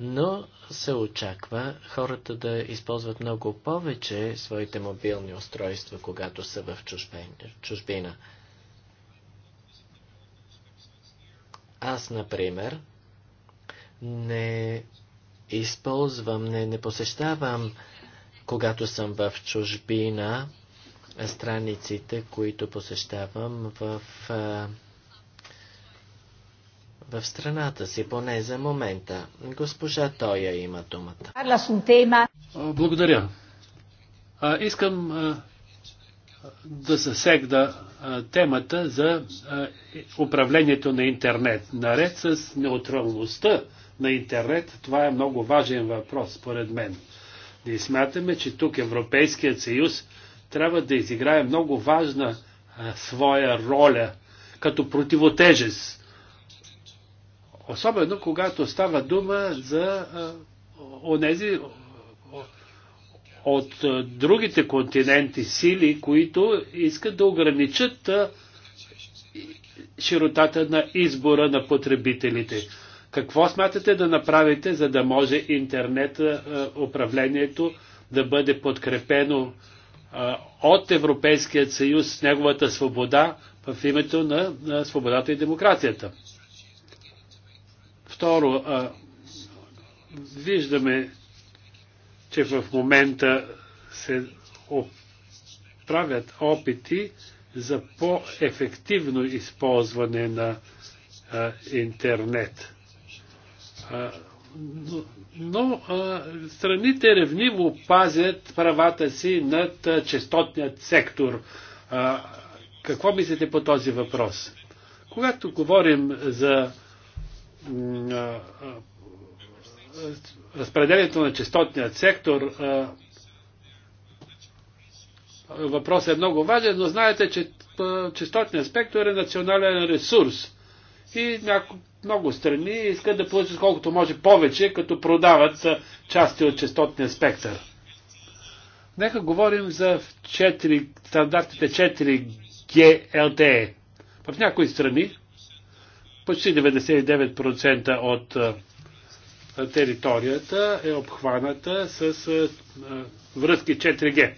но се очаква хората да използват много повече своите мобилни устройства, когато са в чужбина. Аз, например, не използвам, не, не посещавам, когато съм в чужбина, страниците, които посещавам в, в страната си, поне за момента. Госпожа Тоя има думата. Благодаря. А, искам а, да засегна темата за а, управлението на интернет. Наред с неутралността на интернет, това е много важен въпрос, според мен. Ние смятаме, че тук Европейският съюз трябва да изиграе много важна а, своя роля като противотежест. Особено когато става дума за онези от а, другите континенти сили, които искат да ограничат а, широтата на избора на потребителите. Какво смятате да направите, за да може интернет а, управлението да бъде подкрепено от Европейският съюз, неговата свобода в името на, свободата и демокрацията. Второ, виждаме, че в момента се правят опити за по-ефективно използване на интернет но а, страните ревниво пазят правата си над честотният частотният сектор. А, какво мислите по този въпрос? Когато говорим за а, разпределението на частотният сектор, а, въпросът е много важен, но знаете, че частотният спектър е национален ресурс. И няко, много страни искат да получат колкото може повече, като продават части от частотния спектър. Нека говорим за 4, стандартите 4G LTE. Е. В някои страни почти 99% от а, територията е обхваната с а, връзки 4G.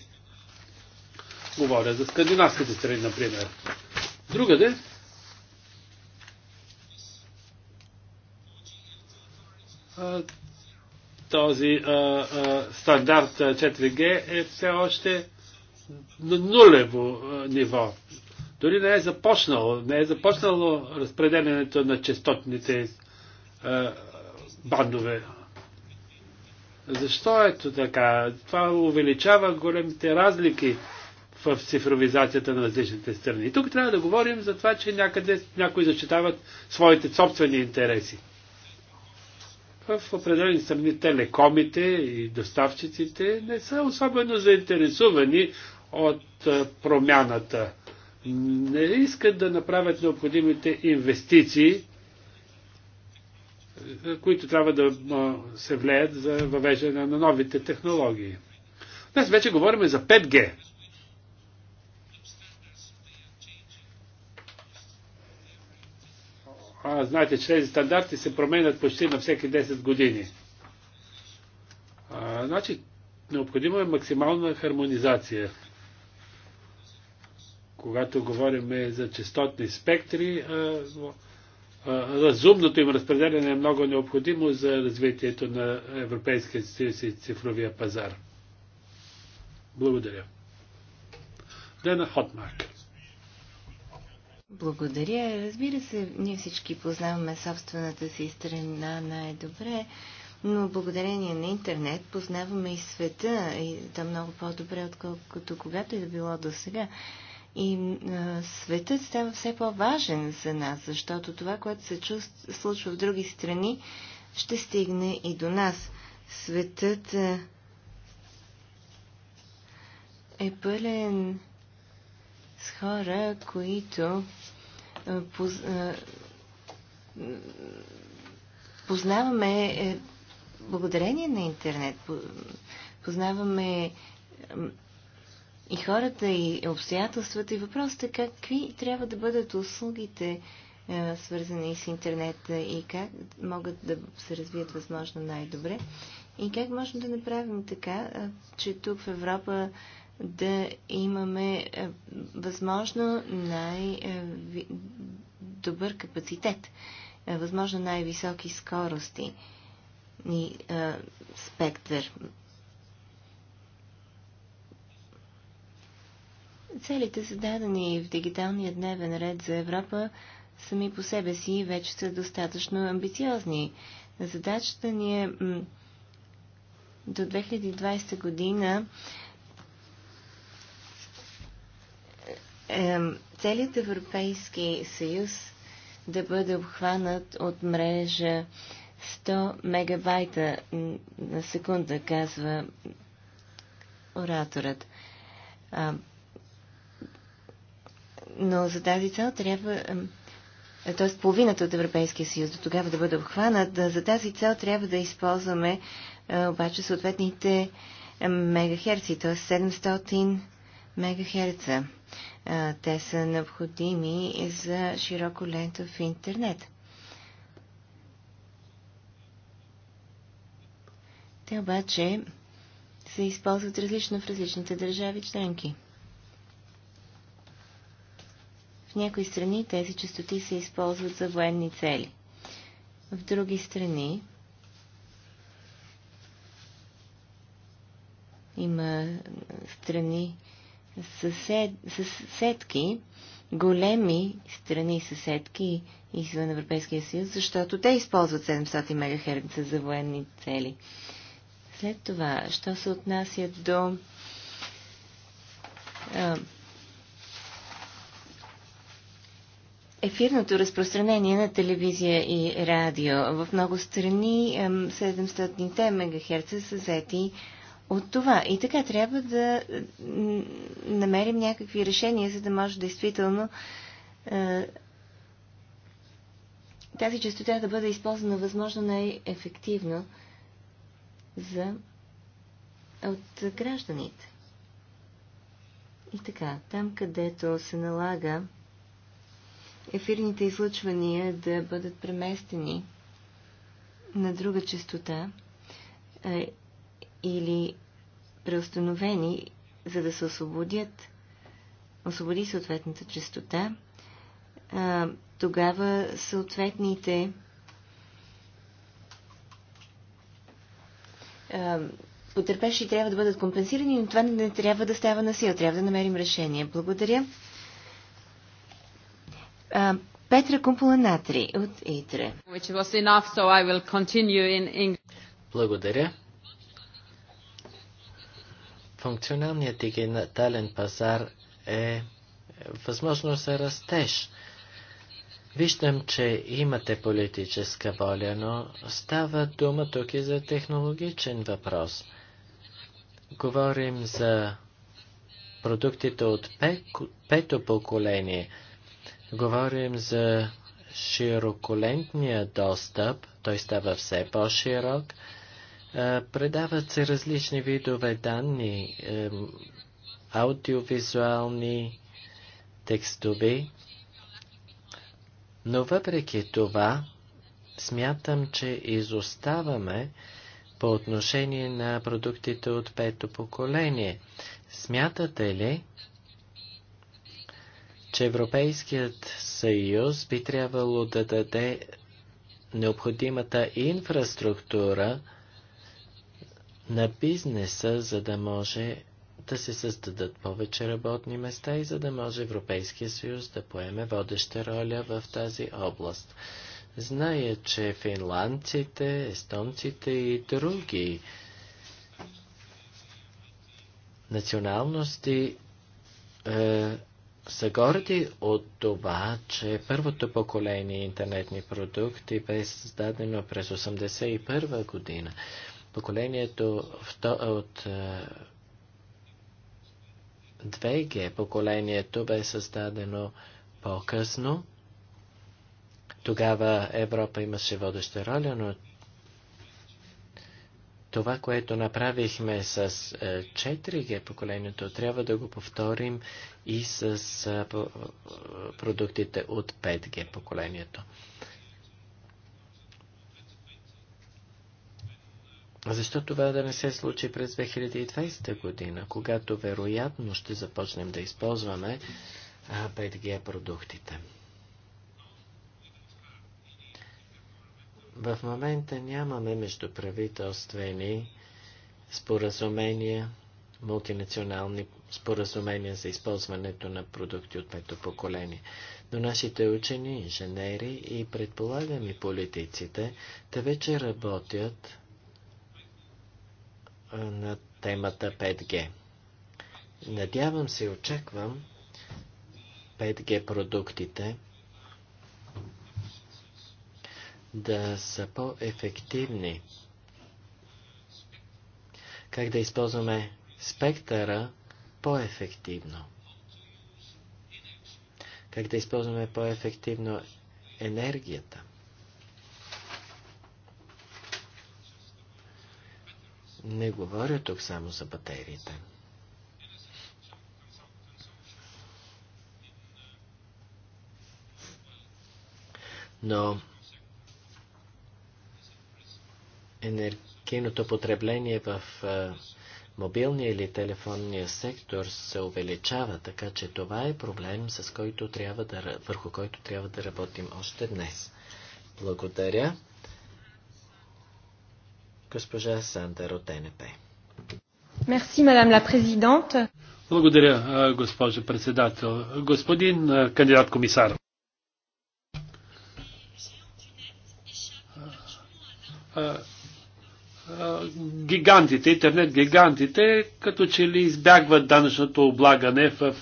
Говоря за скандинавските страни, например. Другаде, този а, а, стандарт 4G е все още на нулево а, ниво. Дори не е започнало, не е започнало разпределянето на частотните а, бандове. Защо ето така? Това увеличава големите разлики в цифровизацията на различните страни. И тук трябва да говорим за това, че някъде някои защитават своите собствени интереси в определени страни телекомите и доставчиците не са особено заинтересувани от промяната. Не искат да направят необходимите инвестиции, които трябва да се влеят за въвеждане на новите технологии. Днес вече говорим за 5G. А, знаете, че тези стандарти се променят почти на всеки 10 години. А, значи, необходима е максимална хармонизация. Когато говорим за частотни спектри, а, а, разумното им разпределение е много необходимо за развитието на Европейския съюз и цифровия пазар. Благодаря. Лена Хотмарк. Благодаря. Разбира се, ние всички познаваме собствената си страна най-добре, но благодарение на интернет познаваме и света, и да много по-добре, отколкото когато е да било до сега. И а, светът става все по-важен за нас, защото това, което се чувств, случва в други страни, ще стигне и до нас. Светът а, е пълен с хора, които е, е, познаваме е, благодарение на интернет. Познаваме и хората, и обстоятелствата, и въпросът какви трябва да бъдат услугите, свързани с интернет и как могат да се развият възможно най-добре. И как можем да направим така, че тук в Европа да имаме е, възможно най-добър капацитет, е, възможно най-високи скорости и е, спектър. Целите, зададени в дигиталния дневен ред за Европа, сами по себе си вече са достатъчно амбициозни. Задачата ни е до 2020 година целият Европейски съюз да бъде обхванат от мрежа 100 мегабайта на секунда, казва ораторът. но за тази цел трябва. Т.е. половината от Европейския съюз до тогава да бъде обхванат. За тази цел трябва да използваме е, обаче съответните мегахерци, т.е. 700 мегахерца. Те са необходими за широко ленто в интернет. Те обаче се използват различно в различните държави членки. В някои страни тези частоти се използват за военни цели. В други страни има страни, съсед, съседки, големи страни съседки извън Европейския съюз, защото те използват 700 МГц за военни цели. След това, що се отнася до ефирното разпространение на телевизия и радио. В много страни 700 МГц са взети от това. И така трябва да намерим някакви решения, за да може действително е, тази частота да бъде използвана възможно най-ефективно за от гражданите. И така, там където се налага ефирните излъчвания да бъдат преместени на друга частота, е, или преустановени, за да се освободят, освободи съответната частота, тогава съответните Потерпещи потерпевши трябва да бъдат компенсирани, но това не трябва да става насил. Трябва да намерим решение. Благодаря. Петра Кумпола Натри от ИТРЕ. Благодаря. Функционалният дигитален пазар е възможност за растеж. Виждам, че имате политическа воля, но става дума тук и за технологичен въпрос. Говорим за продуктите от пето поколение. Говорим за широколентния достъп, той става все по-широк, е, предават се различни видове данни, е, аудиовизуални, текстови, но въпреки това смятам, че изоставаме по отношение на продуктите от пето поколение. Смятате ли, че Европейският съюз би трябвало да даде необходимата инфраструктура на бизнеса, за да може да се създадат повече работни места и за да може Европейския съюз да поеме водеща роля в тази област. Зная, че финландците, естонците и други националности е, са горди от това, че първото поколение интернетни продукти бе създадено през 1981 година. Поколението от 2G е, поколението бе създадено по-късно. Тогава Европа имаше водеща роля, но това, което направихме с 4G е, поколението, трябва да го повторим и с е, продуктите от 5G поколението. Защо това да не се случи през 2020 година, когато вероятно ще започнем да използваме 5G продуктите? В момента нямаме междуправителствени споразумения, мултинационални споразумения за използването на продукти от пето поколение. Но нашите учени, инженери и предполагам и политиците, те вече работят на темата 5G. Надявам се и очаквам 5G продуктите да са по-ефективни. Как да използваме спектъра по-ефективно? Как да използваме по-ефективно енергията? Не говоря тук само за батериите. Но енергийното потребление в мобилния или телефонния сектор се увеличава, така че това е проблем, с който трябва да, върху който трябва да работим още днес. Благодаря. Госпожа Сандър от НП. Мерси, мадам ла президент. Благодаря, госпожа председател. Господин кандидат комисар. гигантите, интернет гигантите, като че ли избягват данъчното облагане в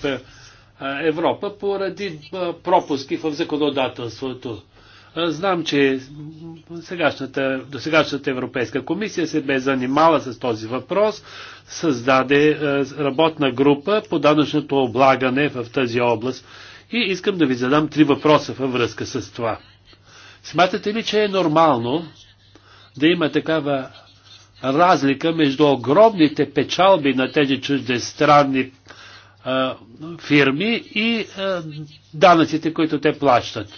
Европа поради пропуски в законодателството. Е, знам, че сегашната, сегашната Европейска комисия се бе занимала с този въпрос, създаде е, работна група по данъчното облагане в тази област и искам да ви задам три въпроса във връзка с това. Смятате ли, че е нормално да има такава разлика между огромните печалби на тези чуждестранни а, е, фирми и а, данъците, които те плащат?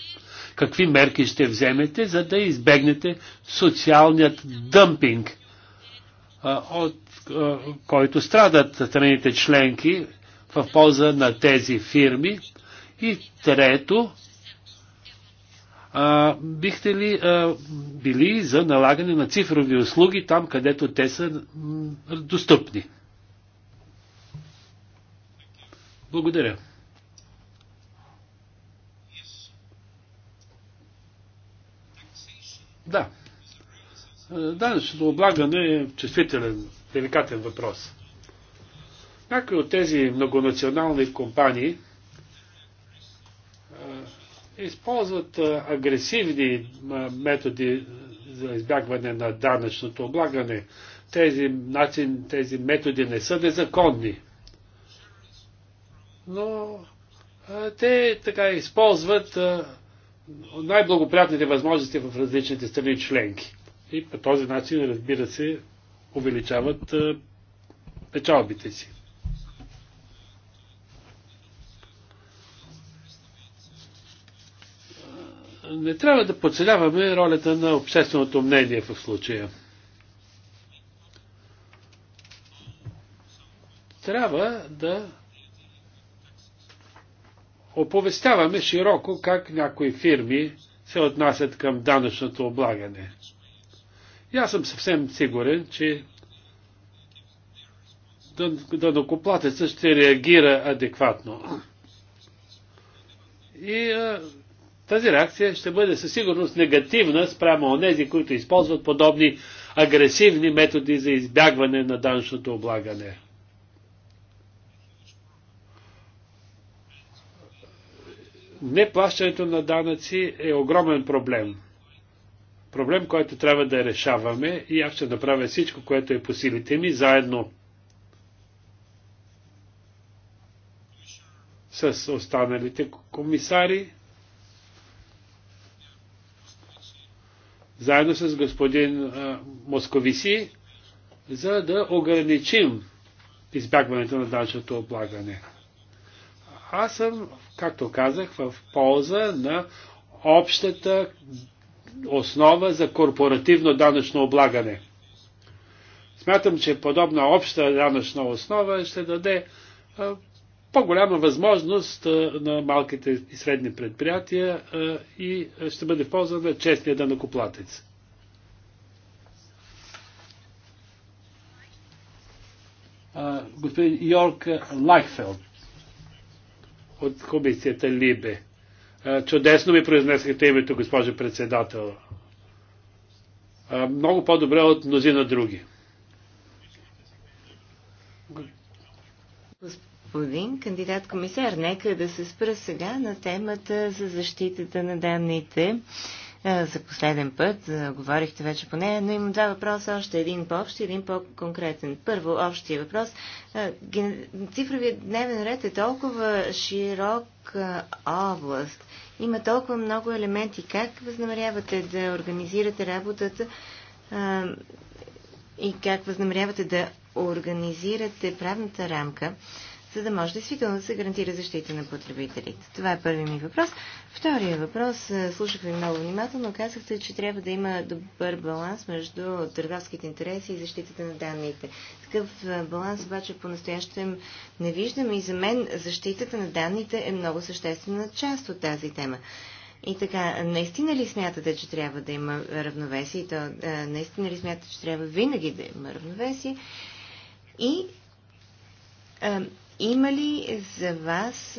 какви мерки ще вземете, за да избегнете социалният дъмпинг, от който страдат страните членки в полза на тези фирми. И трето, а, бихте ли а, били за налагане на цифрови услуги там, където те са достъпни? Благодаря. Да. Е, данъчното облагане е чувствителен, деликатен въпрос. Някои от тези многонационални компании е, използват е, агресивни методи за избягване на данъчното облагане. Тези, начин, тези методи не са незаконни. Но те така използват най-благоприятните възможности в различните страни членки. И по този начин, разбира се, увеличават печалбите си. Не трябва да подцеляваме ролята на общественото мнение в случая. Трябва да оповестяваме широко как някои фирми се отнасят към данъчното облагане. И аз съм съвсем сигурен, че дънокоплатецът ще реагира адекватно. И а, тази реакция ще бъде със сигурност негативна спрямо онези, които използват подобни агресивни методи за избягване на данъчното облагане. неплащането на данъци е огромен проблем. Проблем, който трябва да решаваме и аз ще направя всичко, което е по силите ми, заедно с останалите комисари, заедно с господин а, Московиси, за да ограничим избягването на данъчното облагане. Аз съм както казах, в полза на общата основа за корпоративно данъчно облагане. Смятам, че подобна обща данъчна основа ще даде по-голяма възможност на малките и средни предприятия и ще бъде в полза на честния данъкоплатец. господин Йорк Лайхфелд от комисията Либе. Чудесно ми произнесахте името, госпожо председател. Много по-добре от мнозина други. Господин кандидат комисар, нека да се спра сега на темата за защитата на данните е, за последен път. Е, говорихте вече по нея, но имам два въпроса. Още един по-общ и един по-конкретен. Първо, общия въпрос. Е, цифровият дневен ред е толкова широк област. Има толкова много елементи. Как възнамерявате да организирате работата и как възнамерявате да организирате правната рамка? за да може действително да се гарантира защита на потребителите. Това е първи ми въпрос. Втория въпрос, слушах ви много внимателно, казахте, че трябва да има добър баланс между търговските интереси и защитата на данните. Такъв баланс обаче по-настоящем не виждаме и за мен защитата на данните е много съществена част от тази тема. И така, наистина ли смятате, че трябва да има равновесие? то, наистина ли смятате, че трябва винаги да има равновесие? И има ли за вас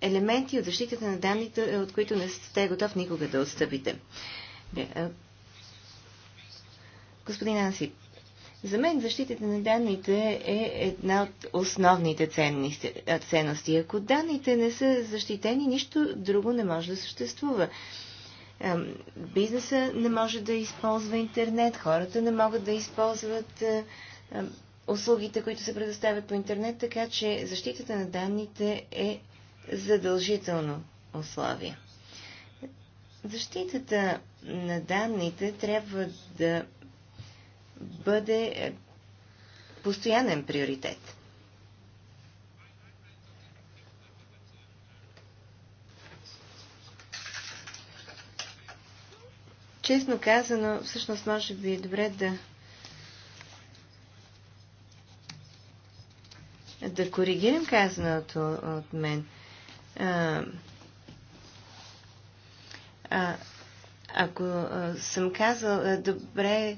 елементи от защитата на данните, от които не сте готов никога да отстъпите? Господин Анси, за мен защитата на данните е една от основните ценности. Ако данните не са защитени, нищо друго не може да съществува. Бизнеса не може да използва интернет, хората не могат да използват услугите, които се предоставят по интернет, така че защитата на данните е задължително условие. Защитата на данните трябва да бъде е, постоянен приоритет. Честно казано, всъщност може би е добре да да коригирам казаното от мен. А, а, ако а, съм казал, а, добре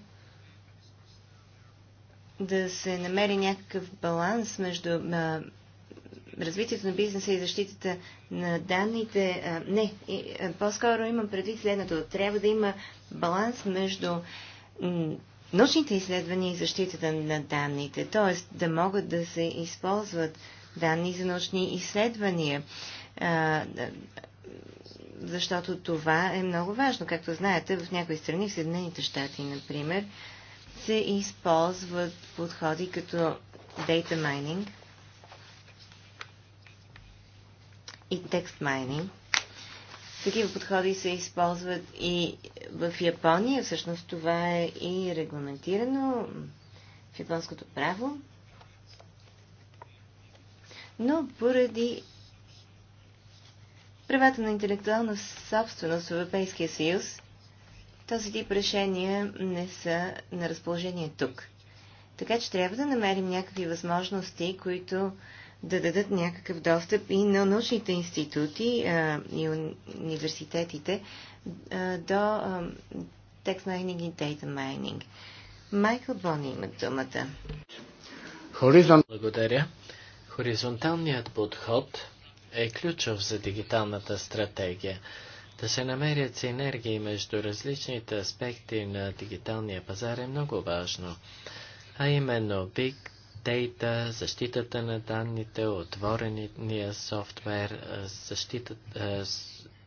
да се намери някакъв баланс между а, развитието на бизнеса и защитата на данните. А, не, по-скоро имам предвид следното. Трябва да има баланс между научните изследвания и защитата на данните, т.е. да могат да се използват данни за научни изследвания, защото това е много важно. Както знаете, в някои страни, в Съединените щати, например, се използват подходи като data mining и text mining – такива подходи се използват и в Япония. Всъщност това е и регламентирано в японското право. Но поради правата на интелектуална собственост в Европейския съюз, този тип решения не са на разположение тук. Така че трябва да намерим някакви възможности, които да дадат някакъв достъп и на научните институти а, и университетите а, до текст майнинг и дейта майнинг. Майкъл Бони има думата. Хоризон... Благодаря. Хоризонталният подход е ключов за дигиталната стратегия. Да се намерят синергии между различните аспекти на дигиталния пазар е много важно. А именно Big дейта, защитата на данните, отворения софтуер,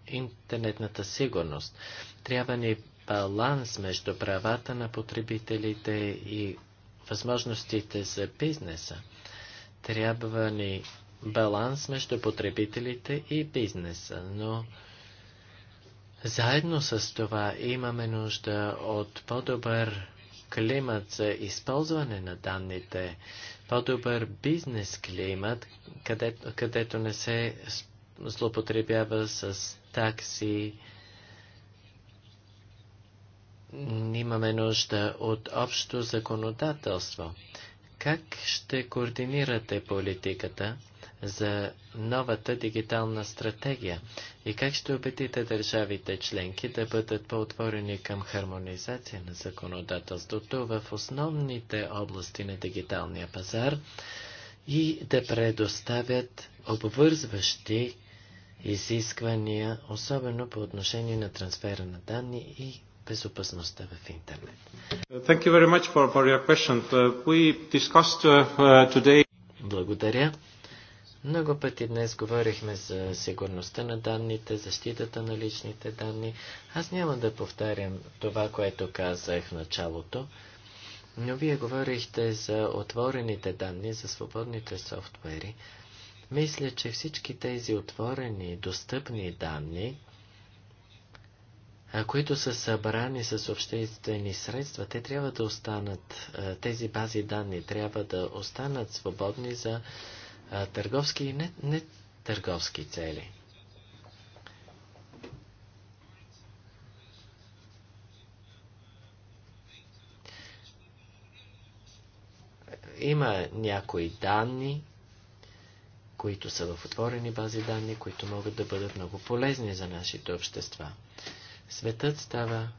интернетната сигурност. Трябва ни баланс между правата на потребителите и възможностите за бизнеса. Трябва ни баланс между потребителите и бизнеса, но заедно с това имаме нужда от по-добър климат за използване на данните, по-добър бизнес климат, където, където не се злоупотребява с такси. Имаме нужда от общо законодателство. Как ще координирате политиката? за новата дигитална стратегия и как ще убедите държавите членки да бъдат по-отворени към хармонизация на законодателството в основните области на дигиталния пазар и да предоставят обвързващи изисквания, особено по отношение на трансфера на данни и безопасността в интернет. Thank you very much for, for your question. Uh, we discussed uh, uh today... Благодаря. Много пъти днес говорихме за сигурността на данните, защитата на личните данни. Аз няма да повтарям това, което казах в началото, но вие говорихте за отворените данни, за свободните софтуери. Мисля, че всички тези отворени, достъпни данни, които са събрани с обществени средства, те трябва да останат, тези бази данни трябва да останат свободни за а, търговски и не, не търговски цели. Има някои данни, които са в отворени бази данни, които могат да бъдат много полезни за нашите общества. Светът става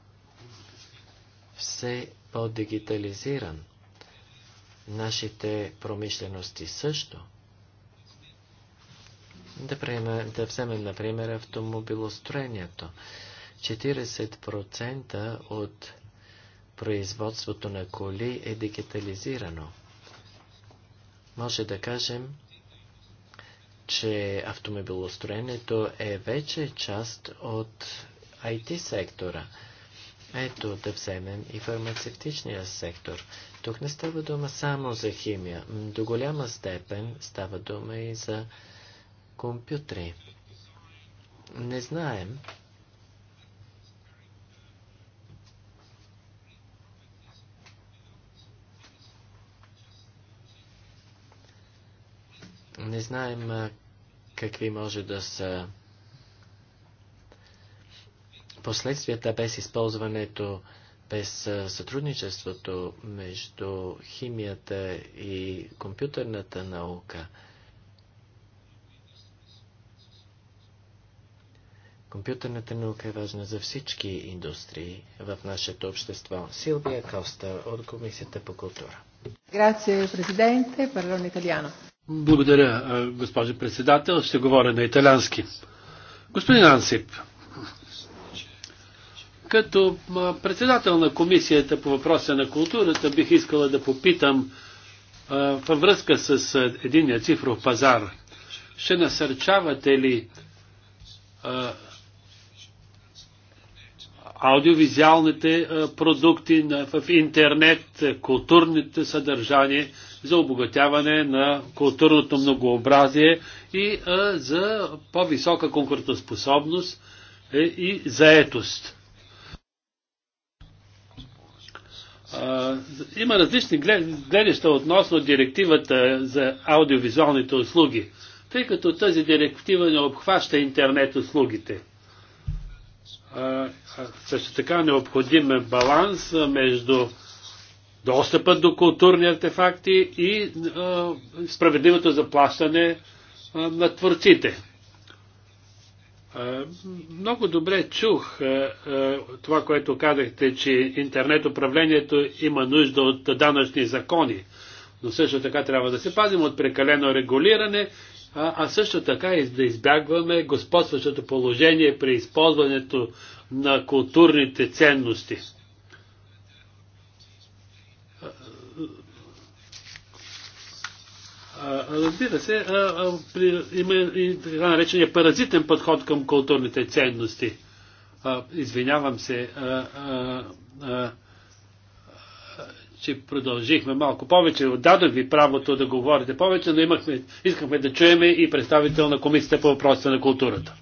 все по-дигитализиран. Нашите промишлености също – да, приема, да вземем, например, автомобилостроението. 40% от производството на коли е дигитализирано. Може да кажем, че автомобилостроението е вече част от IT сектора. Ето да вземем и фармацевтичния сектор. Тук не става дума само за химия. До голяма степен става дума и за компютри. Не знаем не знаем какви може да са последствията без използването, без сътрудничеството между химията и компютърната наука – Компютърната наука е важна за всички индустрии в нашето общество. Силвия Коста от Комисията по култура. Грация, президенте, парлон италиано. Благодаря, е, госпожо председател. Ще говоря на италянски. Господин Ансип, като е, председател на Комисията по въпроса на културата бих искала да попитам е, във връзка с единия цифров пазар. Ще насърчавате ли аудиовизуалните продукти в интернет, културните съдържания за обогатяване на културното многообразие и за по-висока конкурентоспособност е, и заетост. Има различни гледаща относно директивата за аудиовизуалните услуги, тъй като тази директива не обхваща интернет услугите също така необходим е баланс между достъпът до културни артефакти и а, е, справедливото заплащане а, е, на творците. А, е, много добре чух а, а, това, което казахте, че интернет управлението има нужда от данъчни закони, но също така трябва да се пазим от прекалено регулиране, а, а също така и да избягваме господстващото положение при използването на културните ценности. Разбира се, има и така наречения паразитен подход към културните ценности. Извинявам се, че продължихме малко повече. Отдадох ви правото да говорите повече, но имахме, искахме да чуеме и представител на Комисията по въпросите на културата.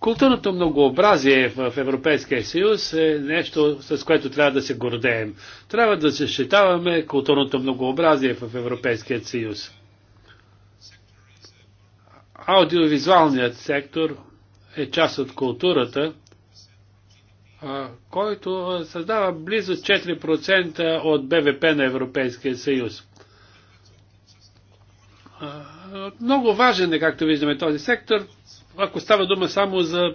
Културното многообразие в Европейския съюз е нещо, с което трябва да се гордеем. Трябва да защитаваме културното многообразие в Европейския съюз. Аудиовизуалният сектор е част от културата, който създава близо 4% от БВП на Европейския съюз. Много важен е, както виждаме, този сектор ако става дума само за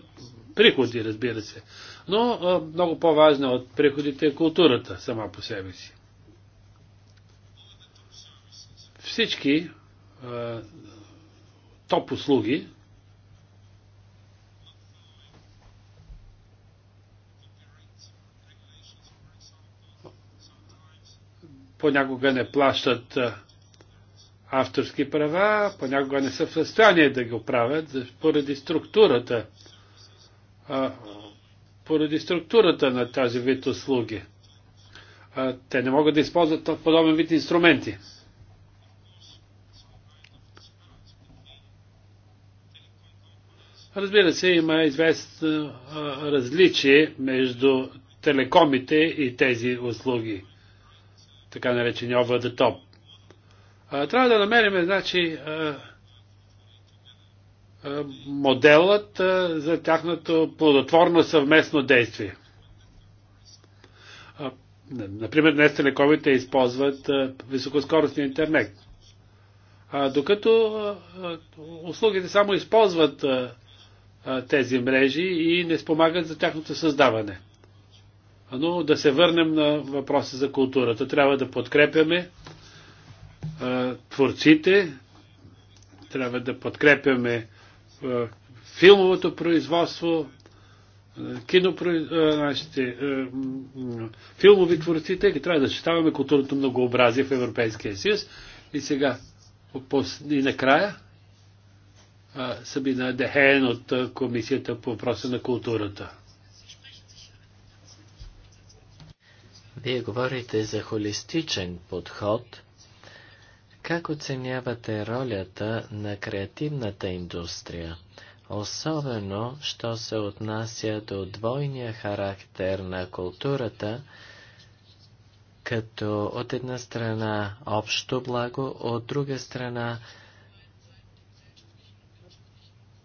приходи, разбира се. Но много по-важна от приходите е културата сама по себе си. Всички топ услуги понякога не плащат а, авторски права, понякога не са в състояние да го правят, поради структурата, поради структурата на тази вид услуги. те не могат да използват подобен вид инструменти. Разбира се, има известно различие между телекомите и тези услуги, така наречени over the top. Трябва да намерим, значи, моделът за тяхното плодотворно съвместно действие. Например, днес телекомите използват високоскоростния интернет. докато услугите само използват тези мрежи и не спомагат за тяхното създаване. Но да се върнем на въпроса за културата. Трябва да подкрепяме творците, трябва да подкрепяме филмовото производство, кино, нашите филмови творци, тъй като трябва да защитаваме културното многообразие в Европейския съюз. И сега, и накрая, Сабина Дехен от Комисията по въпроса на културата. Вие говорите за холистичен подход – как оценявате ролята на креативната индустрия, особено, що се отнася до двойния характер на културата, като от една страна общо благо, от друга страна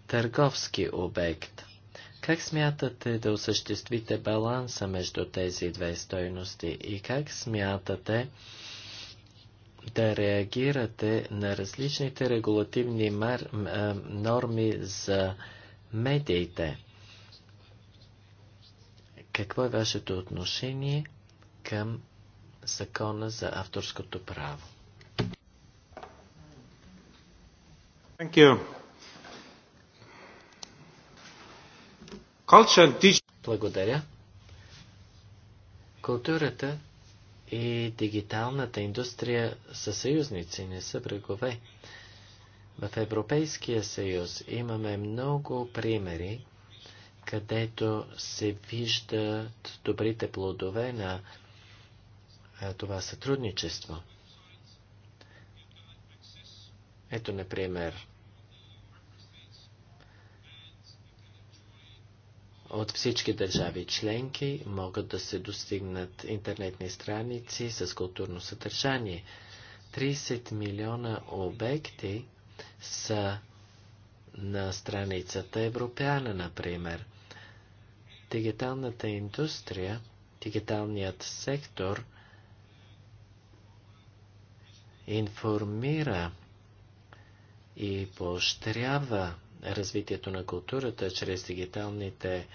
търговски обект. Как смятате да осъществите баланса между тези две стойности и как смятате да реагирате на различните регулативни мар, норми за медиите. Какво е вашето отношение към закона за авторското право? Thank you. Culture Благодаря. Културата и дигиталната индустрия са съюзници, не са врагове. В Европейския съюз имаме много примери, където се виждат добрите плодове на това сътрудничество. Ето, например, от всички държави членки могат да се достигнат интернетни страници с културно съдържание. 30 милиона обекти са на страницата Европеана, например. Дигиталната индустрия, дигиталният сектор информира и поощрява развитието на културата чрез дигиталните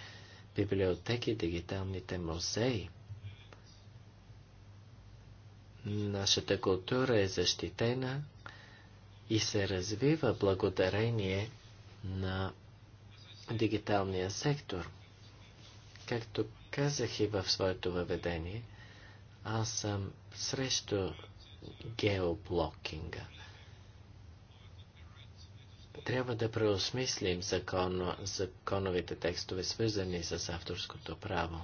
библиотеки, дигиталните музеи. Нашата култура е защитена и се развива благодарение на дигиталния сектор. Както казах и в своето въведение, аз съм срещу геоблокинга – трябва да преосмислим законно, законовите текстове, свързани с авторското право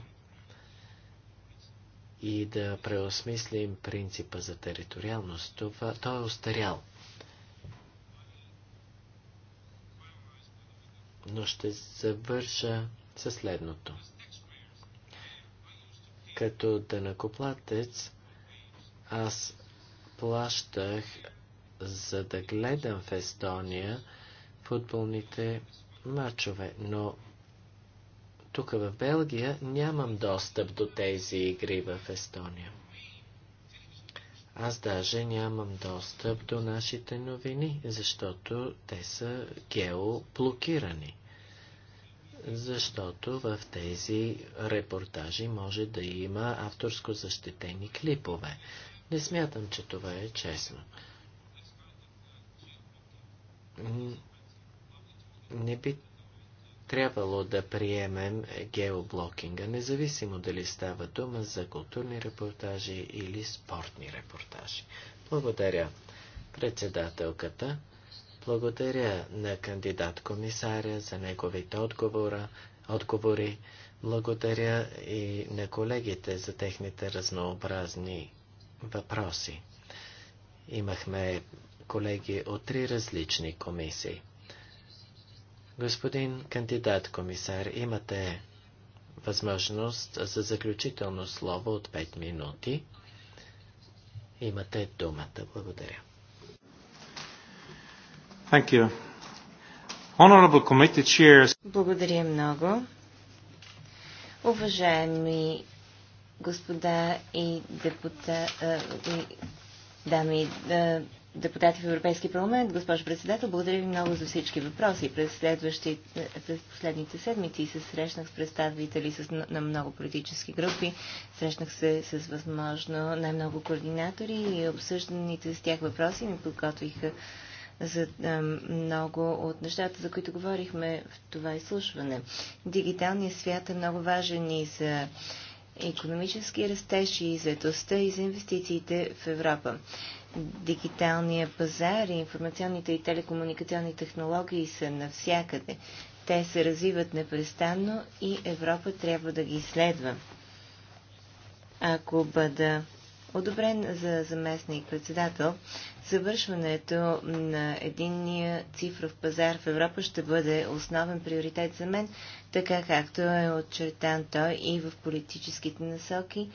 и да преосмислим принципа за териториалност. Това, той е устарял. Но ще завърша със следното. Като дънакоплатец, аз плащах за да гледам в Естония футболните матчове, но тук в Белгия нямам достъп до тези игри в Естония. Аз даже нямам достъп до нашите новини, защото те са геоблокирани. Защото в тези репортажи може да има авторско защитени клипове. Не смятам, че това е честно не би трябвало да приемем геоблокинга, независимо дали става дума за културни репортажи или спортни репортажи. Благодаря председателката. Благодаря на кандидат-комисаря за неговите отговора, отговори. Благодаря и на колегите за техните разнообразни въпроси. Имахме колеги от три различни комисии. Господин кандидат комисар, имате възможност за заключително слово от 5 минути. Имате думата. Благодаря. Thank you. Honorable committee chairs. Благодаря много. Уважаеми господа и депутати, дами и депутати в Европейски парламент. Госпожо председател, благодаря ви много за всички въпроси. През, следващи, през последните седмици се срещнах с представители с, на много политически групи. Срещнах се с възможно най-много координатори и обсъжданите с тях въпроси ми подготвиха за а, много от нещата, за които говорихме в това изслушване. Дигиталният свят е много важен и за економически растеж и заедостта и за инвестициите в Европа дигиталния пазар и информационните и телекомуникационни технологии са навсякъде. Те се развиват непрестанно и Европа трябва да ги следва. Ако бъда одобрен за заместник председател, завършването на единния цифров пазар в Европа ще бъде основен приоритет за мен, така както е отчертан той и в политическите насоки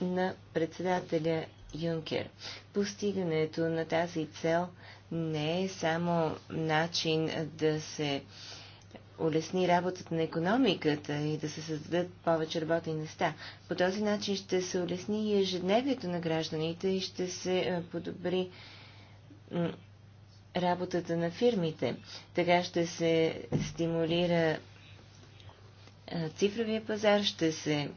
на председателя Юнкер. Постигането на тази цел не е само начин да се улесни работата на економиката и да се създадат повече работни места. По този начин ще се улесни и ежедневието на гражданите и ще се е, подобри работата на фирмите. Така ще се стимулира е, цифровия пазар, ще се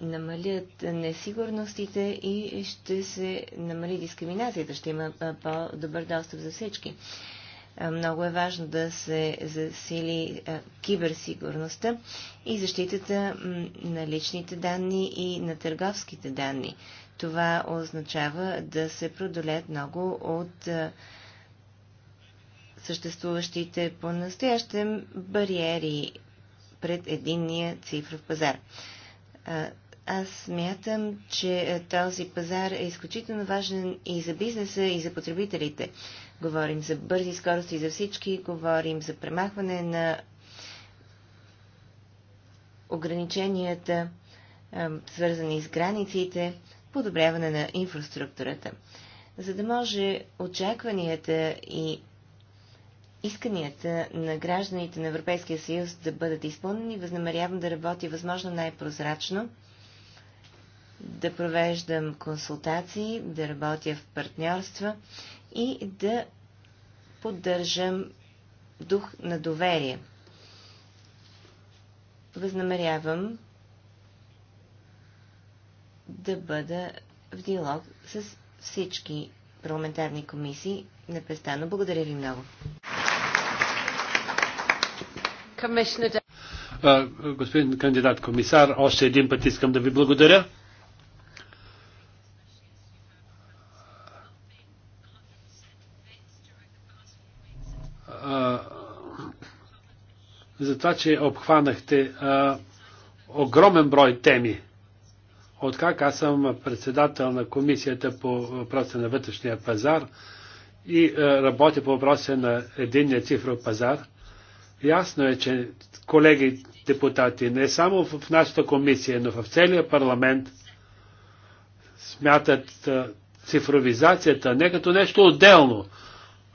намалят несигурностите и ще се намали дискриминацията. Ще има по-добър достъп за всички. Много е важно да се засили киберсигурността и защитата на личните данни и на търговските данни. Това означава да се продолят много от съществуващите по-настоящем бариери пред единния цифров пазар. Аз смятам, че е, този пазар е изключително важен и за бизнеса, и за потребителите. Говорим за бързи скорости за всички, говорим за премахване на ограниченията, е, свързани с границите, подобряване на инфраструктурата. За да може очакванията и исканията на гражданите на Европейския съюз да бъдат изпълнени, възнамерявам да работя възможно най-прозрачно, да провеждам консултации, да работя в партньорства и да поддържам дух на доверие. Възнамерявам да бъда в диалог с всички парламентарни комисии непрестанно. Благодаря ви много. Господин кандидат комисар, още един път искам да ви благодаря. за това, че обхванахте а, огромен брой теми. Откак аз съм председател на комисията по въпроса на вътрешния пазар и а, работя по въпроса на единния цифров пазар, Ясно е, че колеги депутати, не само в нашата комисия, но в целия парламент смятат цифровизацията не като нещо отделно,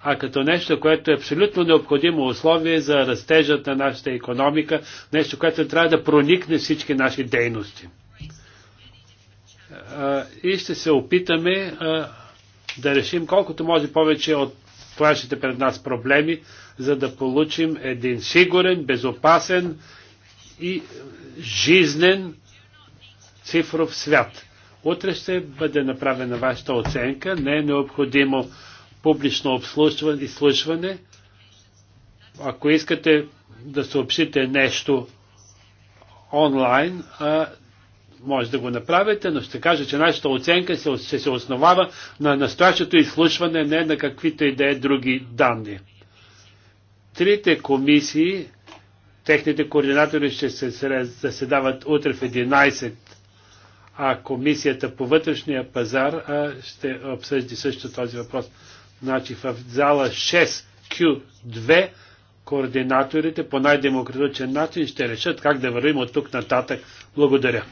а като нещо, което е абсолютно необходимо условие за растежът на нашата економика, нещо, което трябва да проникне всички наши дейности. И ще се опитаме да решим колкото може повече от плашите пред нас проблеми, за да получим един сигурен, безопасен и жизнен цифров свят. Утре ще бъде направена вашата оценка. Не е необходимо публично обслужване, изслушване. Ако искате да съобщите нещо онлайн, а, може да го направите, но ще кажа, че нашата оценка се, ще се основава на настоящото изслушване, не на каквито и да е други данни. Трите комисии, техните координатори ще се заседават утре в 11, а комисията по вътрешния пазар а, ще обсъжди също този въпрос. Значи в зала 6Q2 координаторите по най-демократичен начин ще решат как да вървим от тук нататък. Благодаря.